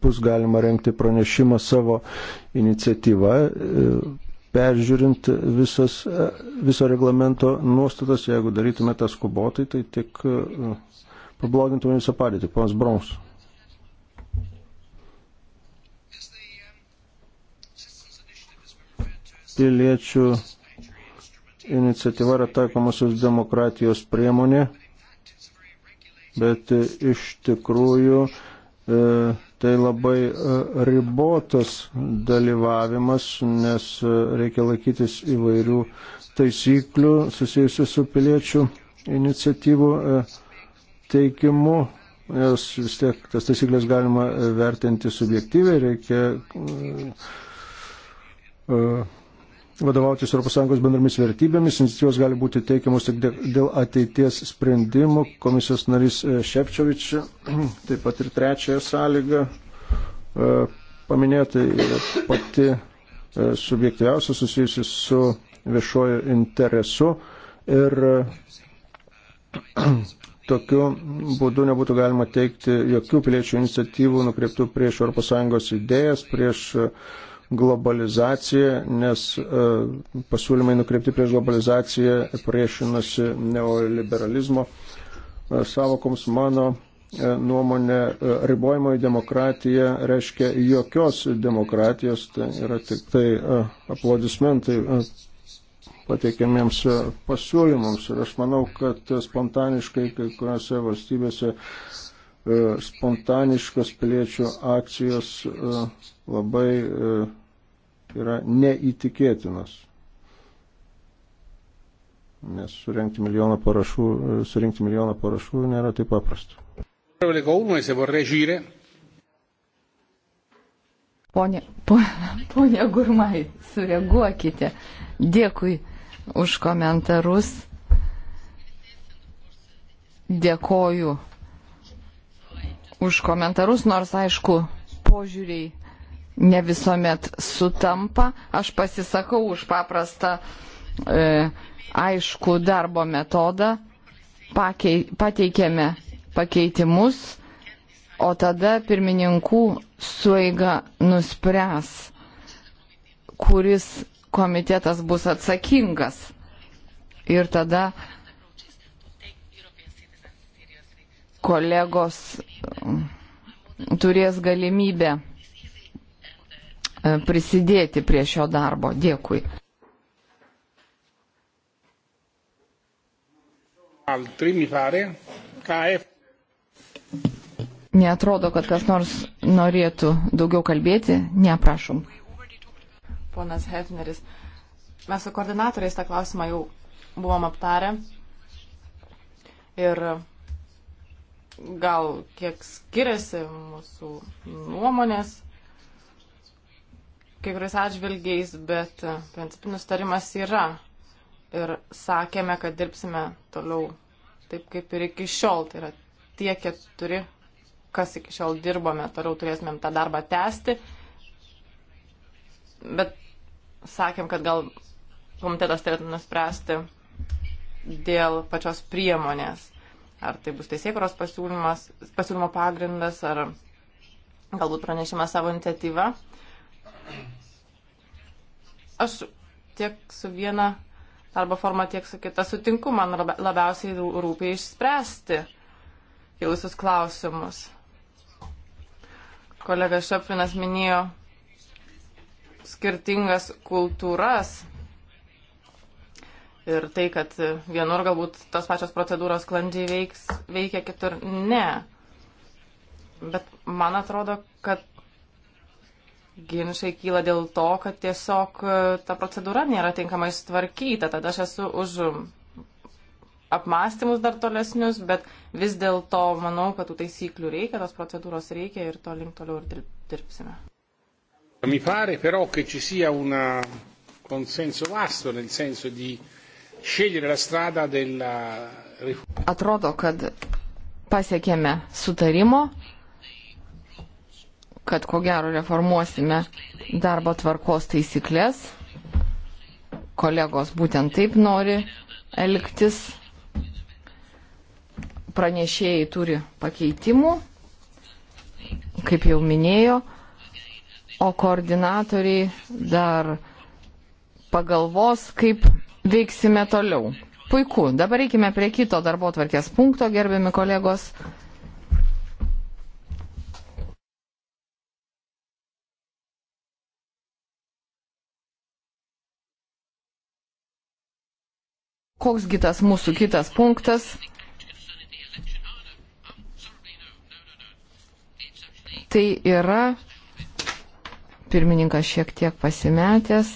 bus galima rengti pranešimą savo iniciatyvą, e, peržiūrint visas, viso reglamento nuostatas, jeigu darytume tą skubotai, tai tik pablogintume visą padėtį. Pans Brons. Piliečių iniciatyva yra taikomosios demokratijos priemonė, bet e, iš tikrųjų e, tai labai e, ribotas dalyvavimas, nes reikia laikytis įvairių taisyklių susijusių su piliečių iniciatyvų teikimu, nes vis tiek tas taisyklės galima vertinti subjektyviai, reikia vadovautis ES bendromis vertybėmis. Iniciatyvos gali būti teikiamos tik dėl ateities sprendimų. Komisijos narys e, Šepčiovič taip pat ir trečiąją sąlygą e, paminėta ir pati e, subjektyviausia susijusi su viešojo interesu ir tokiu būdu nebūtų galima teikti jokių piliečių iniciatyvų nukreiptų prieš ES idėjas, prieš uh, globalizaciją, nes e, pasiūlymai nukreipti prieš globalizaciją priešinasi neoliberalizmo e, savokoms mano e, nuomonė ribojimoji demokratija reiškia jokios demokratijos, tai yra tik tai aplodismentai pateikiamiems pasiūlymams. Ir aš manau, kad spontaniškai kai kuriuose valstybėse spontaniškos piliečių akcijos labai yra neįtikėtinas. Nes surinkti milijoną parašų, surinkti milijoną parašų nėra taip paprasta. Pone, po, ponia Gurmai, sureaguokite. Dėkui už komentarus. Dėkoju už komentarus, nors aišku, požiūriai ne visuomet sutampa. Aš pasisakau už paprastą e, aišku darbo metodą. Pakei, pateikėme pakeitimus, o tada pirmininkų suiga nuspręs, kuris komitetas bus atsakingas. Ir tada kolegos turės galimybę E, prisidėti prie šio darbo. Dėkui. Altri, mi pare. KF. Neatrodo, kad kas nors norėtų daugiau kalbėti. Neprašom. Ponas Hefneris, mes su koordinatoriais tą klausimą jau buvom aptarę. Ir gal kiek skiriasi mūsų nuomonės kai kuriais atžvilgiais, bet e, principinis tarimas yra. Ir sakėme, kad dirbsime toliau taip kaip ir iki šiol. Tai yra tie keturi, kas iki šiol dirbome, toliau turėsimėm tą darbą tęsti. Bet sakėm, kad gal komitetas turėtų nuspręsti dėl pačios priemonės. Ar tai bus teisėkuros pasiūlymo pagrindas, ar galbūt pranešimas savo iniciatyvą. Aš tiek su viena darbo forma, tiek su kita sutinku, man labiausiai rūpia išspręsti kilusius klausimus. Kolega Šeplinas minėjo skirtingas kultūras ir tai, kad vienur galbūt tos pačios procedūros sklandžiai veiks, veikia, kitur ne. Bet man atrodo, kad ginčiai kyla dėl to, kad tiesiog e, ta procedūra nėra tinkamai sutvarkyta. Tada aš esu už apmąstymus dar tolesnius, bet vis dėlto manau, kad tų taisyklių reikia, tos procedūros reikia ir to link toliau ir dirbsime. Mi pare però che ci sia un consenso vasto nel senso di scegliere la strada della riforma. Atrodo, kad pasiekėme sutarimo kad ko gero reformuosime darbo tvarkos taisyklės. Kolegos būtent taip nori elgtis. Pranešėjai turi pakeitimų, kaip jau minėjo, o koordinatoriai dar pagalvos, kaip veiksime toliau. Puiku, dabar reikime prie kito darbo tvarkės punkto, gerbiami kolegos. koksgi tas mūsų kitas punktas. Tai yra, pirmininkas šiek tiek pasimetęs.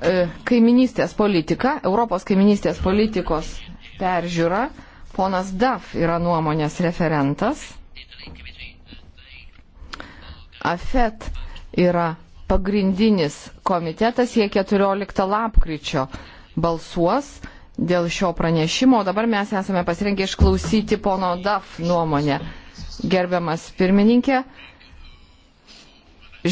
E, kaiminystės politika, Europos kaiminystės politikos peržiūra. Ponas Daf yra nuomonės referentas. AFET yra pagrindinis komitetas, jie 14 lapkričio balsuos dėl šio pranešimo. O dabar mes esame pasirinkę išklausyti pono DAF nuomonę. Gerbiamas pirmininkė,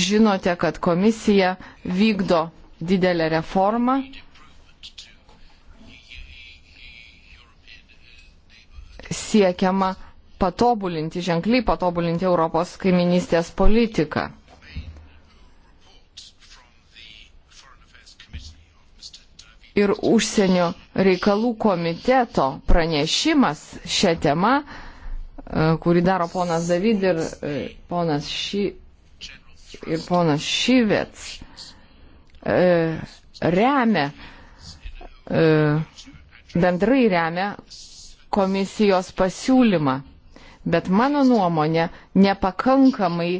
žinote, kad komisija vykdo didelę reformą. Siekiama patobulinti, ženkliai patobulinti Europos kaiminystės politiką. Ir užsienio reikalų komiteto pranešimas šią temą, e, kurį daro ponas David ir e, ponas, Ši, ir ponas Šyvets E, remia, e, bendrai remia komisijos pasiūlymą. Bet mano nuomonė nepakankamai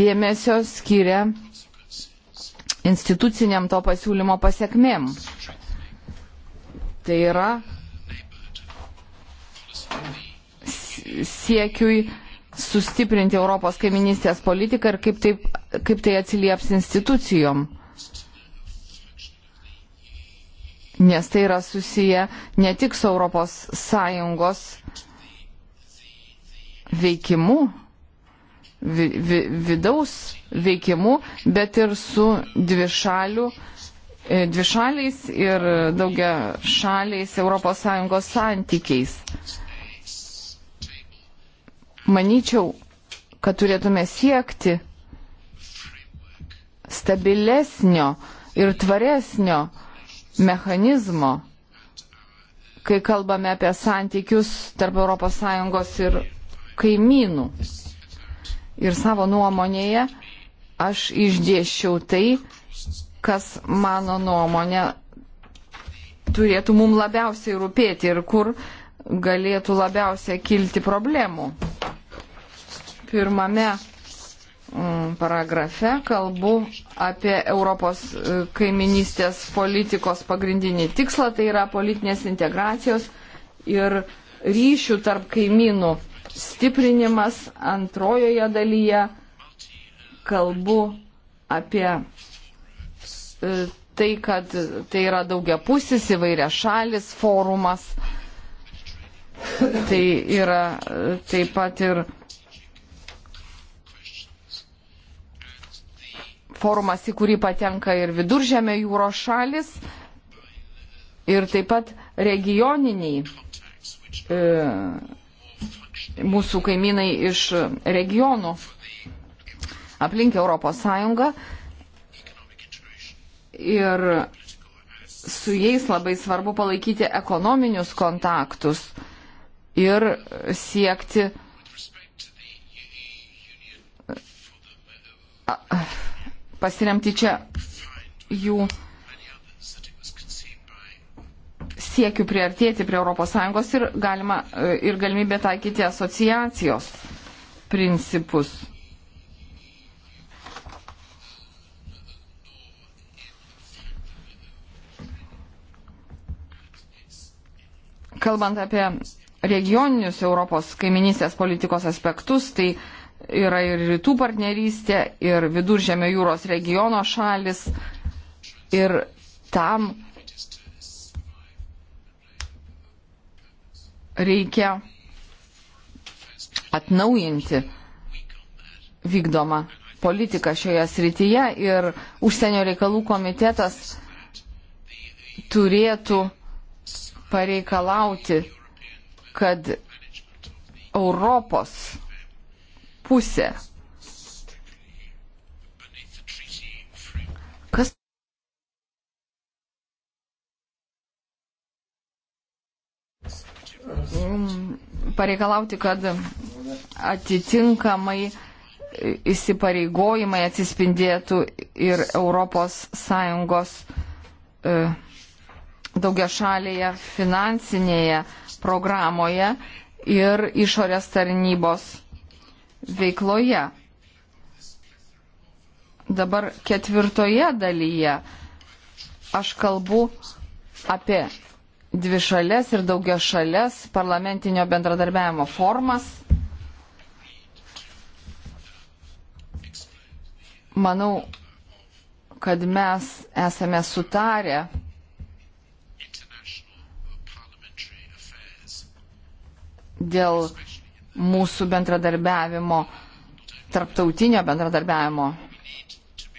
dėmesio skiria instituciniam to pasiūlymo pasiekmėm. Tai yra siekiui sustiprinti Europos kaiminystės politiką ir kaip, taip, kaip tai atsilieps institucijom. Uh, nes tai yra susiję ne tik su ES veikimu, vi, vi, vidaus veikimu, bet ir su dvišalių, e, dvišaliais ir daugia šaliais ES santykiais. Maničiau, kad turėtume siekti stabilesnio ir tvaresnio mechanizmo, kai kalbame apie santykius tarp ES ir kaimynų. Ir savo nuomonėje aš išdėščiau tai, kas mano nuomonė turėtų mums labiausiai rūpėti ir kur galėtų labiausiai kilti problemų. Pirmame Mm, paragrafe kalbu apie Europos e, kaiminystės politikos pagrindinį tikslą, tai yra politinės integracijos ir ryšių tarp kaimynų stiprinimas. Antrojoje dalyje kalbu apie e, tai, kad tai yra daugiapusis įvairia šalis forumas. Tai yra e, taip pat ir forumas, į kurį patenka ir viduržėmė jūros šalis, ir taip pat regioniniai e, mūsų kaimynai iš regionų aplink Europos Sąjungą. Ir su jais labai svarbu palaikyti ekonominius kontaktus ir siekti. A, a, pasiremti čia jų siekių priartėti prie ES ir, galima, e, ir galimybė taikyti asociacijos principus. Kalbant apie regioninius Europos kaiminysės politikos aspektus, tai uh, yra ir rytų partnerystė, ir viduržėmio jūros regiono šalis. Ir tam reikia atnaujinti vykdomą politiką šioje srityje ir užsienio reikalų komitetas turėtų pareikalauti, kad Europos pusė. Kas pareikalauti, kad atitinkamai įsipareigojimai atsispindėtų ir ES e, daugia šalėje finansinėje programoje ir išorės tarnybos veikloje. Dabar ketvirtoje dalyje aš kalbu apie dvi šalės ir daugia šalės parlamentinio bendradarbiavimo formas. Manau, kad mes esame sutarę dėl mūsų bendradarbiavimo, tarptautinio bendradarbiavimo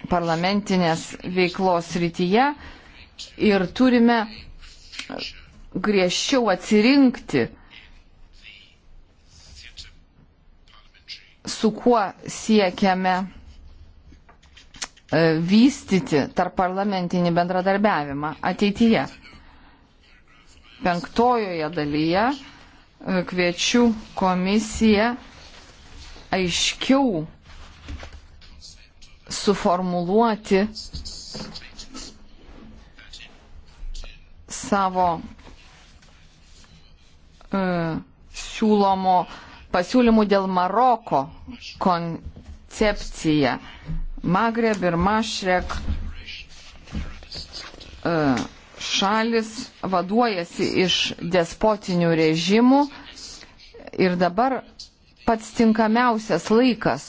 parlamentinės veiklos rytyje ir turime griežčiau atsirinkti, su kuo siekiame e, vystyti tarp parlamentinį bendradarbiavimą ateityje. Penktojoje dalyje kviečiu komisiją aiškiau suformuluoti savo e, siūlomo pasiūlymų dėl Maroko koncepciją. Magreb ir Mašrek e, šalis vaduojasi iš despotinių režimų ir dabar pats tinkamiausias laikas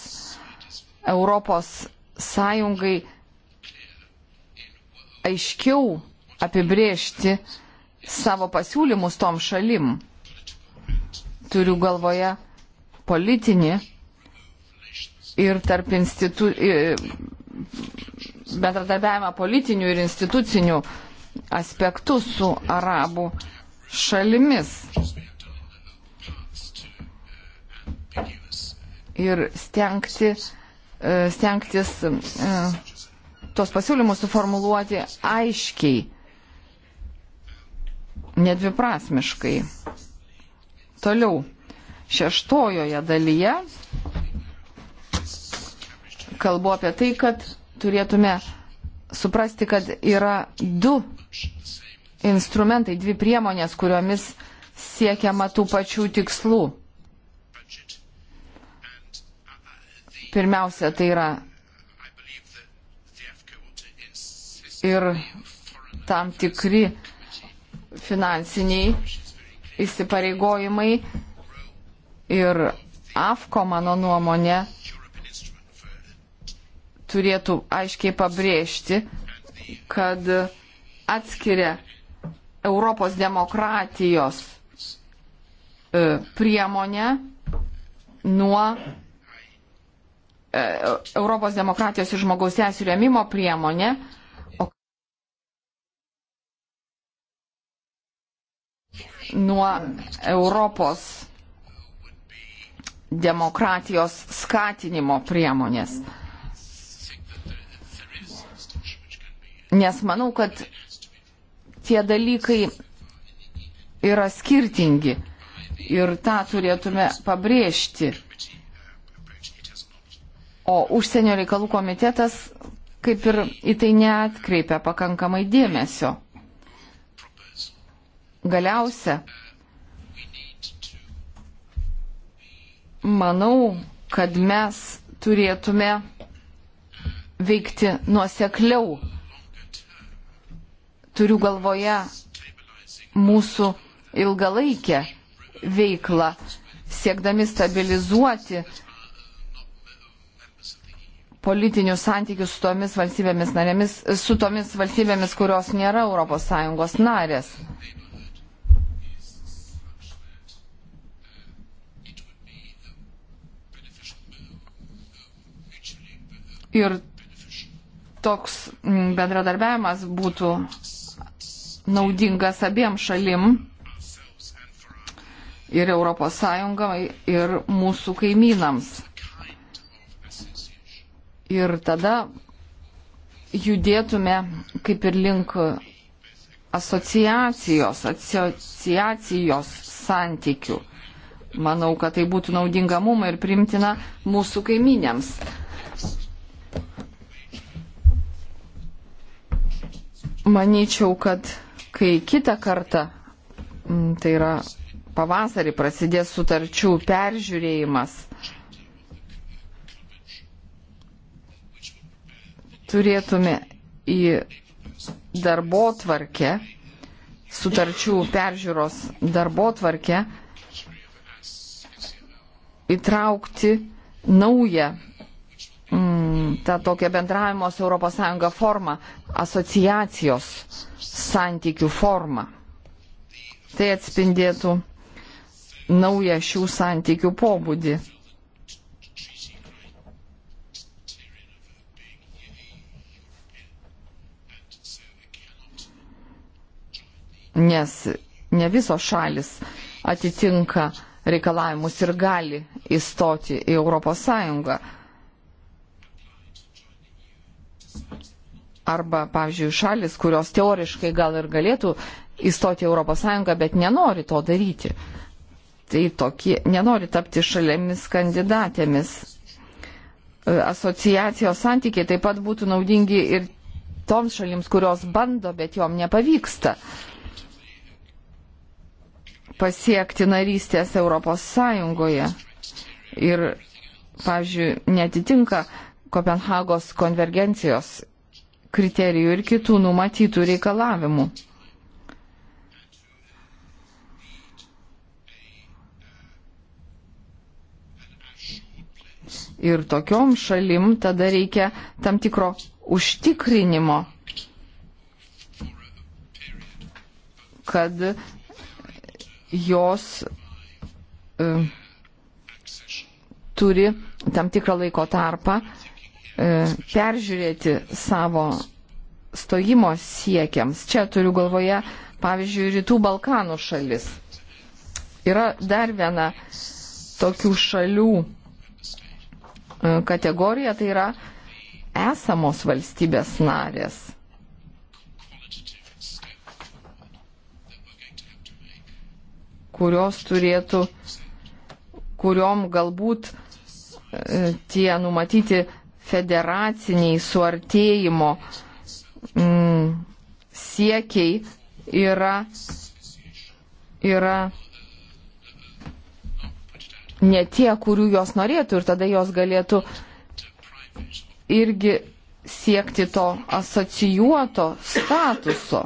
Europos Sąjungai aiškiau apibriežti savo pasiūlymus tom šalim. Turiu galvoje politinį ir tarp institu... bendradarbiavimą politinių ir institucinių uh, aspektu su arabų šalimis. Ir stengti, e, stengtis e, tos pasiūlymus suformuluoti aiškiai, nedviprasmiškai. Toliau, šeštojoje dalyje kalbu apie tai, kad turėtume suprasti, kad yra du instrumentai, dvi priemonės, kuriomis siekiama tų pačių tikslų. Pirmiausia, tai yra ir tam tikri finansiniai įsipareigojimai ir AFKO, mano nuomonė, turėtų aiškiai pabrėžti, kad atskiria Europos demokratijos e, priemonę nuo e, Europos demokratijos ir žmogaus teisų rėmimo priemonė. nuo Europos demokratijos skatinimo priemonės. Nes manau, kad tie dalykai yra skirtingi ir tą turėtume pabrėžti. O užsienio reikalų komitetas kaip ir į tai neatkreipia pakankamai dėmesio. Galiausia, manau, kad mes turėtume veikti nuosekliau turiu galvoje mūsų ilgalaikę veiklą, siekdami stabilizuoti politinius santykius su tomis valstybėmis narėmis, su tomis valstybėmis, kurios nėra ES narės. Ir toks bendradarbiavimas būtų naudingas abiem šalim ir ES ir mūsų kaimynams. Ir tada judėtume kaip ir link asociacijos, asociacijos santykių. Manau, kad tai būtų naudinga mum ir primtina mūsų kaiminėms. Manyčiau, kad kai kitą kartą, mm, tai yra pavasarį, prasidės sutarčių peržiūrėjimas, turėtume į darbo tvarkę, sutarčių peržiūros darbo tvarkę įtraukti naują mm, tą tokią bendravimo su ES formą, asociacijos santykių formą. Tai atspindėtų naują šių santykių pobūdį. Nes ne visos šalis atitinka reikalavimus ir gali įstoti į Europos Sąjungą arba, pavyzdžiui, šalis, kurios teoriškai gal ir galėtų įstoti Europos Sąjungą, bet nenori to daryti. Tai tokie nenori tapti šalėmis kandidatėmis. E, asociacijos santykiai taip pat būtų naudingi ir toms šalims, kurios bando, bet jom nepavyksta pasiekti narystės Europos Sąjungoje. Ir, pavyzdžiui, netitinka Kopenhagos konvergencijos kriterijų ir kitų numatytų reikalavimų. Ir tokiom šalim tada reikia tam tikro užtikrinimo, kad jos e, turi tam tikrą laiko tarpą E, peržiūrėti savo stojimo siekiams. Čia turiu galvoje, pavyzdžiui, Rytų Balkanų šalis. Yra dar viena tokių šalių e, kategorija, tai yra esamos valstybės narės. kurios turėtų, kuriuom galbūt e, tie numatyti federaciniai suartėjimo mm, siekiai yra, yra ne tie, kurių jos norėtų ir tada jos galėtų irgi siekti to asocijuoto statuso.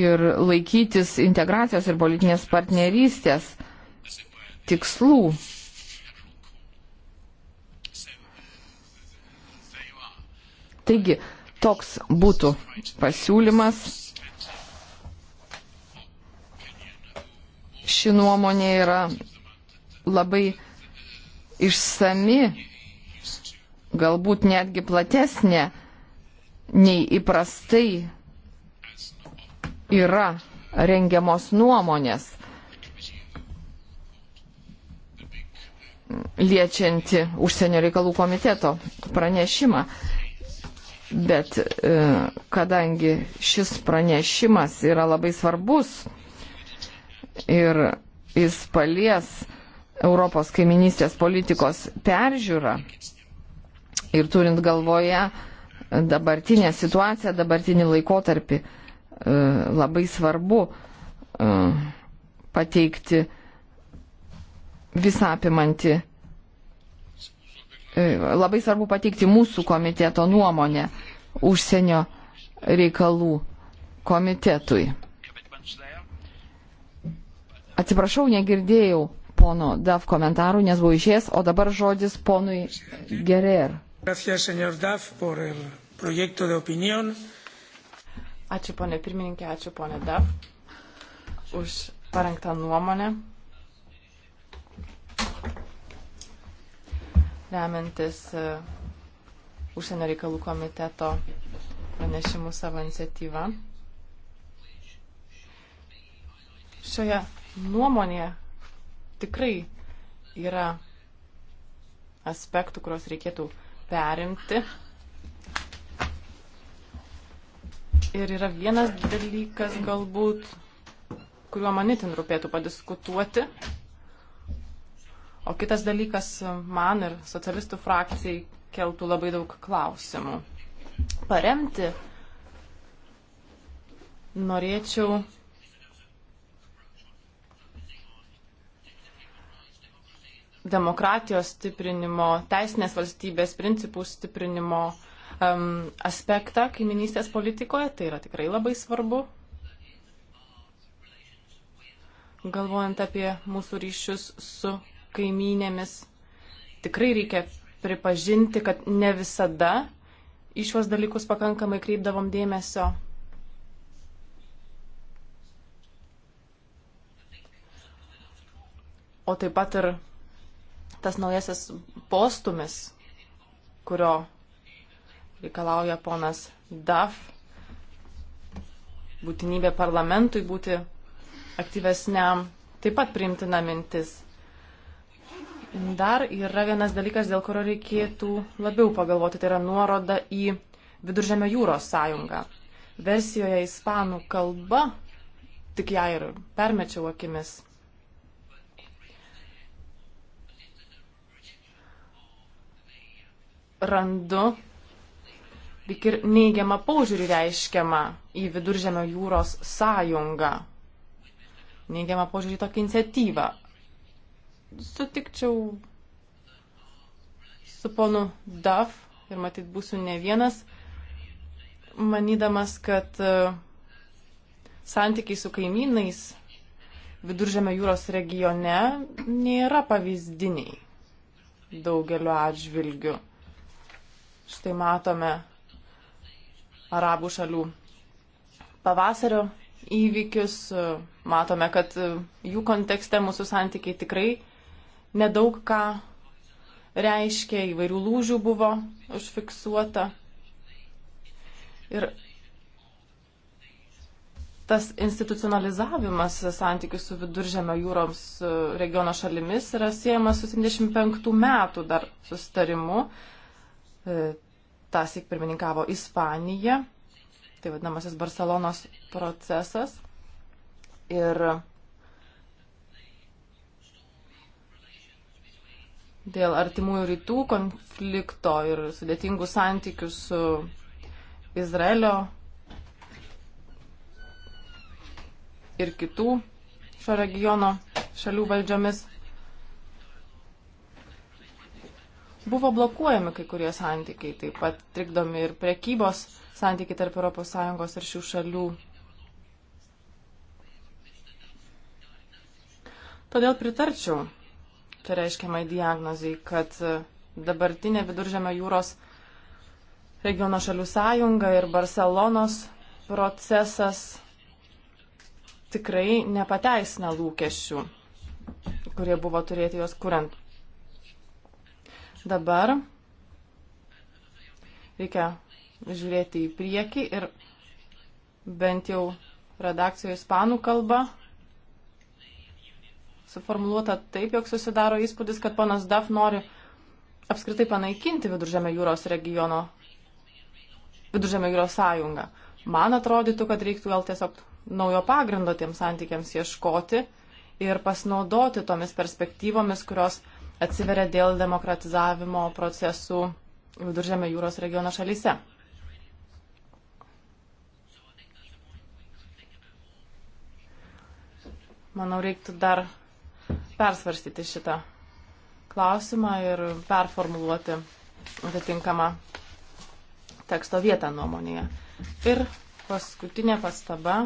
ir laikytis integracijos ir politinės partnerystės tikslų. Taigi, toks būtų pasiūlymas. Ši nuomonė yra labai išsami, galbūt netgi platesnė nei įprastai yra rengiamos nuomonės liečianti užsienio reikalų komiteto pranešimą. Bet e, kadangi šis pranešimas yra labai svarbus ir jis palies Europos kaiminystės politikos peržiūrą ir turint galvoje dabartinę situaciją, dabartinį laikotarpį, E, labai svarbu e, pateikti visą apimantį, e, labai svarbu pateikti mūsų komiteto nuomonę užsienio reikalų komitetui. Atsiprašau, negirdėjau pono DAF komentarų, nes buvo išėjęs, o dabar žodis ponui Gerer. Gracias, señor DAF, por el proyecto de opinión. Ačiū ponė pirmininkė, ačiū ponė Dav už parengtą nuomonę. Remiantis uh, užsienio reikalų komiteto pranešimų savo iniciatyvą. Šioje nuomonėje tikrai yra aspektų, kuriuos reikėtų perimti Ir yra vienas dalykas galbūt, kuriuo man itin rūpėtų padiskutuoti. O kitas dalykas man ir socialistų frakcijai keltų labai daug klausimų. Paremti norėčiau demokratijos stiprinimo, teisinės valstybės principų stiprinimo um, aspektą kaiminystės politikoje, tai yra tikrai labai svarbu. Galvojant apie mūsų ryšius su kaimynėmis, tikrai reikia pripažinti, kad ne visada į šiuos dalykus pakankamai kreipdavom dėmesio. O taip pat ir tas naujasis postumis, kurio reikalauja ponas DAF, būtinybė parlamentui būti aktyvesniam, taip pat priimtina mintis. Dar yra vienas dalykas, dėl kurio reikėtų labiau pagalvoti, tai yra nuoroda į Viduržemio jūros sąjungą. Versijoje ispanų kalba, tik ją ir permečiau akimis. Randu lik ir neigiamą paužiūrį reiškiamą į Viduržemio jūros sąjungą. Neigiamą paužiūrį tokią iniciatyvą. Sutikčiau su ponu Daf ir matyt būsiu ne vienas, manydamas, kad e, santykiai su kaimynais Viduržemio jūros regione nėra pavyzdiniai daugeliu atžvilgių. Štai matome arabų šalių pavasario įvykius. Matome, kad jų kontekste mūsų santykiai tikrai nedaug ką reiškia, įvairių lūžių buvo užfiksuota. Ir tas institucionalizavimas santykių su viduržėmio jūroms e, regiono šalimis yra siejamas su 75 metų dar sustarimu. E, Tasik pirmininkavo Ispanija, tai vadinamasis Barcelonos procesas. Ir dėl artimųjų rytų konflikto ir sudėtingų santykių su Izraelio ir kitų šio regiono šalių valdžiomis Buvo blokuojami kai kurie santykiai, taip pat trikdomi ir prekybos santykiai tarp ES ir šių šalių. Todėl pritarčiau čia reiškiamai diagnozijai, kad dabartinė viduržėmio jūros regiono šalių sąjunga ir Barcelonos procesas tikrai nepateisina lūkesčių, kurie buvo turėti jos kuriant. Dabar reikia žiūrėti į priekį ir bent jau redakcijoje ispanų kalba suformuluota taip, jog susidaro įspūdis, kad ponas Daf nori apskritai panaikinti Viduržėmio jūros regiono, Viduržėmio jūros sąjungą. Man atrodytų, kad reiktų gal tiesiog naujo pagrindo tiems santykiams ieškoti ir pasinaudoti tomis perspektyvomis, kurios atsiveria dėl demokratizavimo procesų Viduržėmio jūros regiono šalyse. Manau, reiktų dar persvarstyti šitą klausimą ir performuluoti atitinkamą teksto vietą nuomonėje. Ir paskutinė pastaba.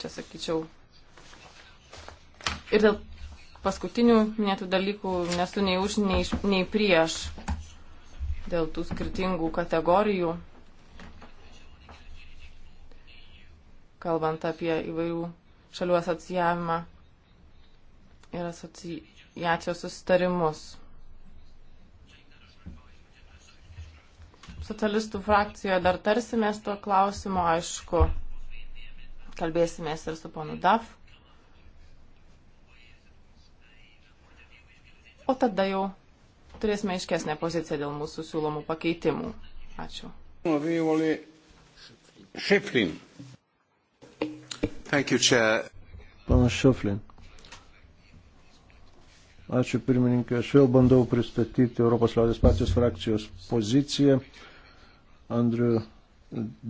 Čia sakyčiau, Ir dėl paskutinių minėtų dalykų nesu nei už, nei, nei prieš dėl tų skirtingų kategorijų, kalbant apie įvairių šalių asocijavimą ir asociacijos sustarimus. Socialistų frakcijoje dar tarsimės tuo klausimu, aišku, kalbėsimės ir su ponu DAF o tada jau turėsime aiškesnę poziciją dėl mūsų siūlomų pakeitimų. Ačiū. Šeflin. Thank you, Chair. Panas Šeflin. Ačiū pirmininkai. Aš vėl bandau pristatyti Europos liaudės partijos frakcijos poziciją. Andriu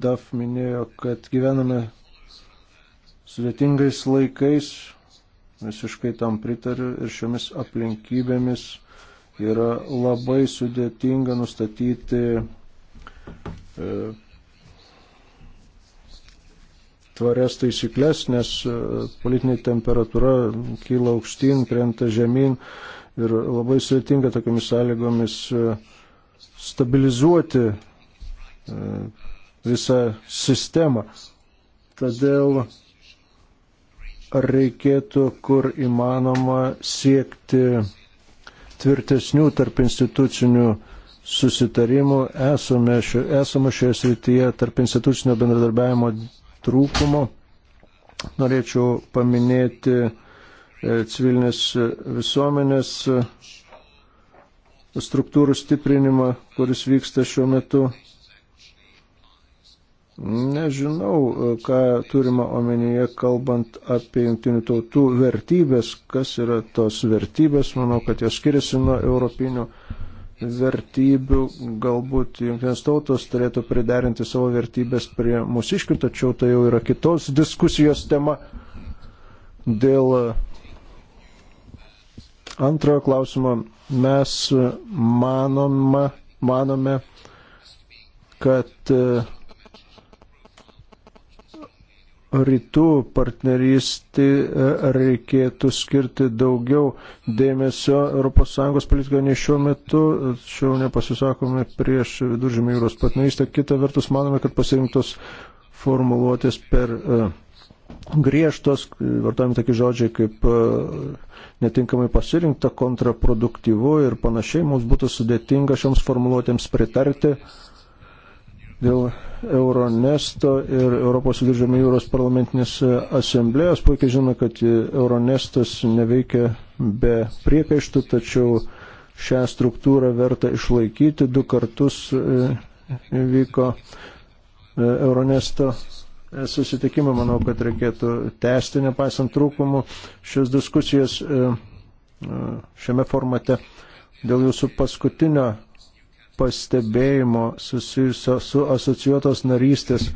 Daf minėjo, kad gyvename sudėtingais laikais, Visiškai tam pritariu ir šiomis aplinkybėmis yra labai sudėtinga nustatyti e, tvarias taisyklės, nes e, politinė temperatūra kyla aukštyn, krenta žemyn ir labai sudėtinga tokiamis sąlygomis e, stabilizuoti e, visą sistemą. Todėl reikėtų kur įmanoma siekti tvirtesnių tarp institucinių susitarimų. Esame, šio, esame šioje srityje tarp institucinio bendradarbiavimo trūkumo. Norėčiau paminėti e, civilinės visuomenės struktūrų stiprinimą, kuris vyksta šiuo metu Nežinau, e, ką turima omenyje, kalbant apie jungtinių tautų vertybės, kas yra tos vertybės, manau, kad jos skiriasi nuo europinių vertybių, galbūt jungtinės tautos turėtų priderinti savo vertybės prie mūsiškių, tačiau tai jau yra kitos diskusijos tema dėl e, antrojo klausimo. Mes manoma, manome, kad uh, rytų partnerystį e, reikėtų skirti daugiau dėmesio ES politikai nei šiuo metu, tačiau nepasisakome prieš viduržymį jūros partnerystę. Kita vertus, manome, kad pasirinktos formuluotės per e, griežtos, vartojami tokie žodžiai kaip e, netinkamai pasirinkta, kontraproduktyvu ir panašiai, mums būtų sudėtinga šioms formuluotėms pritarti dėl Euronesto ir Europos viduržėmio jūros parlamentinės asamblėjos. Puikiai žinome, kad Euronestas neveikia be priekaištų, tačiau šią struktūrą verta išlaikyti. Du kartus e, vyko e, Euronesto e, susitikimą, manau, kad reikėtų tęsti, nepaisant trūkumų, šias diskusijas šiame formate. Dėl jūsų paskutinio pastebėjimo susijusio su asocijuotos narystės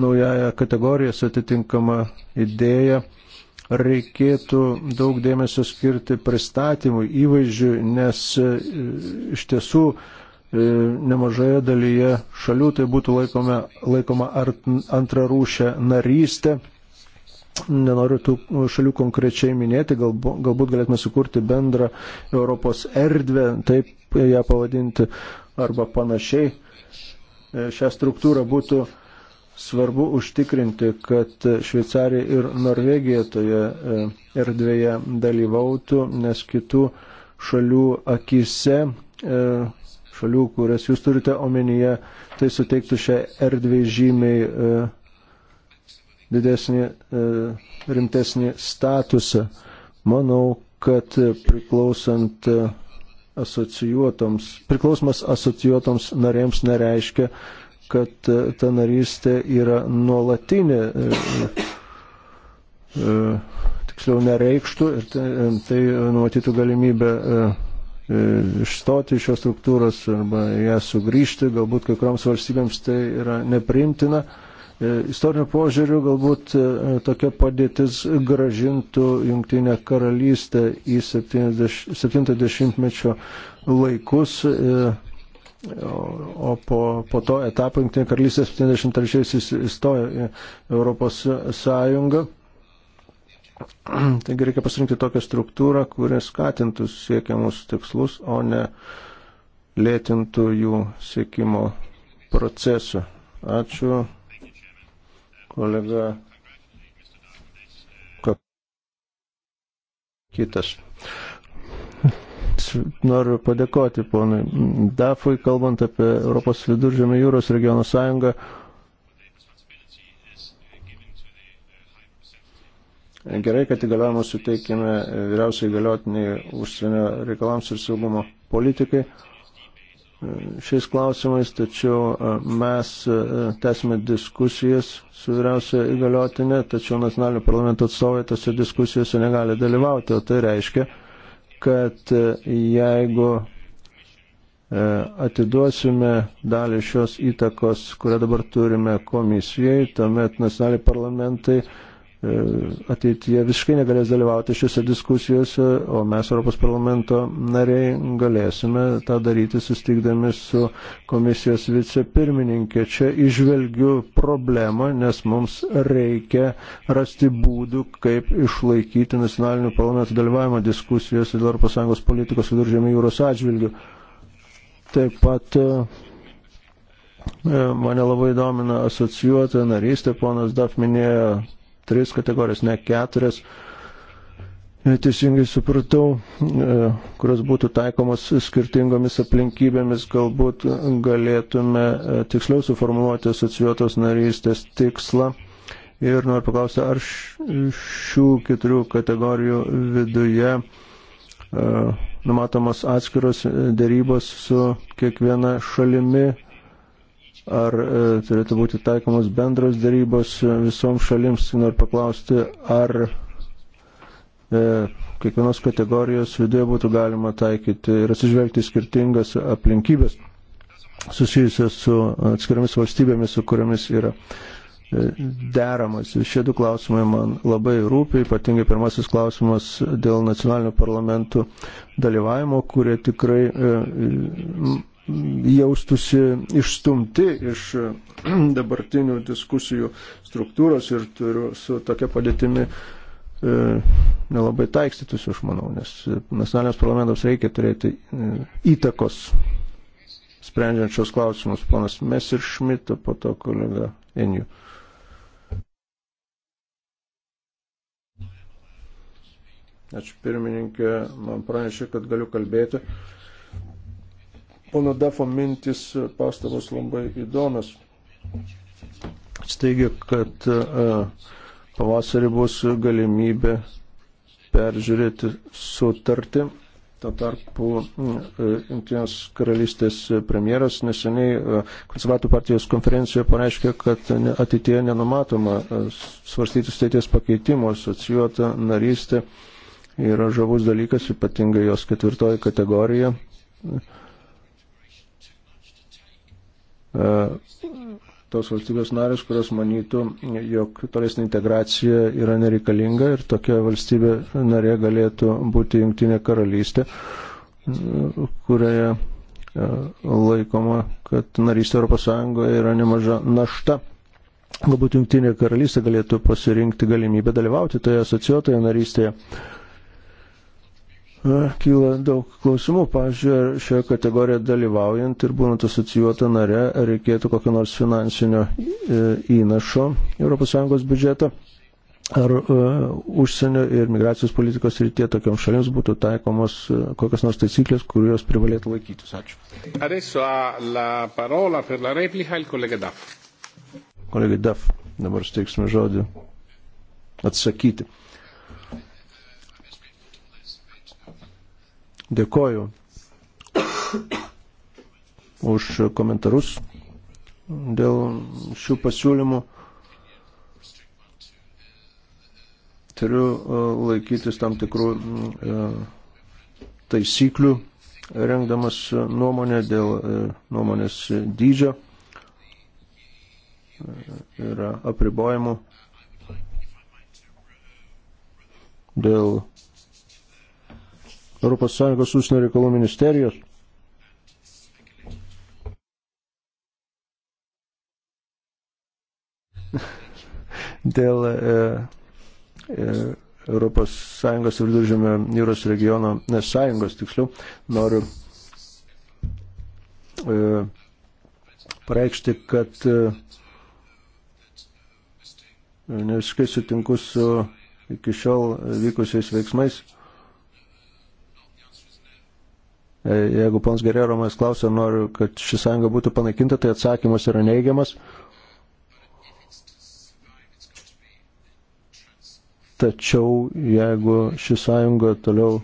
naujaja kategorija, su atitinkama idėja reikėtų daug dėmesio skirti pristatymui, įvaizdžiui, nes e, iš tiesų e, nemažoje dalyje šalių tai būtų laikome, laikoma antrarūšę narystę. Nenoriu tų šalių konkrečiai minėti, galbūt galėtume sukurti bendrą Europos erdvę, taip ją pavadinti, arba panašiai e, šią struktūrą būtų svarbu užtikrinti, kad Šveicarija ir Norvegija toje e, erdvėje dalyvautų, nes kitų šalių akise, e, šalių, kurias jūs turite omenyje, tai suteiktų šią erdvę žymiai didesnį, rimtesnį statusą. Manau, kad priklausant asocijuotoms, priklausimas asocijuotoms narėms nereiškia, kad e, ta narystė yra nuolatinė. E, e, tiksliau nereikštų ir tai, tai numatytų galimybę išstoti iš šios struktūros arba ją sugrįžti, galbūt kai kurioms valstybėms tai yra neprimtina. E, istoriniu požiūriu galbūt e, tokia padėtis gražintų Junktinę karalystę į 70-mečio laikus, e, o po, po to etapą Junktinė karalystė 73-aisiais įstojo į Europos Sąjungą. Taigi reikia pasirinkti tokią struktūrą, kuri skatintų siekiamus tikslus, o ne lėtintų jų siekimo procesų. Ačiū kolega kitas. Noriu padėkoti ponui Dafui, kalbant apie Europos viduržėmio jūros regiono sąjungą. Gerai, kad įgaliojimą suteikime vyriausiai galiotiniai užsienio reikalams ir saugumo politikai šiais klausimais, tačiau e, mes e, tęsime diskusijas su vyriausia įgaliotinė, tačiau nacionalinio parlamento atstovai tose diskusijose negali dalyvauti, o tai reiškia, kad e, jeigu atiduosime dalį šios įtakos, kurią dabar turime komisijai, tuomet nacionaliniai parlamentai E, ateityje visiškai negalės dalyvauti šiuose diskusijose, o mes Europos parlamento nariai galėsime tą daryti sustikdami su komisijos vicepirmininkė. Čia išvelgiu problemą, nes mums reikia rasti būdų, kaip išlaikyti nacionalinių parlamentų dalyvavimą diskusijose dėl ES politikos viduržėmė jūros atžvilgių. Taip pat e, mane labai domina asocijuota narystė, ponas Daf minėjo tris kategorijas, ne keturias. Teisingai supratau, e, kurios būtų taikomos skirtingomis aplinkybėmis, galbūt galėtume e, tiksliau suformuoluoti asociuotos narystės tikslą. Ir noriu paklausti, ar šių keturių kategorijų viduje e, numatomos atskiros dėrybos su kiekviena šalimi ar e, turėtų būti taikomos bendros darybos e, visoms šalims. Noriu paklausti, ar e, kiekvienos kategorijos viduje būtų galima taikyti ir atsižvelgti skirtingas aplinkybės susijusios su atskiriamis valstybėmis, su kuriamis yra e, deramas. Šie du klausimai man labai rūpi, ypatingai pirmasis klausimas dėl nacionalinių parlamentų dalyvavimo, kurie tikrai e, jaustusi išstumti iš dabartinių diskusijų struktūros ir turiu su tokia padėtimi e, nelabai taikstytusi, aš manau, nes nacionalinės parlamentams reikia turėti e, įtakos sprendžiančios klausimus. Ponas Messerschmidt, po to kolega Enju. Ačiū pirmininkė, man pranešė, kad galiu kalbėti. E, Pono Dafo mintis e, pastabos labai įdomios. Jis teigia, kad e, pavasarį bus galimybė peržiūrėti sutartį. Tuo tarpu e, Junktinės karalystės premjeras neseniai konservatų partijos konferencijoje pareiškė, kad ateitie nenumatoma svarstyti steities pakeitimo asocijuota narystė yra žavus dalykas, ypatingai jos ketvirtoji kategorija. E, tos valstybės narės, kurios manytų, jog tolesnė integracija yra nereikalinga ir tokia valstybė narė galėtų būti jungtinė karalystė, kurioje e, laikoma, kad narystė Europos Sąjungoje yra nemaža našta. Galbūt jungtinė karalystė galėtų pasirinkti galimybę dalyvauti toje asociuotoje narystėje kyla daug klausimų. Pavyzdžiui, šioje kategorijoje dalyvaujant ir būnant asocijuota nare, reikėtų kokio nors finansinio e, įnašo ES biudžetą. Ar uh, užsienio ir migracijos politikos rytie tokiam šalims būtų taikomos uh, kokios nors taisyklės, kurios privalėtų laikytis? Ačiū. Adesso ha la parola per la replica il collega Daf. Kolega Daf, dabar steiksime žodį atsakyti. Dėkoju už komentarus dėl šių pasiūlymų. Turiu e, laikytis tam tikrų e, taisyklių, rengdamas nuomonę dėl e, nuomonės dydžio ir apribojimų dėl ES užsienio reikalų ministerijos. Dėl e, e, ES viduržėmio jūros regiono ne, sąjungos tiksliau noriu e, pareikšti, kad e, ne visiškai sutinku su iki šiol vykusiais veiksmais E, jeigu pons Gerero manęs klausia, noriu, kad ši sąjunga būtų panaikinta, tai atsakymas yra neigiamas. Tačiau jeigu ši sąjunga toliau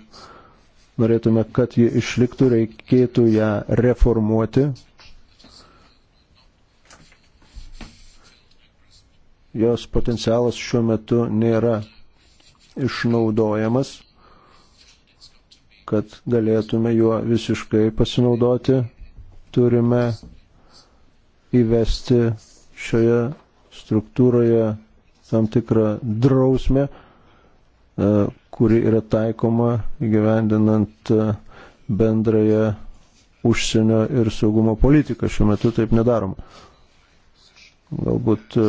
norėtume, kad ji išliktų, reikėtų ją reformuoti. Jos potencialas šiuo metu nėra išnaudojamas kad galėtume juo visiškai pasinaudoti, turime įvesti šioje struktūroje tam tikrą drausmę, e, kuri yra taikoma gyvendinant e, bendrąją užsienio ir saugumo politiką. Šiuo metu taip nedaroma. Galbūt e,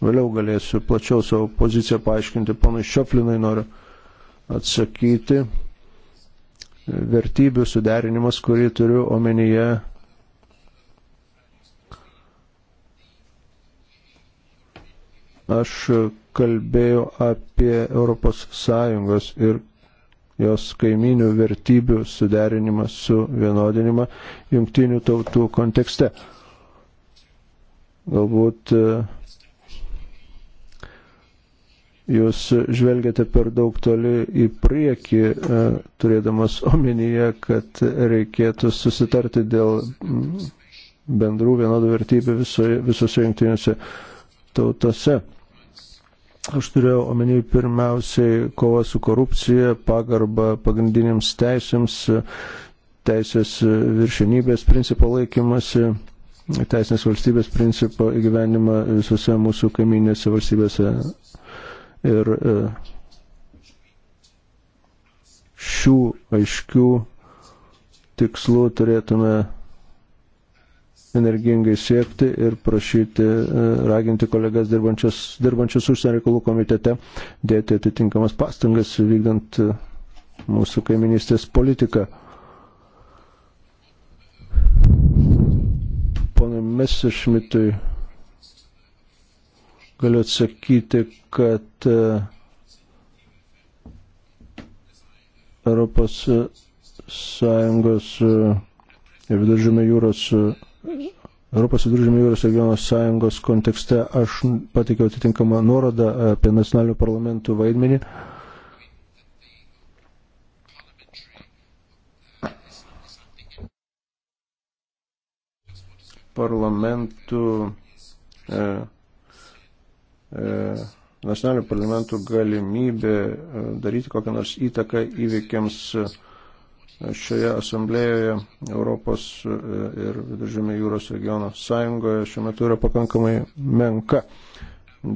vėliau galėsiu plačiau savo poziciją paaiškinti. Pana Šioplinai noriu atsakyti vertybių suderinimas, kurį turiu omenyje. Aš kalbėjau apie ES ir jos kaiminių vertybių suderinimą su vienodinimą jungtinių tautų kontekste. Galbūt uh, jūs žvelgiate per daug toli į priekį, e, turėdamas omenyje, kad reikėtų susitarti dėl mm, bendrų vienodų vertybių visose, visose jungtinėse tautose. Aš turėjau omeny pirmiausiai kovą su korupcija, pagarbą pagrindiniams teisėms, teisės viršenybės principo laikymasi, teisinės valstybės principo įgyvenimą visose mūsų kaiminėse valstybėse ir e, šių aiškių tikslų turėtume energingai siekti ir prašyti, e, raginti kolegas dirbančius, dirbančius užsienio reikalų komitete dėti atitinkamas pastangas vykdant e, mūsų kaiminystės politiką. Ponui Messerschmittui galiu atsakyti, kad e, Europos Sąjungos e, ir Viduržėmio jūros, e, Europos Viduržėmio jūros regiono sąjungos kontekste aš pateikiau atitinkamą nuorodą apie nacionalinių parlamentų vaidmenį. Parlamentų e, E, nacionalinių parlamentų galimybė e, daryti kokią nors įtaką įvykiams e, šioje asamblėjoje Europos ir Viduržėmė jūros regiono sąjungoje šiuo metu yra pakankamai menka.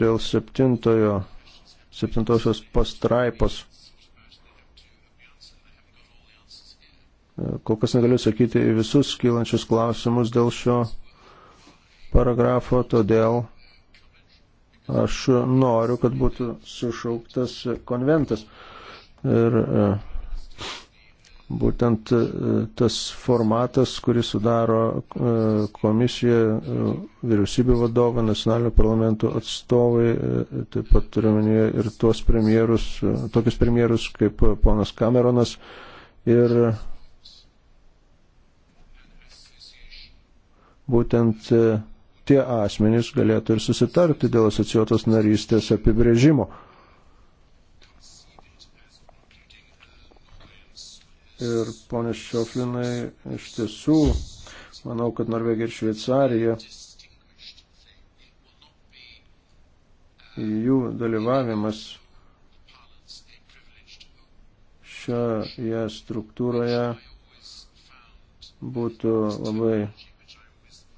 Dėl septintojo, septintosios pastraipos kol kas negaliu sakyti į visus kylančius klausimus dėl šio paragrafo, todėl Aš noriu, kad būtų sušauktas konventas. Ir e, būtent e, tas formatas, kurį sudaro e, komisija, vyriausybių vadovai, nacionalinio parlamento atstovai, taip pat turiuomenėje ir tuos premjerus, tokius premjerus kaip ponas Cameronas ir būtent tie asmenys galėtų ir susitarti dėl asociuotos narystės apibrėžimo. Ir ponės Šioflinai, iš tiesų, manau, kad Norvegija ir Šveicarija jų dalyvavimas šioje struktūroje būtų labai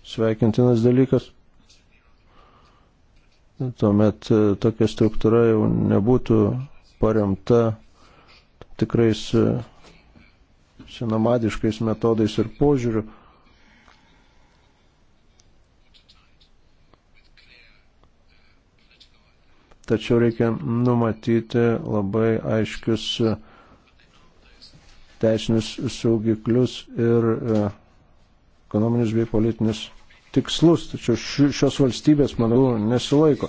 sveikintinas dalykas. Tuomet e, tokia struktūra jau nebūtų paremta tikrais e, senamadiškais metodais ir požiūriu. Tačiau reikia numatyti labai aiškius e, teisinius saugiklius ir ekonominius bei politinius tikslus, tačiau šios valstybės, manau, nesilaiko.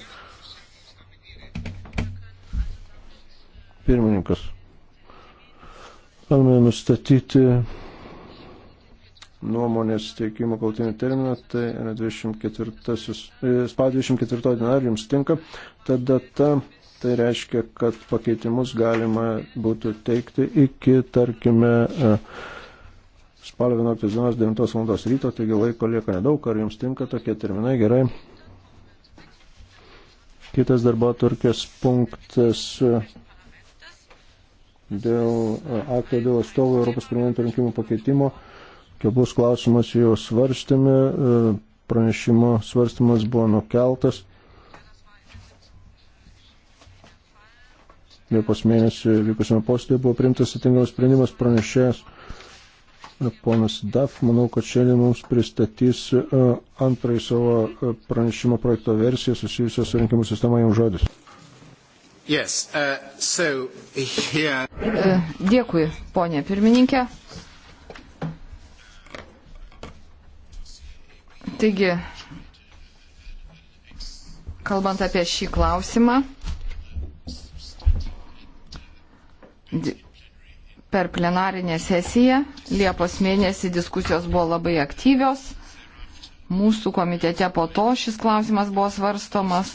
Pirmininkas. Galime nustatyti nuomonės teikimo kautinį terminą, tai yra 24, e, spalio 24 diena, ar jums tinka ta data, tai reiškia, kad pakeitimus galima būtų teikti iki, tarkime, uh, spalio 11 dienos 9 val. ryto, taigi laiko lieka nedaug, ar jums tinka tokie terminai gerai. Kitas darbo turkės punktas dėl akto dėl atstovų Europos parlamento rinkimų pakeitimo. Keblus klausimas jau svarstėme, pranešimo svarstymas buvo nukeltas. Liepos mėnesį vykusime postėje buvo priimtas atitinkamas sprendimas pranešėjas ponas Daf. Manau, kad šiandien mums pristatys e, antrąjį savo e, pranešimo projekto versiją susijusią su rinkimų sistema jums žodis. Yes, uh, so here... uh, dėkui, ponė pirmininkė. Taigi, kalbant apie šį klausimą, di per plenarinę sesiją. Liepos mėnesį diskusijos buvo labai aktyvios. Mūsų komitete po to šis klausimas buvo svarstomas.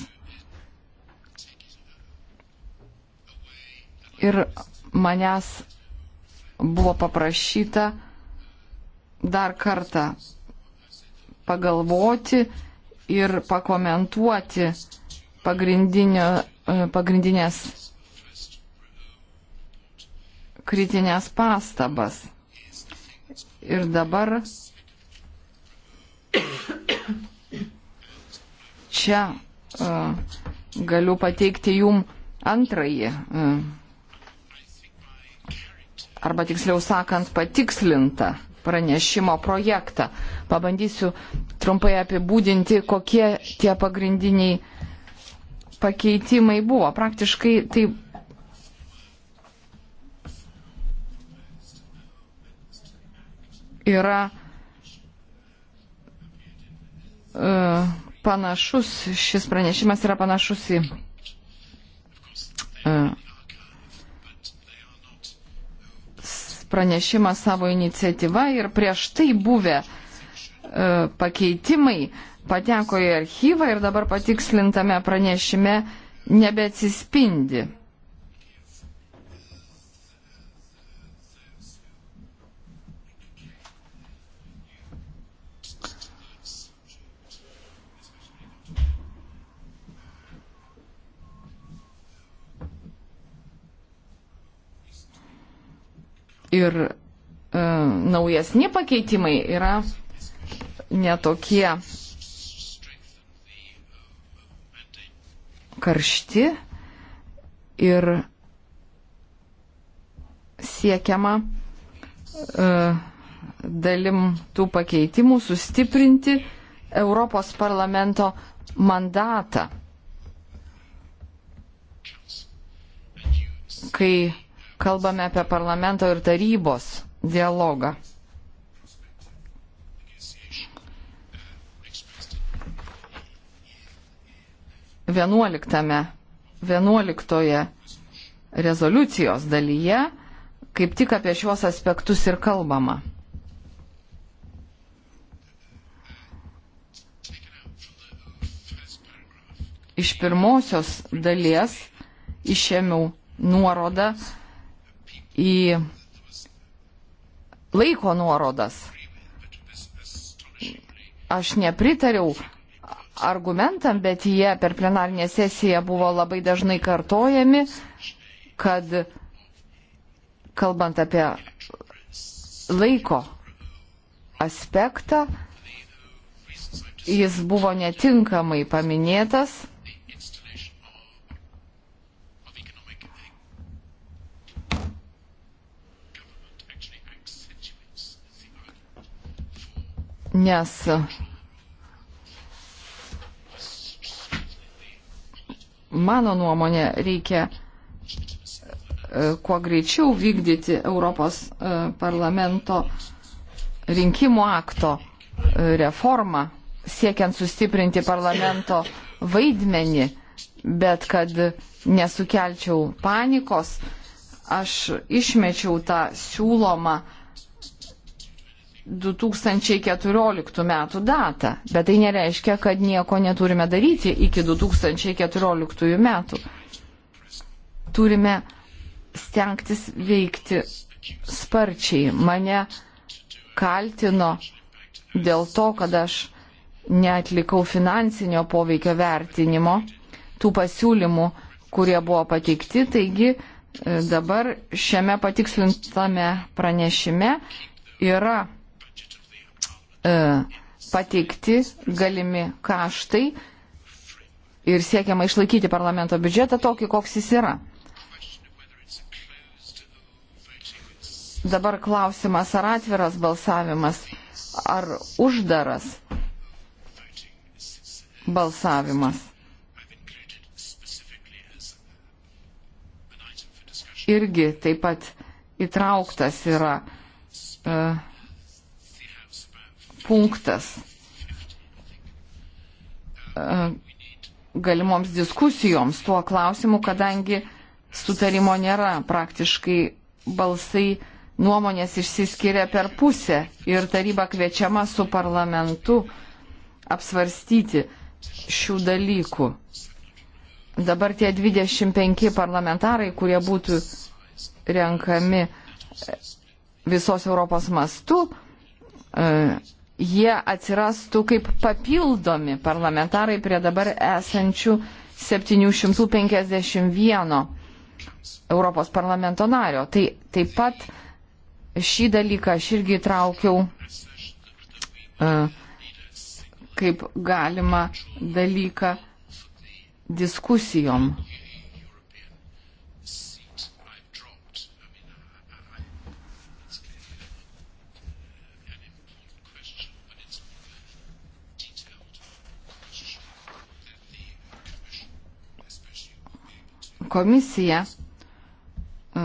Ir manęs buvo paprašyta dar kartą pagalvoti ir pakomentuoti pagrindinės kritinės pastabas. Ir dabar čia uh, galiu pateikti jum antrąjį, uh, arba tiksliau sakant, patikslintą pranešimo projektą. Pabandysiu trumpai apibūdinti, kokie tie pagrindiniai pakeitimai buvo. Praktiškai tai yra uh, panašus, šis pranešimas yra panašus į uh, pranešimą savo iniciatyvą ir prieš tai buvę uh, pakeitimai pateko į archyvą ir dabar patikslintame pranešime nebeatsispindi. ir e, naujasni pakeitimai yra netokie karšti ir siekiama e, dalim tų pakeitimų sustiprinti Europos parlamento mandatą. Kai kalbame apie parlamento ir tarybos dialogą. Vienuoliktame, vienuoliktoje rezoliucijos dalyje kaip tik apie šiuos aspektus ir kalbama. Iš pirmosios dalies išėmiau nuorodą į laiko nuorodas. Aš nepritariau argumentam, bet jie per plenarinę sesiją buvo labai dažnai kartojami, kad kalbant apie laiko aspektą, jis buvo netinkamai paminėtas nes mano nuomonė reikia e, kuo greičiau vykdyti Europos e, parlamento rinkimų akto e, reformą, siekiant sustiprinti parlamento vaidmenį, bet kad nesukelčiau panikos, aš išmečiau tą siūlomą 2014 metų datą, bet tai nereiškia, kad nieko neturime daryti iki 2014 metų. Turime stengtis veikti sparčiai. Mane kaltino dėl to, kad aš neatlikau finansinio poveikio vertinimo tų pasiūlymų, kurie buvo pateikti. Taigi e, dabar šiame patikslintame pranešime yra E, pateikti galimi kaštai ir siekiama išlaikyti parlamento biudžetą tokį, koks jis yra. Dabar klausimas, ar atviras balsavimas, ar uždaras balsavimas. Irgi taip pat įtrauktas yra uh, punktas e, galimoms diskusijoms tuo klausimu, kadangi sutarimo nėra praktiškai balsai nuomonės išsiskiria per pusę ir taryba kviečiama su parlamentu apsvarstyti šių dalykų. Dabar tie 25 parlamentarai, kurie būtų renkami visos Europos mastu, e, jie atsirastų kaip papildomi parlamentarai prie dabar esančių 751 Europos parlamento nario. Tai taip pat šį dalyką aš irgi traukiau e, kaip galima dalyką diskusijom. komisija e,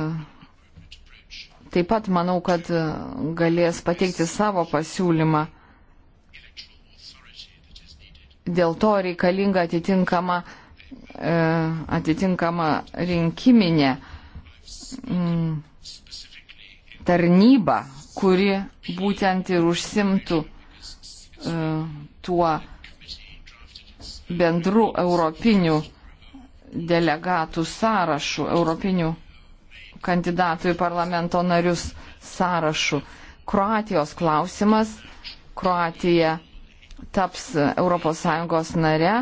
taip pat manau, kad e, galės pateikti savo pasiūlymą. Dėl to reikalinga atitinkama, e, atitinkama rinkiminė mm, tarnyba, kuri būtent ir užsimtų tuo bendru europiniu delegatų sąrašų, europinių kandidatų į parlamento narius sąrašų. Kroatijos klausimas. Kroatija taps ES nare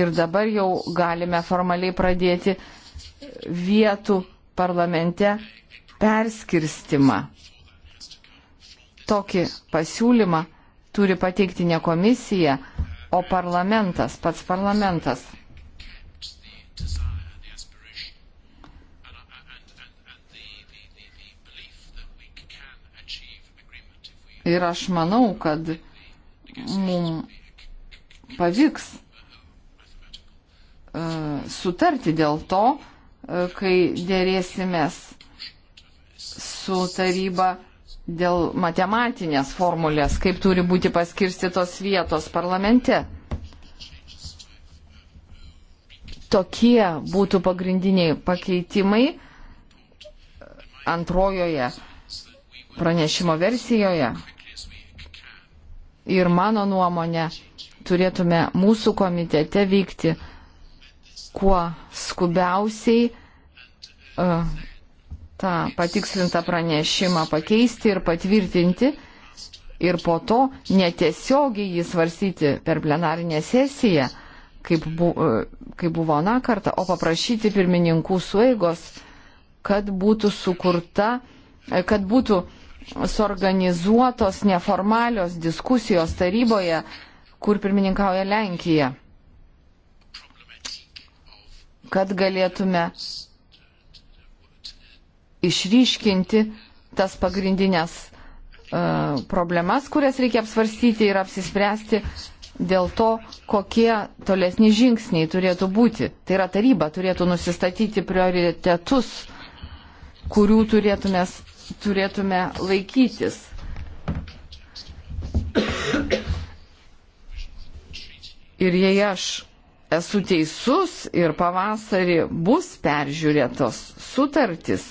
ir dabar jau galime formaliai pradėti vietų parlamente perskirstimą. Tokį pasiūlymą turi pateikti ne komisija, o parlamentas, pats parlamentas. Ir aš manau, kad mums pavyks e, sutarti dėl to, e, kai dėrėsimės su taryba dėl matematinės formulės, kaip turi būti paskirstytos vietos parlamente. Tokie būtų pagrindiniai pakeitimai antrojoje pranešimo versijoje. Ir mano nuomonė, turėtume mūsų komitete vykti kuo skubiausiai uh, tą patikslintą pranešimą pakeisti ir patvirtinti ir po to netiesiogiai jį svarstyti per plenarinę sesiją, kaip, bu, e, kaip buvo aną kartą, o paprašyti pirmininkų sueigos, kad būtų sukurta, e, kad būtų uh, suorganizuotos neformalios diskusijos taryboje, kur pirmininkauja Lenkija, kad galėtume išryškinti tas pagrindinės uh, problemas, kurias reikia apsvarstyti ir apsispręsti dėl to, kokie tolesni žingsniai turėtų būti. Tai yra taryba turėtų nusistatyti prioritetus, kurių turėtumės turėtume laikytis. Ir jei aš esu teisus ir pavasarį bus peržiūrėtos sutartis,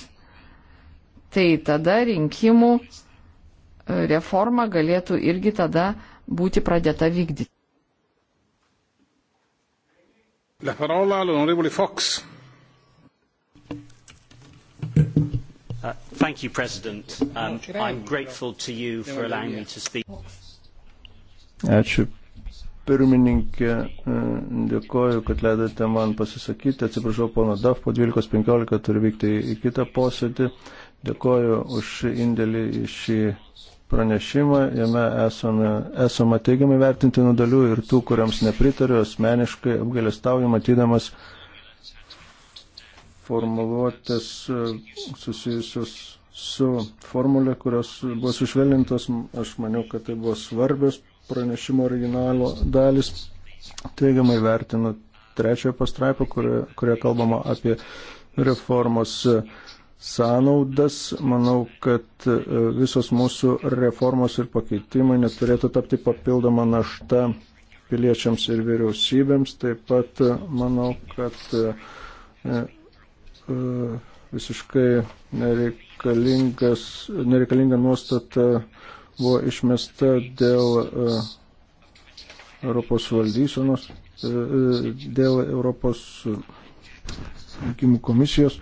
tai tada rinkimų e, reforma galėtų irgi tada būti pradėta vykdyti. La parola all'onorevole Fox. Thank you, President. Um, I'm grateful to you for allowing me to speak. Ačiū. Pirmininkė, e, dėkoju, kad leidote man pasisakyti. Atsiprašau, pono Daf, po 12.15 turiu vykti į kitą posėdį. Dėkoju už indėlį į šį pranešimą. Jame esame, esame teigiamai vertintinų dalių ir tų, kuriams nepritariu, asmeniškai apgalėstauju matydamas formuluotės e, susijusios su formulė, kurios buvo sušvelnintos. Aš maniau, kad tai buvo svarbios pranešimo originalo dalis. Teigiamai vertinu trečiąją pastraipą, kurioje, kurioje kalbama apie reformos e, sąnaudas. Manau, kad e, visos mūsų reformos ir pakeitimai neturėtų tapti papildoma našta piliečiams ir vyriausybėms. Taip pat manau, kad E, visiškai nereikalinga nuostata buvo išmesta dėl e, Europos valdysenos, e, dėl Europos rinkimų komisijos,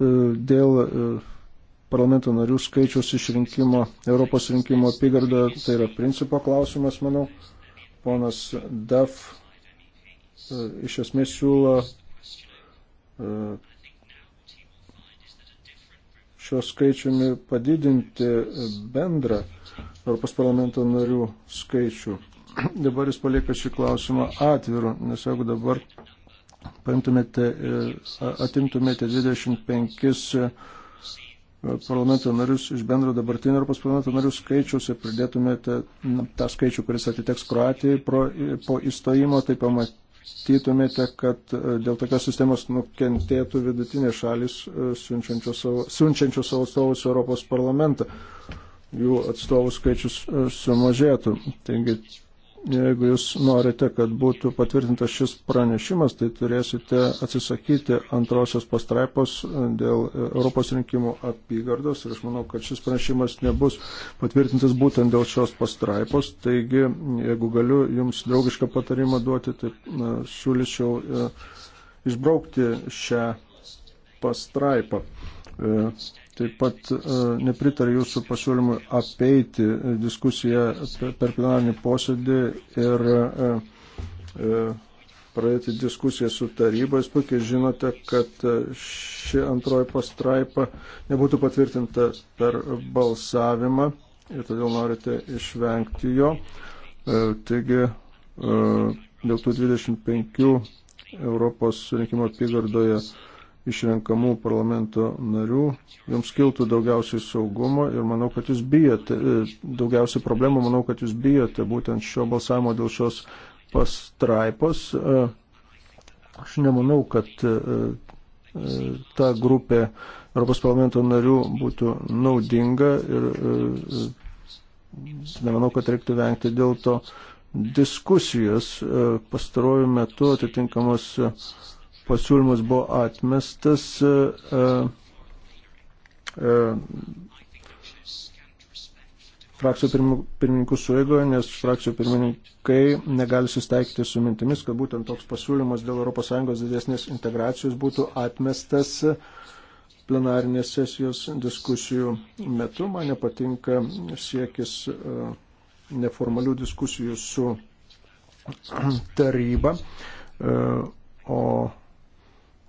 dėl parlamento narių skaičiaus išrinkimo Europos rinkimo apygardoje, tai yra principo klausimas, manau. Ponas Daf iš esmės siūlo šio skaičiumi padidinti bendrą Europos parlamento narių skaičių. Dabar jis palieka šį klausimą atviru, nes jeigu dabar paimtumėte, e, atimtumėte 25 e, parlamento narius iš bendro dabartinio Europos parlamento narių skaičiaus ir pridėtumėte tą skaičių, kuris atiteks Kroatijai pro, po įstojimo, tai pamat, matytumėte, kad e, dėl tokios sistemos nukentėtų vidutinės šalis e, siunčiančios savo, siunčiančio savo atstovus Europos parlamentą. Jų atstovų skaičius e, sumažėtų. Taigi Jeigu jūs norite, kad būtų patvirtintas šis pranešimas, tai turėsite atsisakyti antrosios pastraipos dėl Europos rinkimų apygardos ir aš manau, kad šis pranešimas nebus patvirtintas būtent dėl šios pastraipos. Taigi, jeigu galiu jums draugišką patarimą duoti, tai na, siūlyčiau e, išbraukti šią pastraipą. E, Taip pat e, nepritariu jūsų pasiūlymui apeiti e, diskusiją per plenarinį posėdį ir e, pradėti diskusiją su tarybais. Puikiai žinote, kad ši antroji pastraipa nebūtų patvirtinta per balsavimą ir todėl norite išvengti jo. Taigi dėl tų 25 Europos rinkimo apygardoje išrenkamų parlamento narių, jums kiltų daugiausiai saugumo ir manau, kad jūs bijote, e, daugiausiai problemų, manau, kad jūs bijote būtent šio balsavimo dėl šios pastraipos. E, aš nemanau, kad e, ta grupė Europos parlamento narių būtų naudinga ir nemanau, kad reiktų vengti dėl to diskusijos. Pastaruoju metu atitinkamos pasiūlymas buvo atmestas. E, e, e, frakcijų pirmininkų suėgoje, nes frakcijų pirmininkai negali sustaikyti su mintimis, kad būtent toks pasiūlymas dėl ES didesnės integracijos būtų atmestas plenarinės sesijos diskusijų metu. Man nepatinka siekis neformalių diskusijų su taryba, o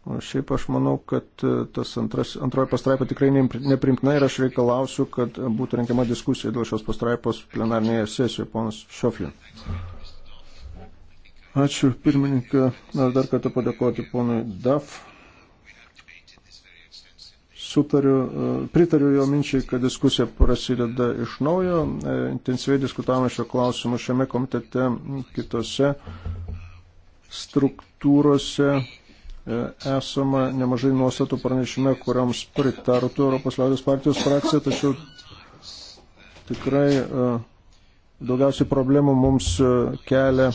O šiaip aš manau, kad e, tas antras, antroji pastraipa tikrai neprimtina ir aš reikalausiu, kad būtų renkiama diskusija dėl šios pastraipos plenarnėje sesijoje, ponas Šioflin. Ačiū pirmininkai. Noriu dar kartą padėkoti ponui Daf. Sutariu, e, pritariu jo minčiai, kad diskusija prasideda iš naujo. E, intensyviai diskutavome šio klausimu šiame komitete, kitose struktūrose E, esama nemažai nuostatų pranešime, kuriams pritartų Europos liaudės partijos frakcija, tačiau tikrai e, daugiausiai problemų mums e, kelia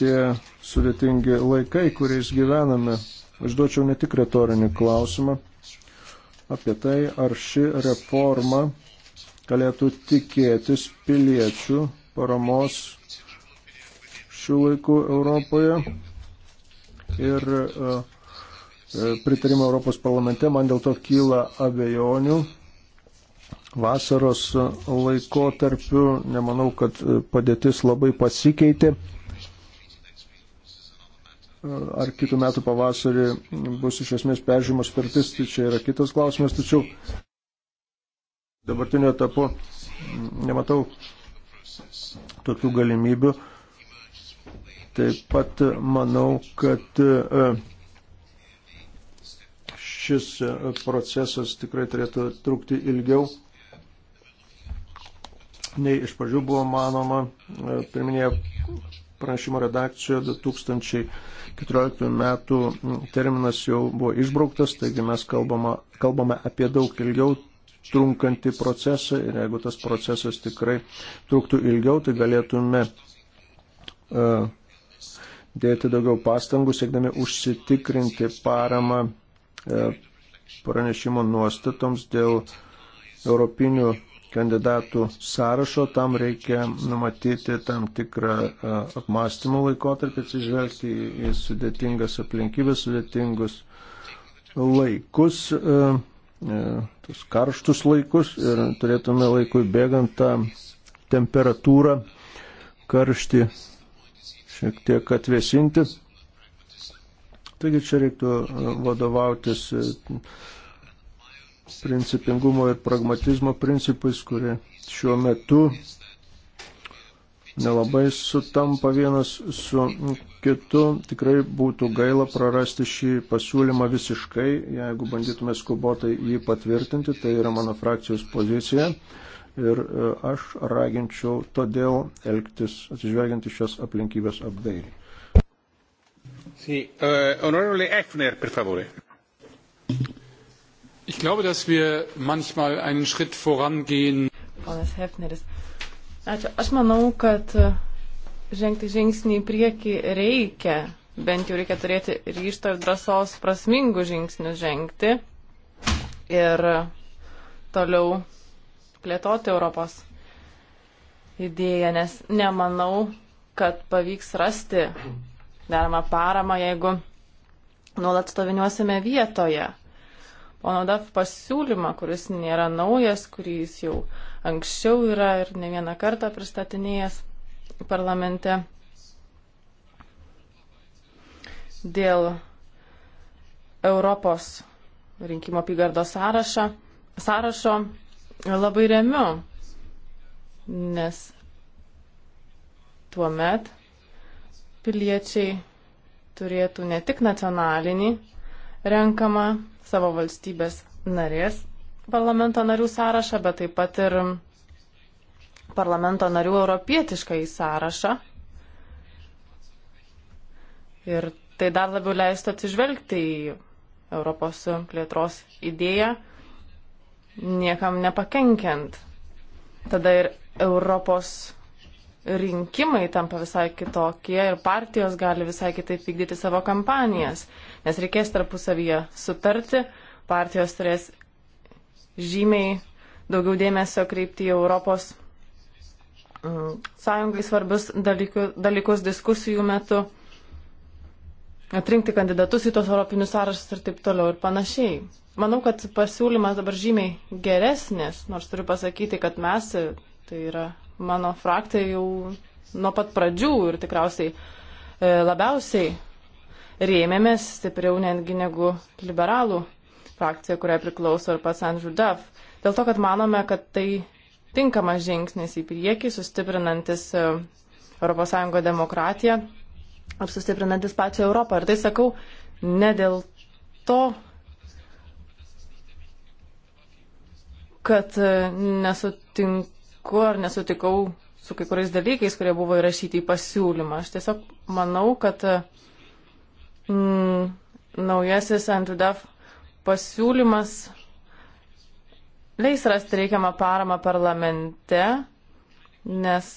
tie sudėtingi laikai, kuriais gyvename. Aš duočiau ne tik retorinį klausimą apie tai, ar ši reforma galėtų tikėtis piliečių paramos šių laikų Europoje ir e, e, pritarimą Europos parlamente. Man dėl to kyla abejonių. Vasaros laikotarpiu nemanau, kad e, padėtis labai pasikeitė ar kitų metų pavasarį bus iš esmės peržymos sutartis, tai čia yra kitas klausimas, tačiau dabartiniu etapu nematau tokių galimybių, Taip pat manau, kad e, šis e, procesas tikrai turėtų trukti ilgiau nei iš pradžių buvo manoma. E, pirminėje pranešimo redakcijoje 2014 metų terminas jau buvo išbrauktas, taigi mes kalbama, kalbame apie daug ilgiau trunkantį procesą ir jeigu tas procesas tikrai truktų ilgiau, tai galėtume uh, dėti daugiau pastangų, siekdami užsitikrinti paramą e, pranešimo nuostatoms dėl europinių kandidatų sąrašo, tam reikia numatyti tam tikrą e, apmąstymų laikotarpį, atsižvelgti į sudėtingas aplinkybės, sudėtingus laikus, e, tos karštus laikus ir turėtume laikui bėgant tą temperatūrą, karštį šiek tiek atvesinti. Taigi čia reiktų e, vadovautis e, principingumo ir pragmatizmo principais, kurie šiuo metu nelabai sutampa vienas su kitu. Tikrai būtų gaila prarasti šį pasiūlymą visiškai, jeigu bandytume skubotai jį patvirtinti. Tai yra mano frakcijos pozicija ir e, aš raginčiau todėl elgtis atsižvelgiant į šias aplinkybės apdairiai. Sì, eh, onorevole Efner, per favore. Ich glaube, dass wir manchmal einen Schritt vorangehen. Ponas Hefneris. Ačiū. Aš manau, kad e, žengti žingsnį į priekį reikia. Bent jau reikia turėti ryšto ir drąsos prasmingų žingsnių žengti. Ir e, toliau plėtoti Europos idėją, nes nemanau, kad pavyks rasti deramą paramą, jeigu nuolat stoviniuosime vietoje. Pono DAF pasiūlymą, kuris nėra naujas, kurį jis jau anksčiau yra ir ne vieną kartą pristatinėjęs parlamente dėl Europos rinkimo apygardos sąrašo, sąrašo labai remiu, nes tuo met piliečiai turėtų ne tik nacionalinį renkamą savo valstybės narės parlamento narių sąrašą, bet taip pat ir parlamento narių europietišką į sąrašą. Ir tai dar labiau leistų atsižvelgti į Europos plėtros idėją niekam nepakenkiant. Tada ir Europos rinkimai tampa visai kitokie ir partijos gali visai kitaip vykdyti savo kampanijas, nes reikės tarpusavyje sutarti, partijos turės žymiai daugiau dėmesio kreipti į Europos mm, sąjungai svarbius dalykus, dalykus diskusijų metu, atrinkti kandidatus į tos europinius sąrašus ir taip toliau ir panašiai. Manau, kad pasiūlymas dabar žymiai geresnis, nors turiu pasakyti, kad mes, tai yra mano frakcija jau nuo pat pradžių ir tikriausiai e, labiausiai rėmėmės stipriau netgi negu liberalų frakcija, kuriai priklauso ir pats Andrew Duff. Dėl to, kad manome, kad tai tinkamas žingsnis į priekį, sustiprinantis ES demokratiją ir sustiprinantis pačią Europą. Ir tai sakau ne dėl to, kad e, nesutinku ar nesutikau su kai kuriais dalykais, kurie buvo įrašyti į pasiūlymą. Aš tiesiog manau, kad mm, naujasis Antidaf pasiūlymas leis rasti reikiamą paramą parlamente, nes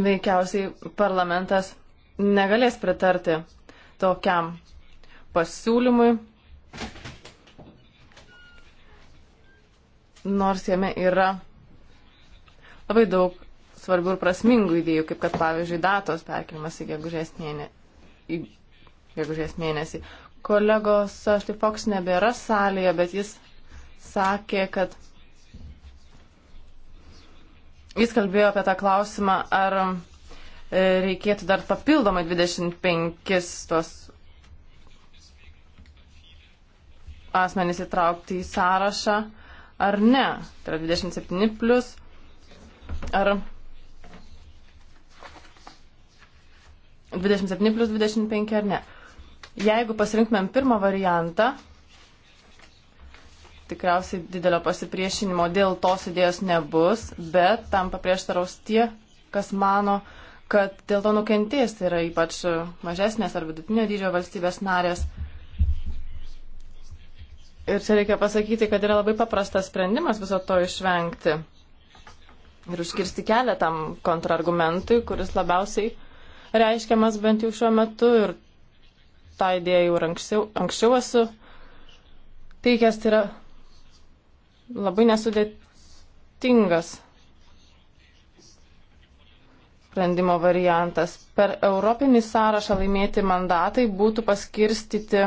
veikiausiai parlamentas negalės pritarti tokiam pasiūlymui, nors jame yra labai daug svarbių ir prasmingų idėjų, kaip kad pavyzdžiui datos perkelimas į gegužės mėnesį. Gegužės mėnesį. Kolegos Štai Foks nebėra salėje, bet jis sakė, kad Jis kalbėjo apie tą klausimą, ar e, reikėtų dar papildomai 25 tos asmenys įtraukti į sąrašą, ar ne. Tai yra 27 plus. Ar 27 plus 25 ar ne. Jeigu pasirinktumėm pirmą variantą, tikriausiai didelio pasipriešinimo dėl tos idėjos nebus, bet tam paprieštaraus tie, kas mano, kad dėl to nukentės tai yra ypač mažesnės ar vidutinio dydžio valstybės narės. Ir čia reikia pasakyti, kad yra labai paprastas sprendimas viso to išvengti ir užkirsti kelią tam kontrargumentui, kuris labiausiai reiškiamas bent jau šiuo metu ir tą idėją jau anksčiau, anksčiau esu teikęs, tai yra labai nesudėtingas sprendimo variantas. Per Europinį sąrašą laimėti mandatai būtų paskirstyti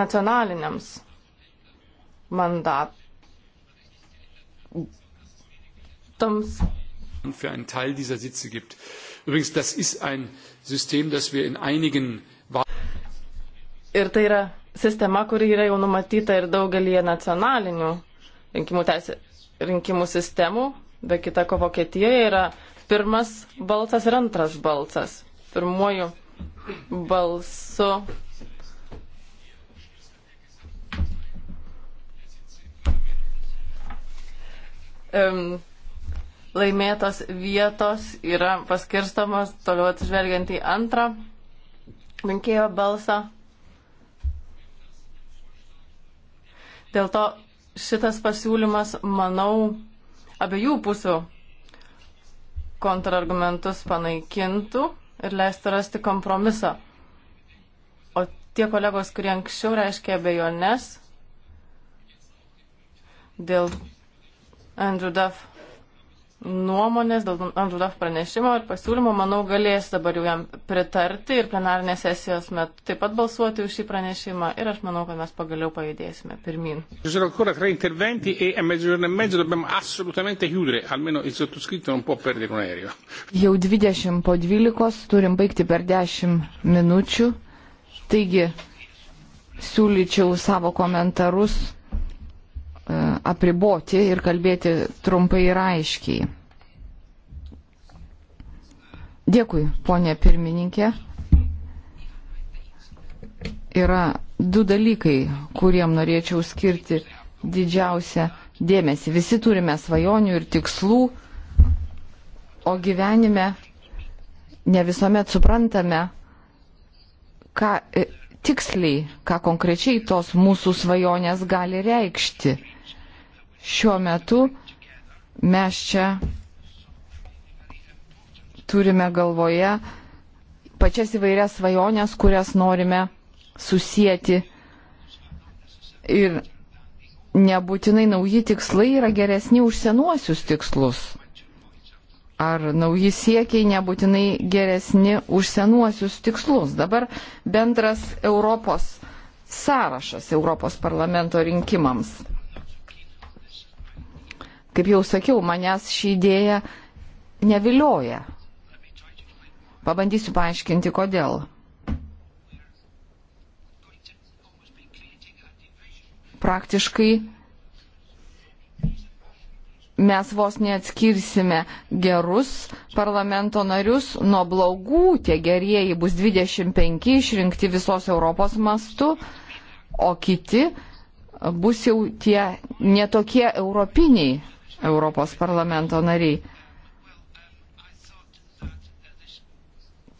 nacionaliniams mandatams. Für einen Teil dieser Sitze gibt. Übrigens, das ist ein System, das wir in einigen Ir tai yra sistema, kuri yra jau numatyta ir daugelį nacionalinių rinkimų, teisė, rinkimų sistemų, be kita ko Vokietijoje yra pirmas balsas ir antras balsas. Pirmuoju balsu. Um, laimėtos vietos yra paskirstamos toliau atsižvelgiant į antrą rinkėjo balsą Dėl to šitas pasiūlymas, manau, abiejų pusių kontrargumentus panaikintų ir leistų rasti kompromisą. O tie kolegos, kurie anksčiau reiškė abejonės dėl Andrew Duff nuomonės, dėl Andrew Duff pranešimo ir pasiūlymo, manau, galės dabar jau jam pritarti ir plenarinės sesijos metu taip pat balsuoti už šį pranešimą ir aš manau, kad mes pagaliau pajudėsime pirmin. E e jau 20 po 12 turim baigti per 10 minučių, taigi siūlyčiau savo komentarus E, apriboti ir kalbėti trumpai ir aiškiai. Dėkui, ponė pirmininkė. Yra du dalykai, kuriem norėčiau skirti didžiausią dėmesį. Visi turime svajonių ir tikslų, o gyvenime ne visuomet suprantame, ką e, tiksliai, ką konkrečiai tos mūsų svajonės gali reikšti šiuo metu mes čia turime galvoje pačias įvairias svajonės, kurias norime susijęti. Ir nebūtinai nauji tikslai yra geresni už senuosius tikslus. Ar nauji siekiai nebūtinai geresni už senuosius tikslus. Dabar bendras Europos sąrašas Europos parlamento rinkimams. Kaip jau sakiau, manęs ši idėja nevilioja. Pabandysiu paaiškinti, kodėl. Praktiškai mes vos neatskirsime gerus parlamento narius nuo blogų, tie gerieji bus 25 išrinkti visos Europos mastu, o kiti bus jau tie netokie europiniai Europos parlamento nariai.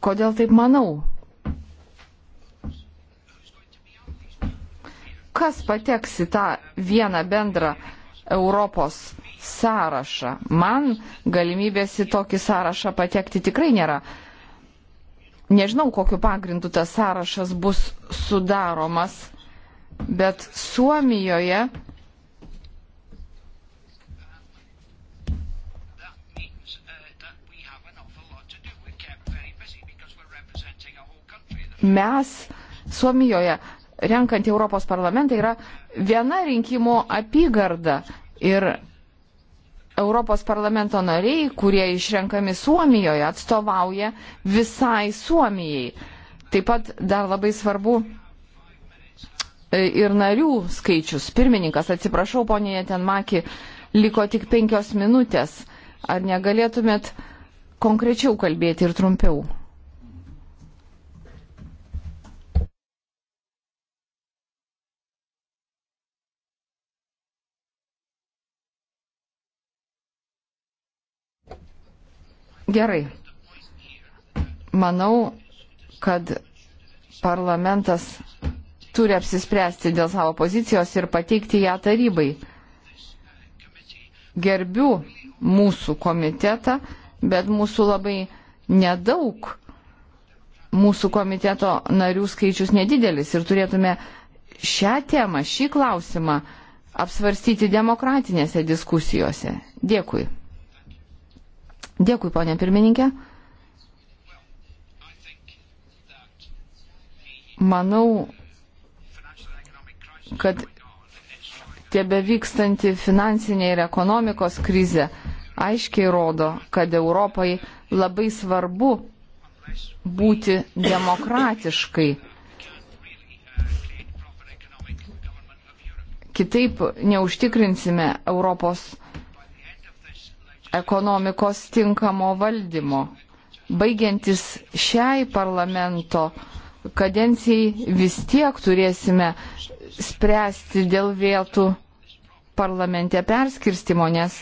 Kodėl taip manau? Kas pateks į tą vieną bendrą Europos sąrašą? Man galimybės į tokį sąrašą patekti tikrai nėra. Nežinau, kokiu pagrindu tas sąrašas bus sudaromas, bet Suomijoje mes Suomijoje, renkant Europos parlamentą, yra viena rinkimų apygarda. Ir Europos parlamento nariai, kurie išrenkami Suomijoje, atstovauja visai Suomijai. Taip pat dar labai svarbu e, ir narių skaičius. Pirmininkas, atsiprašau, ponė Tenmaki, liko tik penkios minutės. Ar negalėtumėt konkrečiau kalbėti ir trumpiau? Gerai. Manau, kad parlamentas turi apsispręsti dėl savo pozicijos ir pateikti ją tarybai. Gerbiu mūsų komitetą, bet mūsų labai nedaug. Mūsų komiteto narių skaičius nedidelis ir turėtume šią temą, šį klausimą apsvarstyti demokratinėse diskusijose. Dėkui. Dėkui, ponė pirmininkė. Manau, kad tebe vykstanti finansinė ir ekonomikos krizė aiškiai rodo, kad Europai labai svarbu būti demokratiškai. Kitaip neužtikrinsime Europos ekonomikos tinkamo valdymo. Baigiantis šiai parlamento kadencijai vis tiek turėsime spręsti dėl vietų parlamente perskirstimo, nes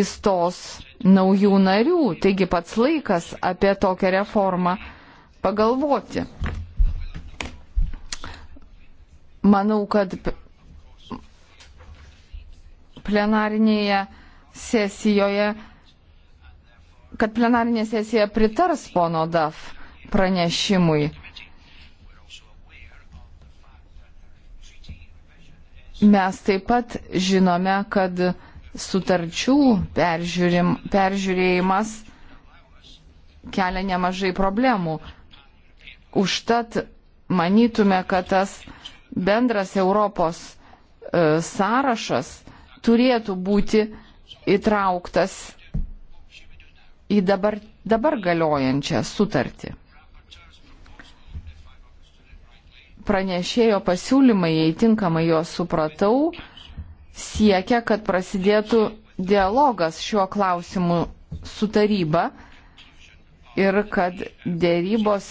įstos naujų narių. Taigi pats laikas apie tokią reformą pagalvoti. Manau, kad plenarinėje sesijoje, kad plenarinė sesija pritars pono DAF pranešimui. Mes taip pat žinome, kad sutarčių peržiūrim, peržiūrėjimas kelia nemažai problemų. Užtat manytume, kad tas bendras Europos e, sąrašas turėtų būti e, įtrauktas į dabar, dabar galiojančią sutartį. Pranešėjo pasiūlymai, jei tinkamai juos supratau, siekia, kad prasidėtų dialogas šiuo klausimu su taryba ir kad dėrybos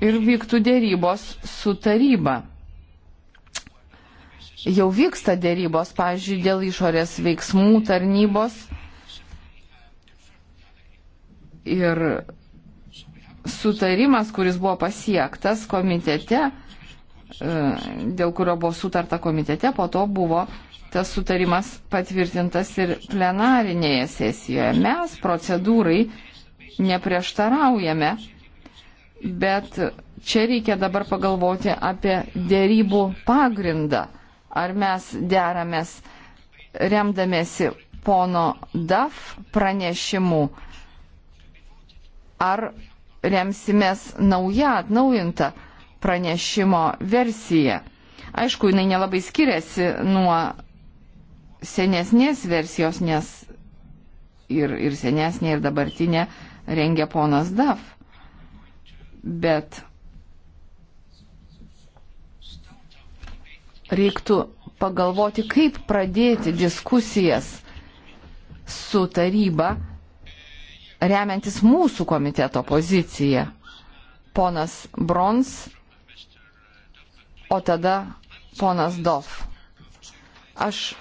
ir vyktų dėrybos su taryba jau vyksta dėrybos, pavyzdžiui, dėl išorės veiksmų tarnybos. Ir sutarimas, kuris buvo pasiektas komitete, e, dėl kurio buvo sutarta komitete, po to buvo tas sutarimas patvirtintas ir plenarinėje sesijoje. Mes procedūrai neprieštaraujame, bet čia reikia dabar pagalvoti apie dėrybų pagrindą ar mes deramės remdamėsi pono DAF pranešimu, ar remsimės nauja atnaujinta pranešimo versija. Aišku, jinai nelabai skiriasi nuo senesnės versijos, nes ir, ir senesnė, ir dabartinė rengia ponas DAF. Bet reiktų pagalvoti, kaip pradėti diskusijas su taryba, remiantis mūsų komiteto poziciją. Ponas Brons, o tada ponas Dof. Aš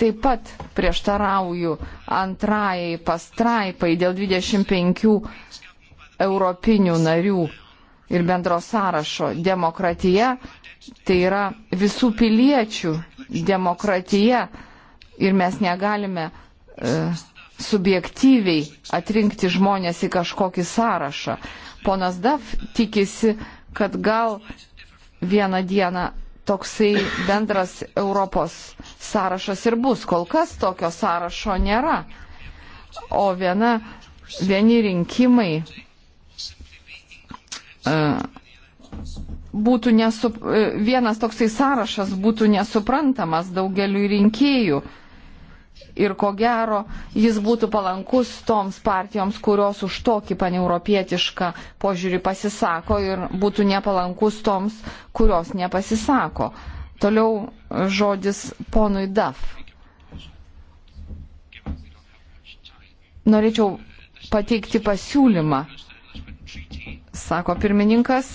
taip pat prieštarauju antrajai pastraipai dėl 25 europinių narių ir bendro sąrašo demokratija tai yra visų piliečių demokratija ir mes negalime uh, subjektyviai atrinkti žmonės į kažkokį sąrašą. Ponas Daf tikisi, kad gal vieną dieną toksai bendras Europos sąrašas ir bus. Kol kas tokio sąrašo nėra. O viena, vieni rinkimai. Uh, būtų nesup... E, vienas toksai sąrašas būtų nesuprantamas daugeliu rinkėjų. Ir ko gero, jis būtų palankus toms partijoms, kurios už tokį paneuropietišką požiūrį pasisako ir būtų nepalankus toms, kurios nepasisako. Toliau žodis ponui Daf. Norėčiau pateikti pasiūlymą, sako pirmininkas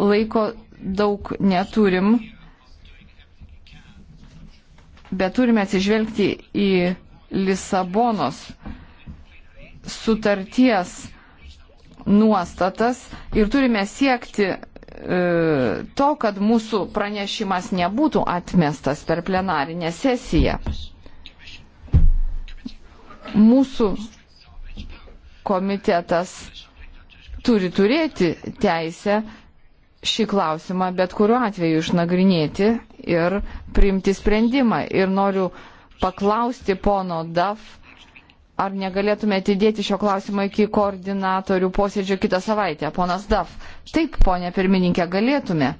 Laiko daug neturim, bet turime atsižvelgti į Lisabonos sutarties nuostatas ir turime siekti e, to, kad mūsų pranešimas nebūtų atmestas per plenarinę sesiją. Mūsų komitetas turi turėti teisę šį klausimą bet kuriuo atveju išnagrinėti ir priimti sprendimą. Ir noriu paklausti pono DAF, ar negalėtume atidėti šio klausimo iki koordinatorių posėdžio kitą savaitę. Ponas DAF, taip, ponė pirmininkė, galėtume.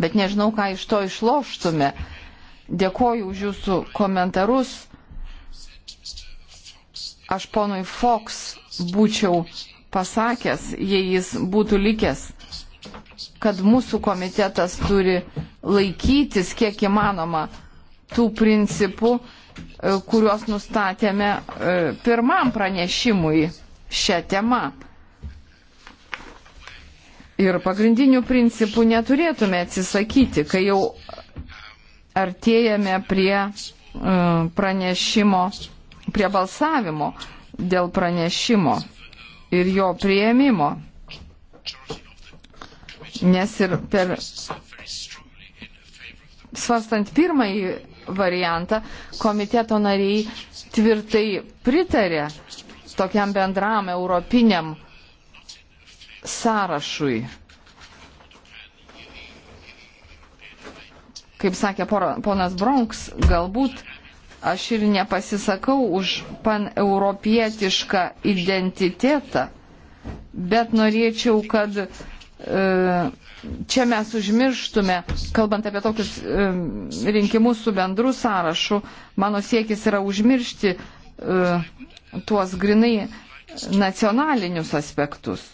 Bet nežinau, ką iš to išloštume. Dėkoju už jūsų komentarus. Aš ponui Fox būčiau pasakęs, jei jis būtų likęs kad mūsų komitetas turi laikytis kiek įmanoma tų principų, e, kuriuos nustatėme e, pirmam pranešimui šią temą. Ir pagrindinių principų neturėtume atsisakyti, kai jau artėjame prie e, pranešimo, prie balsavimo dėl pranešimo ir jo prieimimo. Nes ir per svarstant pirmąjį variantą, komiteto nariai tvirtai pritarė tokiam bendram europiniam sąrašui. Kaip sakė ponas Bronks, galbūt aš ir nepasisakau už paneuropietišką identitetą, bet norėčiau, kad uh, E, čia mes užmirštume, kalbant apie tokius e, rinkimus su bendru sąrašu, mano siekis yra užmiršti e, tuos grinai nacionalinius aspektus.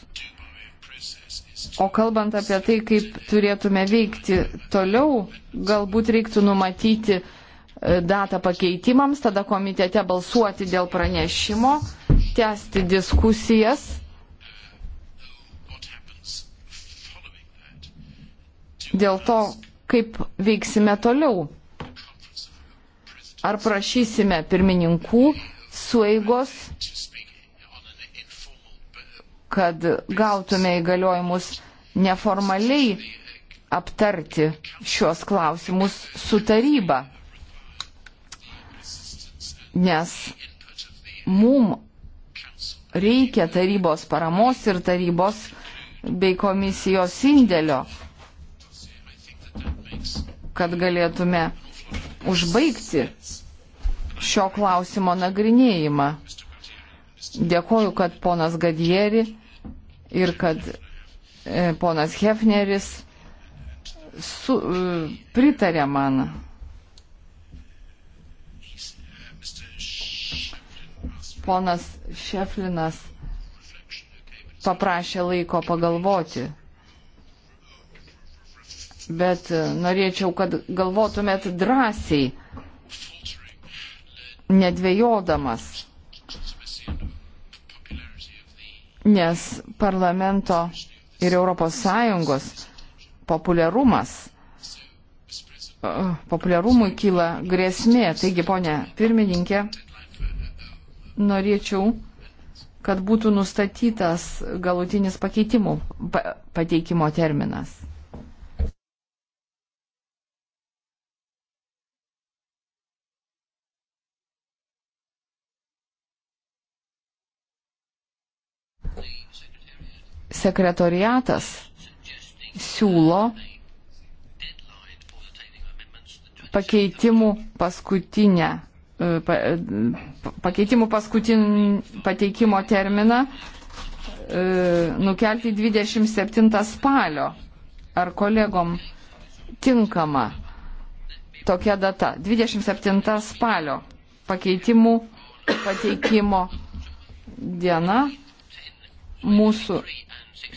O kalbant apie tai, kaip turėtume veikti toliau, galbūt reiktų numatyti datą pakeitimams, tada komitete balsuoti dėl pranešimo, tęsti diskusijas dėl to, kaip veiksime toliau. Ar prašysime pirmininkų sueigos, kad gautume įgaliojimus neformaliai aptarti šios klausimus su taryba. Nes mum reikia tarybos paramos ir tarybos bei komisijos indėlio kad galėtume užbaigti šio klausimo nagrinėjimą. Dėkoju, kad ponas Gadieri ir kad e, ponas Hefneris su, e, pritarė man. Ponas Šeflinas paprašė laiko pagalvoti bet e, norėčiau, kad galvotumėt drąsiai, nedvėjodamas, nes parlamento ir ES populiarumas, e, populiarumui kyla grėsmė. Taigi, ponė pirmininkė, norėčiau, kad būtų nustatytas galutinis pakeitimų pateikimo terminas. sekretoriatas siūlo pakeitimų paskutinę e, e, pa, pakeitimų paskutin, pateikimo terminą e, nukelti 27 spalio. Ar kolegom tinkama tokia data? 27 spalio pakeitimų pateikimo diena mūsų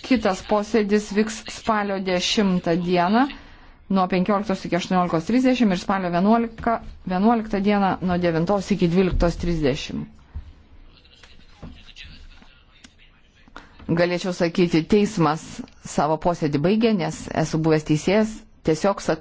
Kitas posėdis vyks spalio 10 dieną nuo 15 iki 18.30 ir spalio 11, 11 dieną nuo 9 iki 12.30. Galėčiau sakyti, teismas savo posėdį baigė, nes esu buvęs teisėjas, tiesiog sakau.